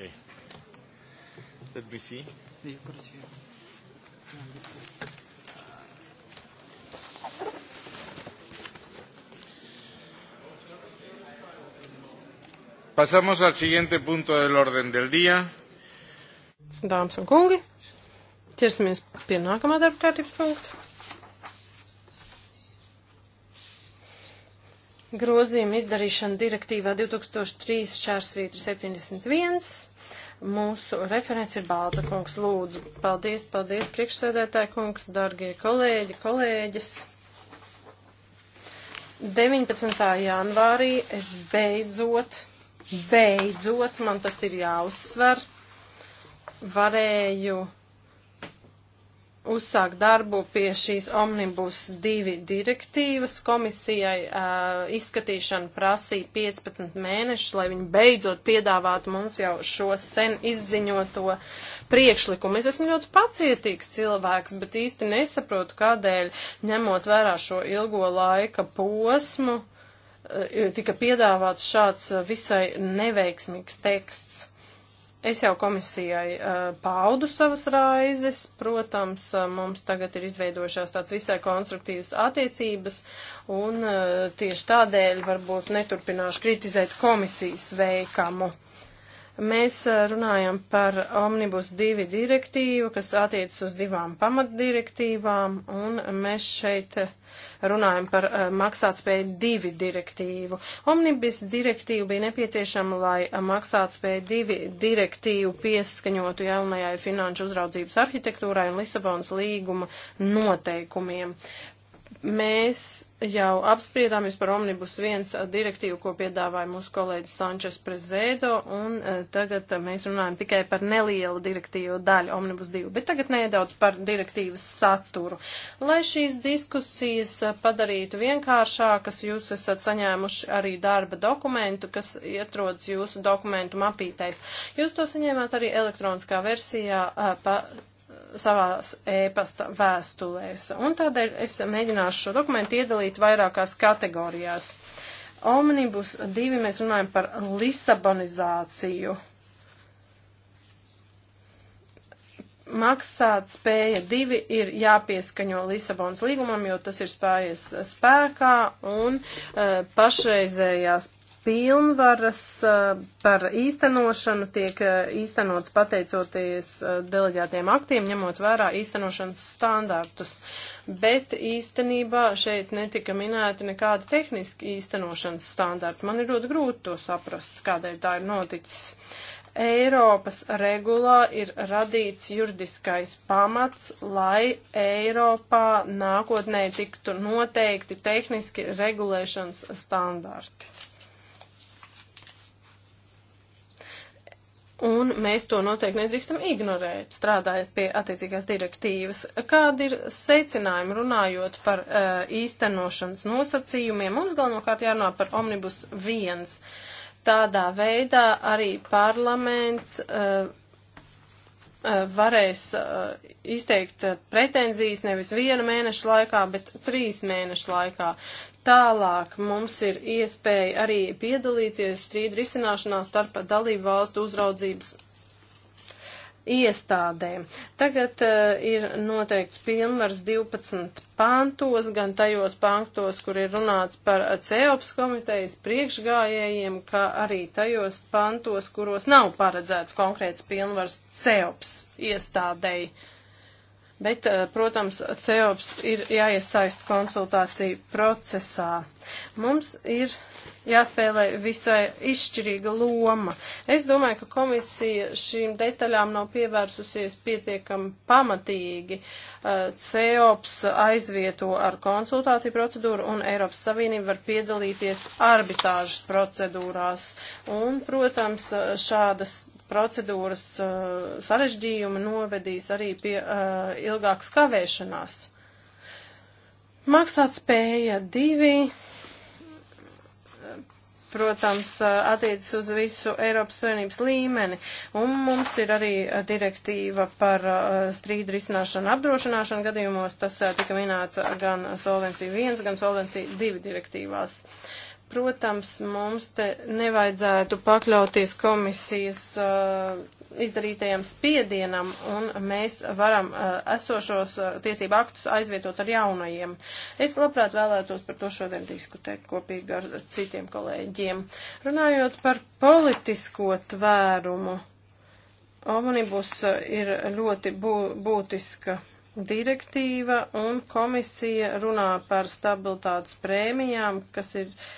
Okay. Let me see. Pasamos al siguiente punto del orden del día. Dāmas un kungi, ķersimies pie nākamā darba kārtības punkta. Grozījuma izdarīšana direktīvā 2003 šķērsvītra 71 Mūsu referents ir Balza kungs. Lūdzu, paldies, paldies, priekšsēdētāji kungs, dargie kolēģi, kolēģis. 19. janvārī es beidzot, beidzot, man tas ir jāuzsver, varēju uzsākt darbu pie šīs Omnibus 2 direktīvas. Komisijai uh, izskatīšana prasīja 15 mēnešus, lai viņi beidzot piedāvātu mums jau šo sen izziņoto priekšlikumu. Es esmu ļoti pacietīgs cilvēks, bet īsti nesaprotu, kādēļ, ņemot vērā šo ilgo laika posmu, uh, tika piedāvāts šāds visai neveiksmīgs teksts. Es jau komisijai uh, paudu savas raizes, protams, uh, mums tagad ir izveidojušās tāds visai konstruktīvas attiecības, un uh, tieši tādēļ varbūt neturpināšu kritizēt komisijas veikamu. Mēs runājam par Omnibus 2 direktīvu, kas attiecas uz divām pamatdirektīvām, un mēs šeit runājam par maksātspēju 2 direktīvu. Omnibus direktīva bija nepieciešama, lai maksātspēju 2 direktīvu pieskaņotu jaunajai finanšu uzraudzības arhitektūrai un Lisabonas līguma noteikumiem. Mēs jau apspriedāmies par Omnibus 1 direktīvu, ko piedāvāja mūsu kolēģis Sančes Prezēdo, un eh, tagad eh, mēs runājam tikai par nelielu direktīvu daļu Omnibus 2, bet tagad nedaudz par direktīvas saturu. Lai šīs diskusijas eh, padarītu vienkāršākas, jūs esat saņēmuši arī darba dokumentu, kas atrodas jūsu dokumentu mapītais. Jūs to saņēmāt arī elektroniskā versijā pa savās ēpasta vēstulēs. Un tādēļ es mēģināšu šo dokumentu iedalīt vairākās kategorijās. Omnibus 2 mēs runājam par Lisabonizāciju. maksāt spēja divi ir jāpieskaņo Lisabonas līgumam, jo tas ir spējies spēkā un e, pašreizējās pilnvaras eh, par īstenošanu tiek eh, īstenots pateicoties eh, deleģētiem aktiem, ņemot vērā īstenošanas standartus. Bet īstenībā šeit netika minēti nekādi tehniski īstenošanas standarti. Man ir ļoti grūti to saprast, kādēļ tā ir noticis. Eiropas regulā ir radīts juridiskais pamats, lai Eiropā nākotnē tiktu noteikti tehniski regulēšanas standarti. Un mēs to noteikti nedrīkstam ignorēt, strādājot pie attiecīgās direktīvas. Kādi ir secinājumi runājot par uh, īstenošanas nosacījumiem? Mums galvenokārt jārunā par Omnibus 1. Tādā veidā arī parlaments uh, varēs izteikt pretenzijas nevis viena mēneša laikā, bet trīs mēneša laikā. Tālāk mums ir iespēja arī piedalīties strīdu risināšanā starp dalību valstu uzraudzības iestādēm. Tagad uh, ir noteikts pilnvars 12 pantos, gan tajos pantos, kur ir runāts par CEOPS komitejas priekšgājējiem, kā arī tajos pantos, kuros nav paredzēts konkrēts pilnvars CEOPS iestādēji. Uh, Bet, eh, protams, CEOPS ir jāiesaist konsultāciju procesā. Mums ir jāspēlē visai izšķirīga loma. Es domāju, ka komisija šīm detaļām nav pievērsusies pietiekami pamatīgi. Eh, CEOPS aizvieto ar konsultāciju procedūru un Eiropas Savienība var piedalīties arbitāžas procedūrās. Un, protams, eh, šādas procedūras uh, sarežģījumi novedīs arī pie uh, ilgākas kavēšanās. Maksāt spēja divi, protams, uh, attiecas uz visu Eiropas Savienības līmeni. Un mums ir arī direktīva par strīdu risināšanu apdrošināšanu gadījumos. Tas tika minēts gan Solvencija 1, gan Solvencija 2 direktīvās. Uh, Protams, mums te nevajadzētu pakļauties komisijas uh, izdarītajam spiedienam, un mēs varam uh, esošos uh, tiesību aktus aizvietot ar jaunajiem. Es labprāt vēlētos par to šodien diskutēt kopīgi ar, ar citiem kolēģiem. Runājot par politisko tvērumu, Omnibus uh, ir ļoti bū, būtiska direktīva, un komisija runā par stabilitātes prēmijām, kas ir. Uh,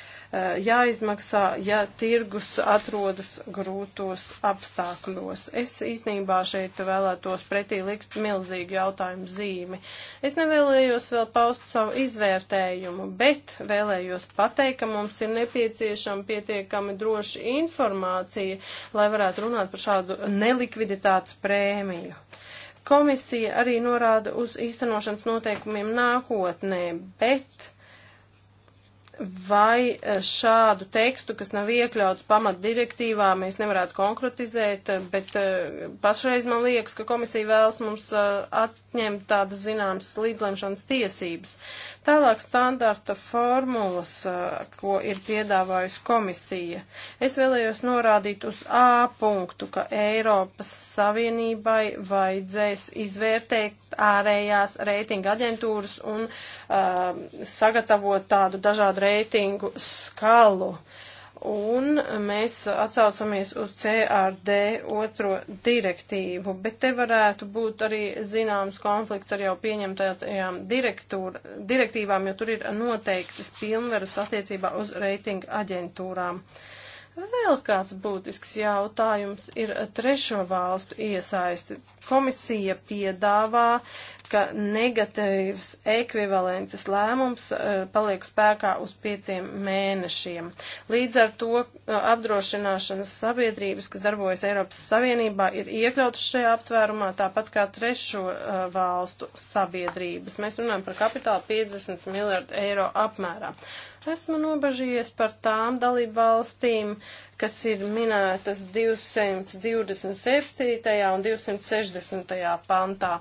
jāizmaksā, ja tirgus atrodas grūtos apstākļos. Es īstenībā šeit vēlētos pretī likt milzīgu jautājumu zīmi. Es nevēlējos vēl paust savu izvērtējumu, bet vēlējos pateikt, ka mums ir nepieciešama pietiekami droša informācija, lai varētu runāt par šādu nelikviditātes prēmiju. Komisija arī norāda uz īstenošanas noteikumiem nākotnē, bet vai eh, šādu tekstu, kas nav iekļauts pamatdirektīvā, mēs nevarētu konkretizēt, eh, bet eh, pašreiz man liekas, ka komisija vēlas mums atņemt tādas zināmas līdzlemšanas tiesības. Tālāk standarta formulas, ko ir piedāvājusi komisija. Es vēlējos norādīt uz A punktu, ka Eiropas Savienībai vajadzēs izvērtēt ārējās reitinga aģentūras un uh, sagatavot tādu dažādu reitingu skalu. Un mēs atsaucamies uz CRD otro direktīvu, bet te varētu būt arī zināms konflikts ar jau pieņemtajām direktīvām, jo tur ir noteiktas pilnveras attiecībā uz reitingu aģentūrām. Vēl kāds būtisks jautājums ir trešo valstu iesaisti. Komisija piedāvā ka negatīvs ekvivalences lēmums eh, paliek spēkā uz pieciem mēnešiem. Līdz ar to eh, apdrošināšanas sabiedrības, kas darbojas Eiropas Savienībā, ir iekļautas šajā aptvērumā tāpat kā trešo eh, valstu sabiedrības. Mēs runājam par kapitālu 50 miljardu eiro apmērā. Esmu nobažījies par tām dalību valstīm, uh, kas ir minētas 227. un 260. pantā.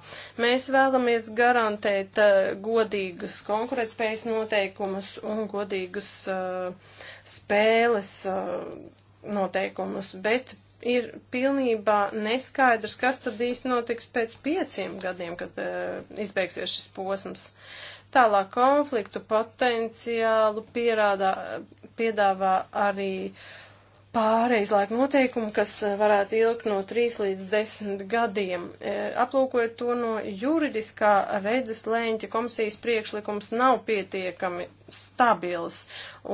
Mēs vēlamies garantēt eh, godīgas konkurētspējas noteikumus un godīgas uh, eh, spēles uh, noteikumus, bet ir pilnībā neskaidrs, kas tad īsti notiks pēc pieciem gadiem, kad uh, izbeigsies šis posms. Tālāk konfliktu potenciālu pierādā, piedāvā arī uh, pāreiz laika noteikumu, kas eh, varētu ilgt no 3 līdz 10 gadiem. Eh, aplūkojot to no juridiskā redzes lēņķa, komisijas priekšlikums nav pietiekami stabils,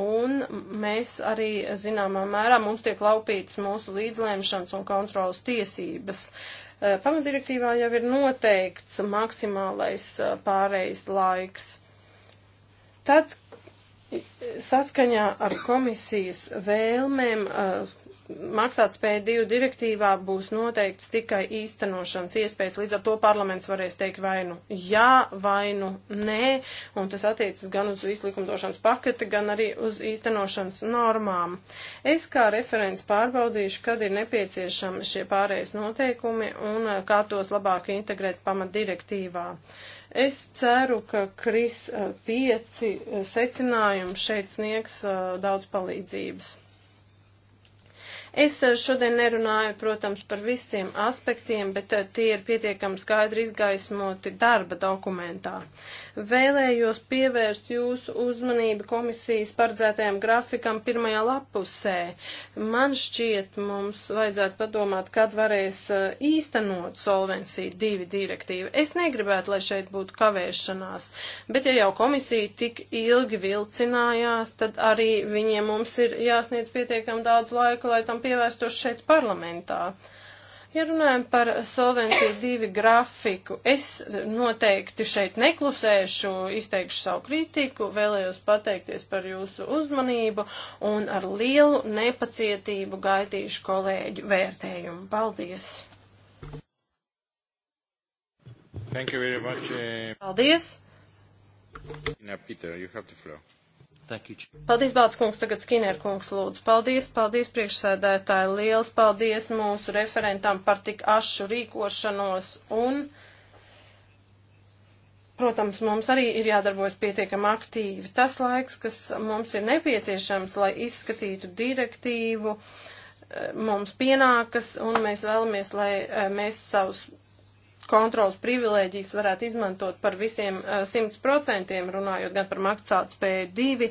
un mēs arī zināmā mērā mums tiek laupīts mūsu līdzlēmšanas un kontrolas tiesības. Eh, pamatdirektīvā jau ir noteikts maksimālais pāreiz laiks. Tad, Saskaņā ar komisijas vēlmēm eh, maksātspēja divu direktīvā būs noteikts tikai īstenošanas iespējas, līdz ar to parlaments varēs teikt vai nu jā, vai nu nē, un tas attiecas gan uz izlikumdošanas paketi, gan arī uz īstenošanas normām. Es kā referents pārbaudīšu, kad ir nepieciešami šie pārējais noteikumi un eh, kā tos labāk integrēt pamat direktīvā. Es ceru, ka Kris eh, pieci eh, secinājumi šeit sniegs eh, daudz palīdzības. Es eh, šodien nerunāju, protams, par visiem aspektiem, bet eh, tie ir pietiekami skaidri izgaismoti darba dokumentā. Vēlējos pievērst jūsu uzmanību komisijas paredzētajam grafikam pirmajā lapusē. Man šķiet, mums vajadzētu padomāt, kad varēs eh, īstenot Solvency 2 direktīvu. Es negribētu, lai šeit būtu kavēšanās, bet ja jau komisija tik ilgi vilcinājās, tad arī viņiem mums ir jāsniedz pietiekami daudz laika, lai tam tam pievērstos šeit parlamentā. Ja runājam par solvenciju divi grafiku, es noteikti šeit neklusēšu, izteikšu savu kritiku, vēlējos pateikties par jūsu uzmanību un ar lielu nepacietību gaidīšu kolēģu vērtējumu. Paldies! Thank you very much. Eh. Paldies! Now, Peter, you have the floor. Paldies, Bāts kungs, tagad Skinner kungs lūdzu. Paldies, paldies priekšsēdētāji, liels paldies mūsu referentam par tik ašu rīkošanos un, protams, mums arī ir jādarbojas pietiekam aktīvi. Tas laiks, kas mums ir nepieciešams, lai izskatītu direktīvu, mums pienākas un mēs vēlamies, lai eh, mēs savus kontrols privilēģijas varētu izmantot par visiem 100%, eh, runājot gan par maksātspēju divi,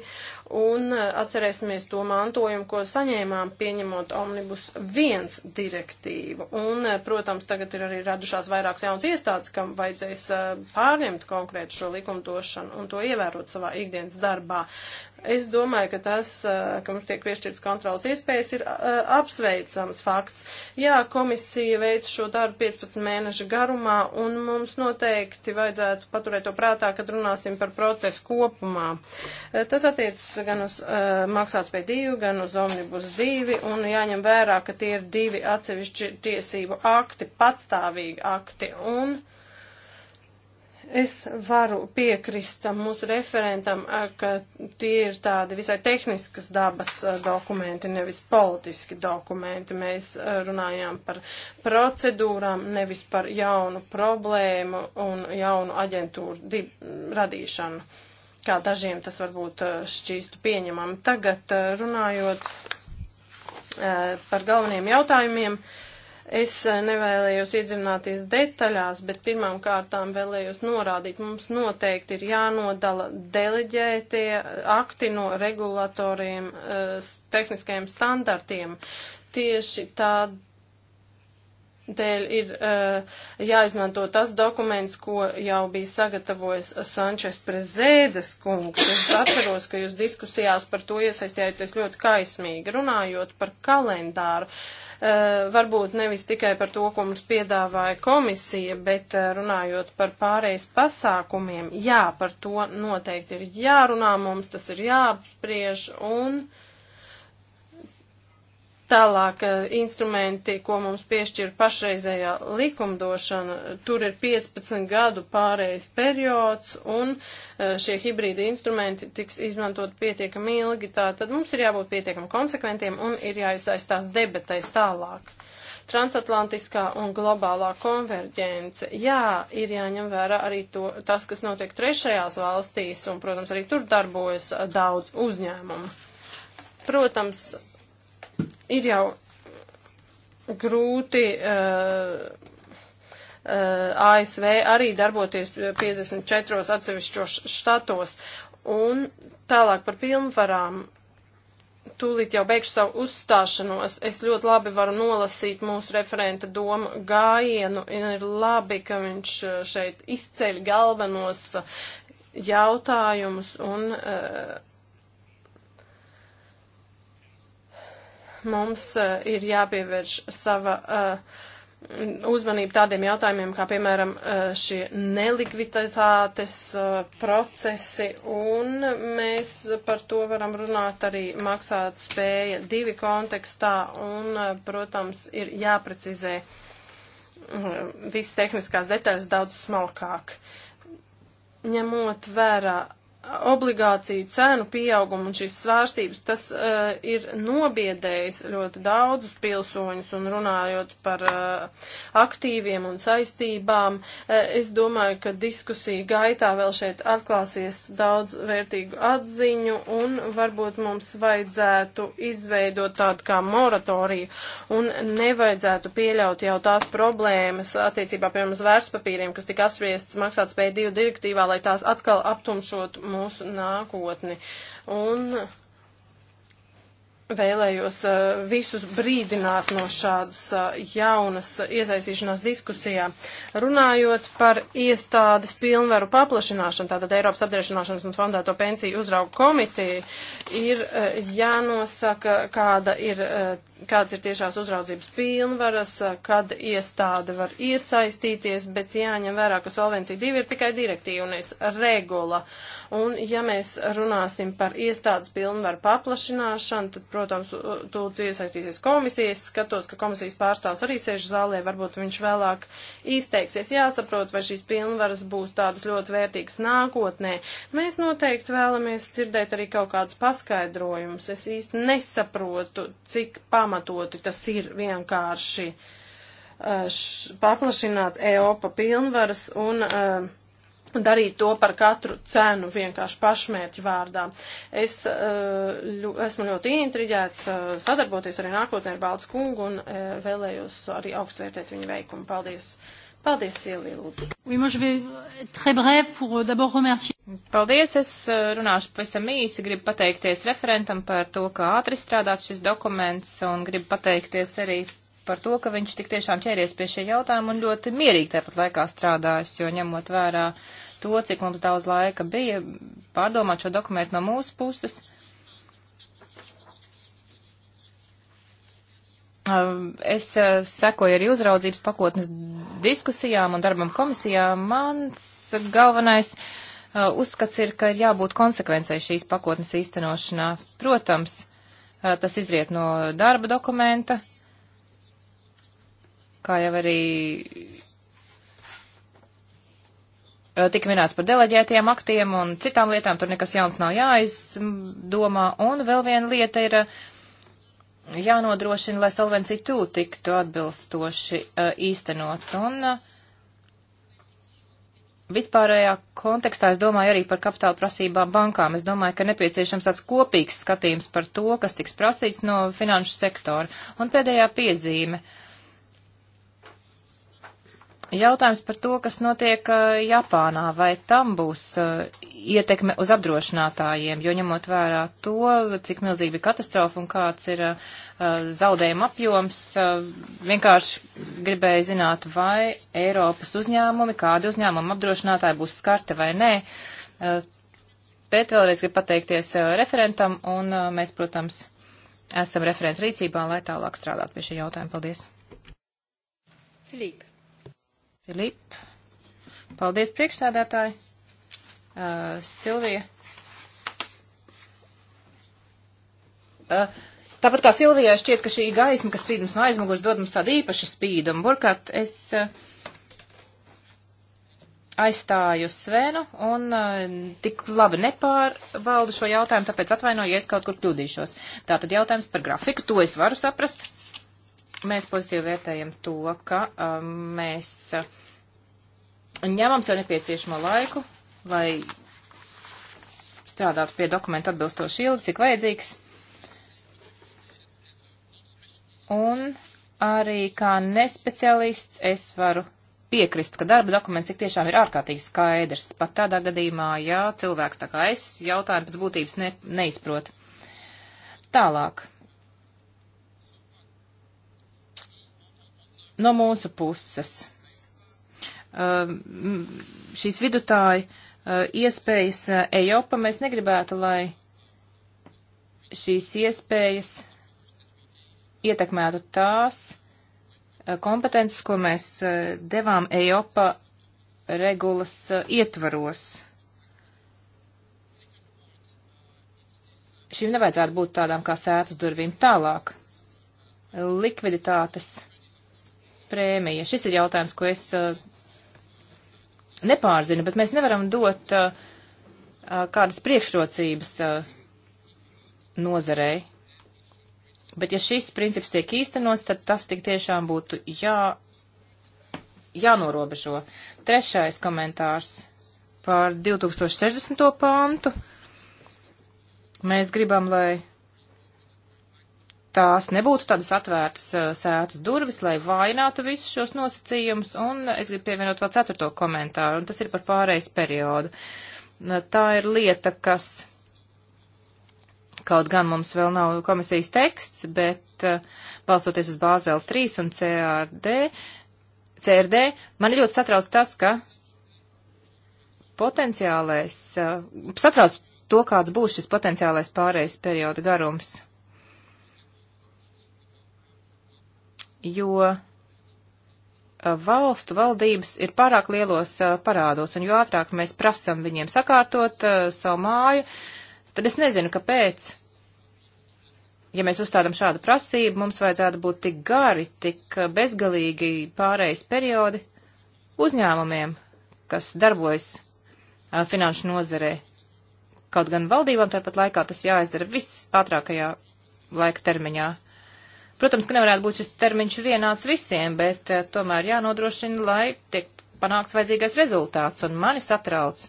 un eh, atcerēsimies to mantojumu, ko saņēmām pieņemot Omnibus 1 direktīvu. Un, eh, protams, tagad ir arī radušās vairākas jaunas iestādes, kam vajadzēs pārņemt konkrētu šo likumdošanu un to ievērot savā ikdienas darbā. Es domāju, ka tas, eh, ka mums tiek piešķirts kontrolas iespējas, ir eh, apsveicams fakts. Jā, komisija veic šo darbu 15 mēnešu garumā, un mums noteikti vajadzētu paturēt to prātā, kad runāsim par procesu kopumā. Eh, tas attiecas gan uz uh, maksātspēju divu, gan uz omnibus divi, un jāņem vērā, ka tie ir divi atsevišķi tiesību akti, patstāvīgi akti. Un, uh, Es varu piekrist mūsu referentam, ka tie ir tādi visai tehniskas dabas dokumenti, nevis politiski dokumenti. Mēs runājām par procedūrām, nevis par jaunu problēmu un jaunu aģentūru radīšanu, kā dažiem tas varbūt šķīstu pieņemam. Tagad runājot par galveniem jautājumiem. Uh, Es eh, nevēlējos iedzināties detaļās, bet pirmām kārtām vēlējos norādīt, mums noteikti ir jānodala deleģētie akti no regulatoriem eh, tehniskajiem standartiem. Tieši tādā dēļ ir uh, jāizmanto tas dokuments, ko jau bija sagatavojis Sančes Prezēdes kungs. Es atceros, ka jūs diskusijās par to iesaistījāties ļoti kaismīgi, runājot par kalendāru. Eh, varbūt nevis tikai par to, ko mums piedāvāja komisija, bet eh, runājot par pārējais pasākumiem, jā, par to noteikti ir jārunā, mums tas ir jāapspriež un. Uh, Tālāk eh, instrumenti, ko mums piešķir pašreizējā likumdošana, tur ir 15 gadu pārējais periods un eh, šie hibrīdi instrumenti tiks izmantot pietiekami ilgi, tā tad mums ir jābūt pietiekami konsekventiem un ir jāizsaistās debetais tālāk. Transatlantiskā un globālā konverģence. Jā, ir jāņem vērā arī to, tas, kas notiek trešajās valstīs, un, protams, arī tur darbojas eh, daudz uzņēmumu. Protams, Ir jau grūti. Uh, eh, eh, ASV arī darboties 54 atsevišķos štatos. Un tālāk par pilnvarām. Tūlīt jau beigšu savu uzstāšanos. Es ļoti labi varu nolasīt mūsu referenta domu gājienu. Ir labi, ka viņš eh, šeit izceļ galvenos jautājumus un uh, mums uh, ir jāpievērš sava. Uh, eh, uzmanību tādiem jautājumiem, kā piemēram eh, šie nelikviditātes procesi, un mēs par to varam runāt arī maksāt spēja divi kontekstā, un, protams, ir jāprecizē visas tehniskās detaļas daudz smalkāk. Ņemot vērā obligāciju cēnu pieaugumu un šīs svārstības, tas uh, ir nobiedējis ļoti daudzus pilsoņus un runājot par uh, aktīviem un saistībām. Uh, es domāju, ka diskusija gaitā vēl šeit atklāsies daudz vērtīgu atziņu un varbūt mums vajadzētu izveidot tādu kā moratoriju un nevajadzētu pieļaut jau tās problēmas attiecībā, piemēram, uz vērtspapīriem, kas tika apspriestas maksātspēju divu direktīvā, lai tās atkal aptumšotu mūsu nākotni. Un vēlējos uh, visus brīdināt no šādas uh, jaunas iesaistīšanās diskusijā. Runājot par iestādes pilnvaru paplašināšanu, tātad Eiropas apdrošināšanas un fondēto pensiju uzraugu komiteju, ir uh, jānosaka, kāda ir, kāds ir tiešās uzraudzības pilnvaras, kad iestāde var iesaistīties, bet jāņem vērā, ka Solvencija 2 ir tikai direktīva un es regula. Un, ja mēs runāsim par iestādes pilnvaru paplašināšanu, tad, protams, tūlīt iesaistīsies komisijas. Skatos, ka komisijas pārstāvs arī sēž zālē, varbūt viņš vēlāk izteiksies. Jāsaprot, vai šīs pilnvaras būs tādas ļoti vērtīgas nākotnē. Mēs noteikti vēlamies dzirdēt arī kaut kādus paskaidrojumus. Es īsti nesaprotu, cik pamatoti tas ir vienkārši uh, š, paplašināt EOPA pilnvaras un uh, darīt to par katru cenu vienkārši pašmērķu vārdā. Es eh, ļu, esmu ļoti intriģēts eh, sadarboties arī nākotnē ar Balts kungu un eh, vēlējos arī augstvērtēt viņu veikumu. Paldies! Paldies, Silvija Lūdzu! Oui, moi, je vais très brève pour euh, d'abord remercier. Paldies, es runāšu pavisam īsi, gribu pateikties referentam par to, kā ātri strādāt šis dokuments un gribu pateikties arī par to, ka viņš tik tiešām ķēries pie šie jautājumi un ļoti mierīgi tāpat laikā strādājas, jo ņemot vērā to, cik mums daudz laika bija pārdomāt šo dokumentu no mūsu puses. Um, es uh, sekoju arī uzraudzības pakotnes diskusijām un darbam komisijā. Mans galvenais uh, uzskats ir, ka ir jābūt konsekvencei šīs pakotnes īstenošanā. Protams, uh, tas izriet no darba dokumenta, kā jau arī tika minēts par deleģētiem aktiem un citām lietām, tur nekas jauns nav jāizdomā. Un vēl viena lieta ir jānodrošina, lai Solvency 2 tiktu atbilstoši uh, īstenots. Un uh, vispārējā kontekstā es domāju arī par kapitāla prasībām bankām. Es domāju, ka nepieciešams tāds kopīgs skatījums par to, kas tiks prasīts no finanšu sektora. Un pēdējā piezīme. Uh, Jautājums par to, kas notiek uh, Japānā, vai tam būs uh, ietekme uz apdrošinātājiem, jo ņemot vērā to, cik milzīga ir katastrofa un kāds ir uh, zaudējuma apjoms, vienkārši gribēju zināt, vai Eiropas uzņēmumi, kādi uzņēmumi apdrošinātāji būs skarti vai nē. Bet vēlreiz gribu pateikties referentam, un mēs, protams, esam referentu rīcībā, lai tālāk strādātu pie šī jautājuma. Paldies! Filipa. Filip. Paldies, priekšsēdētāji. Uh, Silvija. Uh, tāpat kā Silvijai šķiet, ka šī gaisma, kas spīd mums no aizmugures, dod mums tādu īpašu spīdumu. Burkārt, es uh, aizstāju Svenu un uh, tik labi nepārvaldu šo jautājumu, tāpēc atvainoju, ja es kaut kur kļūdīšos. Tātad jautājums par grafiku, to es varu saprast. Mēs pozitīvi vērtējam to, ka um, mēs uh, ņemam sev nepieciešamo laiku, lai strādātu pie dokumentu atbilstoši ilgi, cik vajadzīgs. Un arī kā nespecialists es varu piekrist, ka darba dokuments tik tiešām ir ārkārtīgi skaidrs. Pat tādā gadījumā, ja cilvēks tā kā es jautājumu pēc būtības ne, neizprot. Tālāk. no mūsu puses. Ehm, šīs vidutāji eh, iespējas eh, Eiropa mēs negribētu, lai šīs iespējas ietekmētu tās eh, kompetences, ko mēs devām Eiropa regulas ietvaros. Šīm nevajadzētu būt tādām kā sētas durvīm tālāk. Likviditātes prēmija. Šis ir jautājums, ko es uh, nepārzinu, bet mēs nevaram dot uh, uh, kādas priekšrocības nozarei. Bet ja šis princips tiek īstenots, tad tas tik tiešām būtu jā, jānorobežo. Trešais komentārs par 2060. pāntu. Mēs gribam, lai tās nebūtu tādas atvērtas eh, sētas durvis, lai vainātu visus šos nosacījumus, un es gribu pievienot vēl ceturto komentāru, un tas ir par pārējais periodu. Eh, tā ir lieta, kas kaut gan mums vēl nav komisijas teksts, bet eh, balstoties uz Bāzeli 3 un CRD, CRD, man ļoti satrauc tas, ka potenciālais, satrauc to, kāds būs šis potenciālais pārējais perioda garums jo uh, valstu valdības ir pārāk lielos uh, parādos, un jo ātrāk mēs prasam viņiem sakārtot uh, savu māju, tad es nezinu, kāpēc. Ja mēs uzstādam šādu prasību, mums vajadzētu būt tik gari, tik bezgalīgi pārējais periodi uzņēmumiem, kas darbojas finanšu nozarē. Kaut gan valdībām tāpat laikā tas jāizdara viss ātrākajā laika termiņā. Protams, ka nevarētu būt šis termiņš vienāds visiem, bet eh, tomēr jānodrošina, lai tiek panāks vajadzīgais rezultāts, un mani satrauc.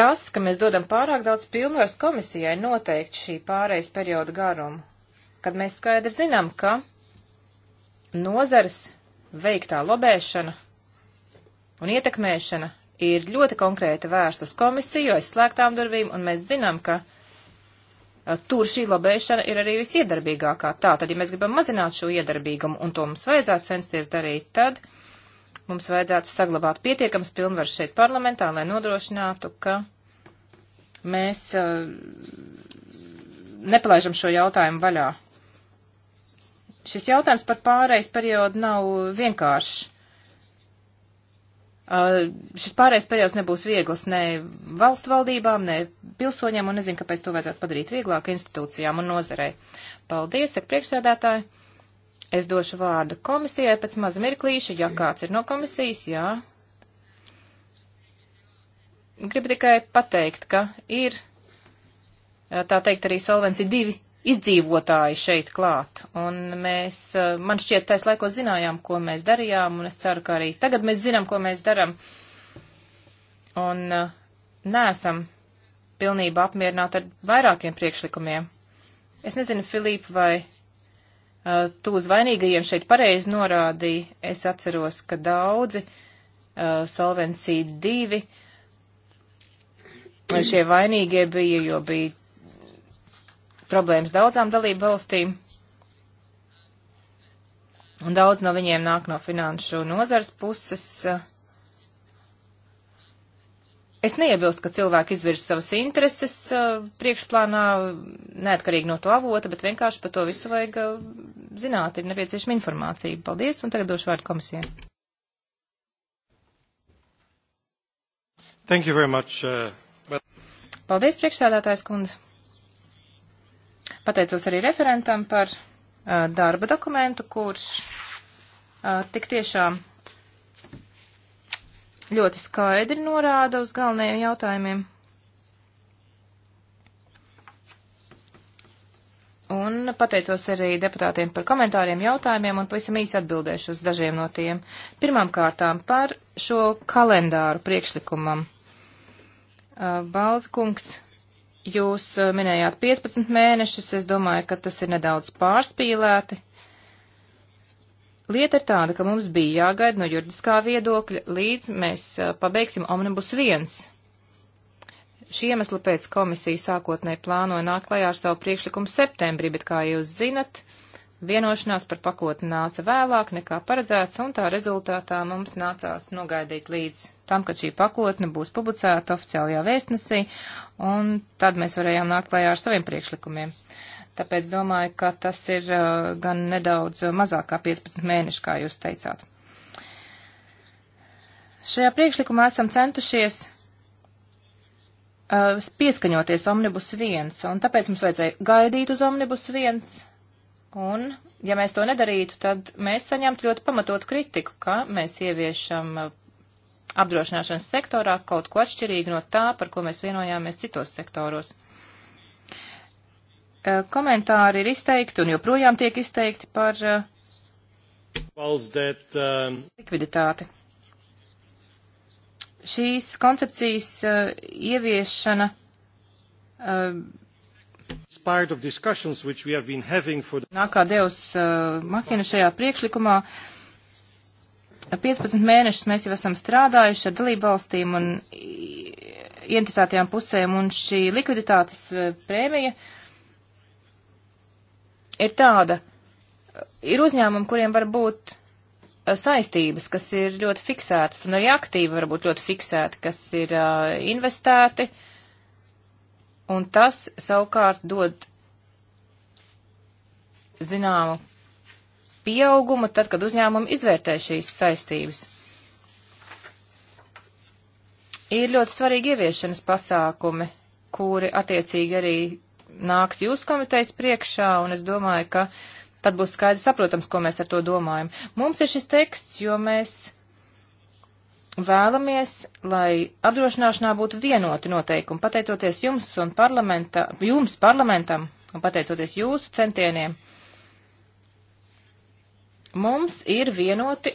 Tas, ka mēs dodam pārāk daudz pilnvaras komisijai noteikt šī pārejas perioda garumu, kad mēs skaidri zinām, ka nozares veiktā lobēšana un ietekmēšana ir ļoti konkrēti vērsta uz komisiju aiz slēgtām durvīm, un mēs zinām, ka Eh, tur šī labēšana ir arī visiedarbīgākā. Tā tad, ja mēs gribam mazināt šo iedarbīgumu, un to mums vajadzētu censties darīt, tad mums vajadzētu saglabāt pietiekams pilnvars šeit parlamentā, lai nodrošinātu, ka mēs uh, nepalaižam šo jautājumu vaļā. Šis jautājums par pārejas periodu nav vienkāršs. Uh, šis pārējais periods nebūs viegls ne valstu valdībām, ne pilsoņiem, un nezinu, kāpēc to vajadzētu padarīt vieglāk institūcijām un nozarei. Paldies, saka priekšsēdētāji. Es došu vārdu komisijai pēc maz mirklīša, ja kāds ir no komisijas, jā. Gribu tikai pateikt, ka ir, tā teikt, arī Solvency 2 izdzīvotāji šeit klāt. Un mēs, eh, man šķiet, tais laiko zinājām, ko mēs darījām, un es ceru, ka arī tagad mēs zinām, ko mēs daram. Un eh, nesam pilnībā apmierināti ar vairākiem priekšlikumiem. Es nezinu, Filipa, vai uh, tu uz vainīgajiem šeit pareizi norādīji. Es atceros, ka daudzi uh, Solvency 2 šie vainīgie bija, jo bija problēmas daudzām dalību valstīm. Un daudz no viņiem nāk no finanšu nozars puses. Es neiebilstu, ka cilvēki izvirz savas intereses priekšplānā, neatkarīgi no to avota, bet vienkārši par to visu vajag zināt, ir nepieciešama informācija. Paldies, un tagad došu vārdu komisijai. Thank you very much. Uh, Paldies, priekšsēdētājs kundze. Pateicos arī referentam par uh, darba dokumentu, kurš uh, tik tiešām ļoti skaidri norāda uz galvenajiem jautājumiem. Un pateicos arī deputātiem par komentāriem, jautājumiem un pavisam īsi atbildēšu uz dažiem no tiem. Pirmām kārtām par šo kalendāru priekšlikumam. Uh, Balzkungs Jūs eh, minējāt 15 mēnešus, es domāju, ka tas ir nedaudz pārspīlēti. Lieta ir tāda, ka mums bija jāgaida no juridiskā viedokļa, līdz mēs eh, pabeigsim omnibus viens. Šī iemesla pēc komisija sākotnēji plānoja nākt klajā ar savu priekšlikumu septembrī, bet, kā jūs zinat, uh, Vienošanās par pakotni nāca vēlāk nekā paredzēts, un tā rezultātā mums nācās nogaidīt līdz tam, kad šī pakotne būs publicēta oficiālajā vēstnesī, un tad mēs varējām nākt klajā ar saviem priekšlikumiem. Tāpēc domāju, ka tas ir uh, gan nedaudz mazāk kā 15 mēneši, kā jūs teicāt. Šajā priekšlikumā esam centušies uh, pieskaņoties Omnibus 1, un tāpēc mums vajadzēja gaidīt uz Omnibus 1 Un, ja mēs to nedarītu, tad mēs saņemtu ļoti pamatotu kritiku, ka mēs ieviešam uh, apdrošināšanas sektorā kaut ko atšķirīgu no tā, par ko mēs vienojāmies citos sektoros. Uh, komentāri ir izteikti un joprojām tiek izteikti par uh, um, likviditāti. Šīs koncepcijas ieviešana For... Nākā Dievs uh, Makina šajā priekšlikumā. 15 mēnešus mēs jau esam strādājuši ar dalībvalstīm un interesētajām pusēm, un šī likviditātes uh, prēmija ir tāda. Ir uzņēmumi, kuriem var būt uh, saistības, kas ir ļoti fiksētas, un arī aktīvi varbūt ļoti fiksēti, kas ir uh, investēti. Uh, Un tas savukārt dod zināmu pieaugumu tad, kad uzņēmumi izvērtē šīs saistības. Ir ļoti svarīgi ieviešanas pasākumi, kuri attiecīgi arī nāks jūsu komitejas priekšā, un es domāju, ka tad būs skaidrs saprotams, ko mēs ar to domājam. Mums ir šis teksts, jo mēs vēlamies, lai apdrošināšanā būtu vienoti noteikumi, pateicoties jums un parlamenta, jums parlamentam un pateicoties jūsu centieniem. Mums ir vienoti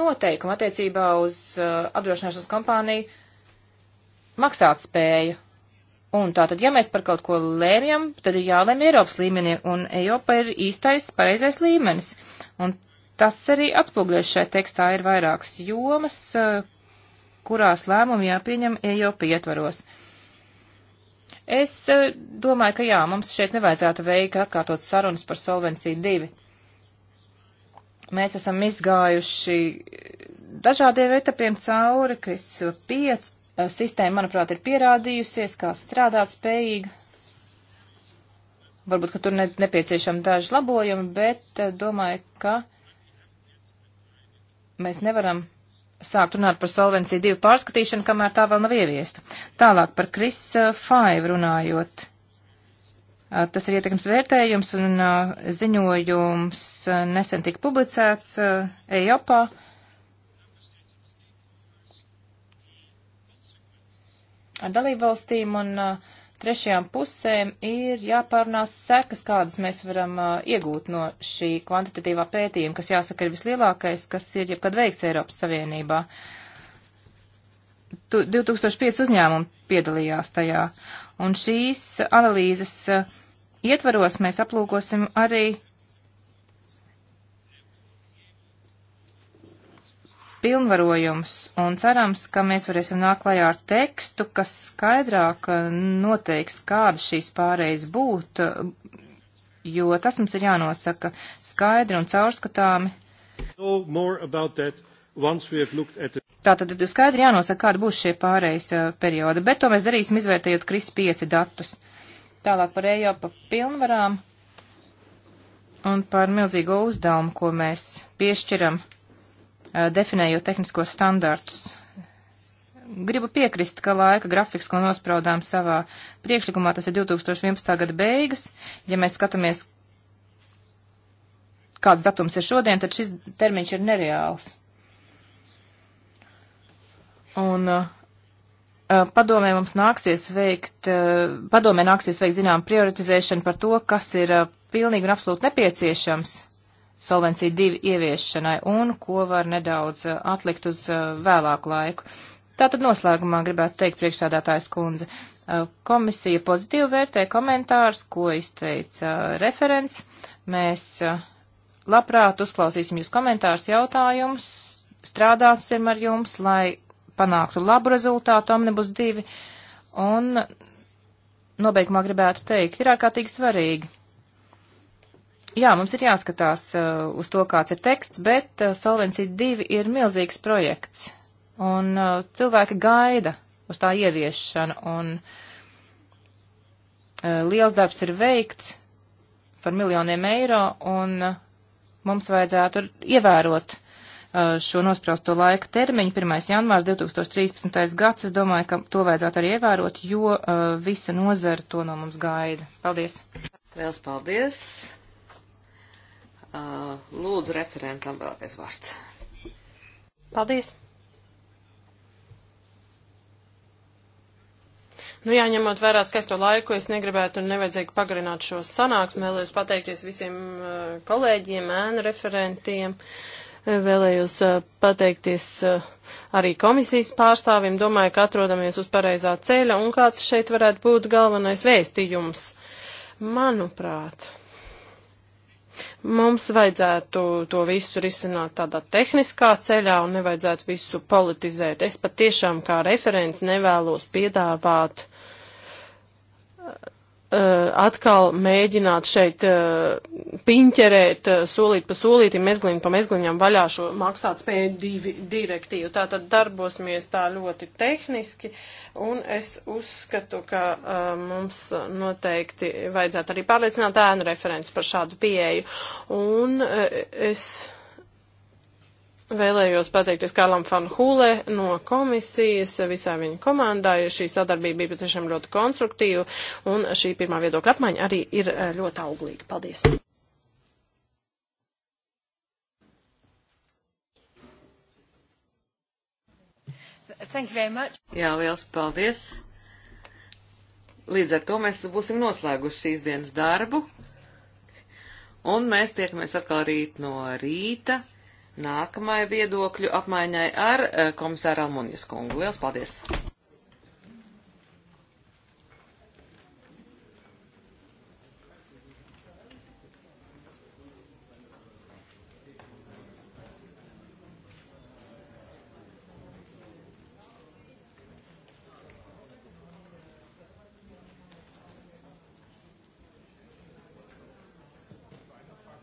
noteikumi attiecībā uz uh, apdrošināšanas kompāniju maksātspēju. Un tātad, ja mēs par kaut ko lēmjam, tad ir jālēm Eiropas līmenī, un Eiropa ir īstais, pareizais līmenis. Un tas arī atspoguļojas šajā tekstā. Ir vairākas jomas, eh, kurās lēmumi jāpieņem EJOP ietvaros. Es eh, domāju, ka jā, mums šeit nevajadzētu veikt atkārtot sarunas par Solvency 2. Mēs esam izgājuši dažādiem etapiem cauri, kas 5 eh, sistēma, manuprāt, ir pierādījusies, kā strādāt spējīgi. Varbūt, ka tur ne, nepieciešami daži labojumi, bet domāju, ka Mēs nevaram sākt runāt par solvenciju divu pārskatīšanu, kamēr tā vēl nav ieviesta. Tālāk par Kris uh, Faiv runājot. Uh, tas ir ietekmes vērtējums un uh, ziņojums nesen tika publicēts EIOPā. Ar dalībvalstīm un uh, trešajām pusēm ir jāpārunās sekas, kādas mēs varam uh, iegūt no šī kvantitatīvā pētījuma, kas jāsaka ir vislielākais, kas ir jebkad veikts Eiropas Savienībā. Tu, 2005 uzņēmumi piedalījās tajā, un šīs analīzes uh, ietvaros mēs aplūkosim arī pilnvarojums, un cerams, ka mēs varēsim nākt klajā ar tekstu, kas skaidrāk eh, noteiks, kāda šīs pārējas būt, jo tas mums ir jānosaka skaidri un caurskatāmi. Tātad skaidri jānosaka, kāda būs šie pārējais eh, periodi, bet to mēs darīsim izvērtējot KRIS 5 datus. Tālāk par EJO pa pilnvarām un par milzīgo uzdevumu, ko mēs piešķiram Eh, definējot tehniskos standartus. Gribu piekrist, ka laika grafiks, ko nospraudām savā priekšlikumā, tas ir 2011. gada beigas. Ja mēs skatāmies, kāds datums ir šodien, tad šis termiņš ir nereāls. Un uh, padomē mums nāksies veikt, uh, padomē nāksies veikt zinām prioritizēšanu par to, kas ir uh, pilnīgi un absolūti nepieciešams solvencija divi ieviešanai un ko var nedaudz eh, atlikt uz eh, vēlāku laiku. Tātad noslēgumā gribētu teikt priekšsādātājs kundze. Eh, komisija pozitīvi vērtē komentārus, ko izteica referents. Mēs labprāt uzklausīsim jūs komentārus, jautājumus, strādāsim ar jums, lai panāktu labu rezultātu omnibus divi. Un nobeigumā gribētu teikt, ir ārkārtīgi svarīgi Jā, mums ir jāskatās uh, uz to, kāds ir teksts, bet uh, Solvency 2 ir milzīgs projekts, un uh, cilvēki gaida uz tā ieviešanu, un uh, liels darbs ir veikts par miljoniem eiro, un uh, mums vajadzētu ievērot uh, šo nospraustu laiku termiņu, 1. janvārs 2013. gads, es domāju, ka to vajadzētu arī ievērot, jo uh, visa nozara to no mums gaida. Paldies! Liels paldies! Uh, lūdzu, referentam vēlreiz vārds. Paldies! Nu, jā, ņemot vērā skaisto laiku, es negribētu un nevajadzīgi pagarināt šo sanāksmu. Vēlējos pateikties visiem uh, kolēģiem, ēnu referentiem. Uh, vēlējos pateikties arī komisijas pārstāvim. Domāju, ka atrodamies uz pareizā ceļa un kāds šeit varētu būt galvenais vēstījums. Manuprāt. Mums vajadzētu to visu risināt tādā tehniskā ceļā un nevajadzētu visu politizēt. Es pat tiešām kā referents nevēlos piedāvāt Uh, atkal mēģināt šeit uh, piņķerēt uh, solīt pa solītim, mezglīni pa mezgliņam vaļā šo maksātspēju divi direktīvu. Tā tad darbosimies tā ļoti tehniski, un es uzskatu, ka mums noteikti vajadzētu arī pārliecināt ēnu referents par šādu pieeju. Un es Vēlējos pateikties Karlam Fan Hūlē no komisijas, visā viņa komandā. Šī sadarbība bija patiešām ļoti konstruktīva, un šī pirmā viedokļa apmaiņa arī ir eh, ļoti auglīga. Paldies! Thank you very much. Jā, liels paldies! Līdz ar to mēs būsim noslēguši šīs dienas darbu, un mēs tiekamies atkal rīt no rīta nākamai viedokļu apmaiņai ar eh, komisāru Almunijas kungu. Lielas paldies!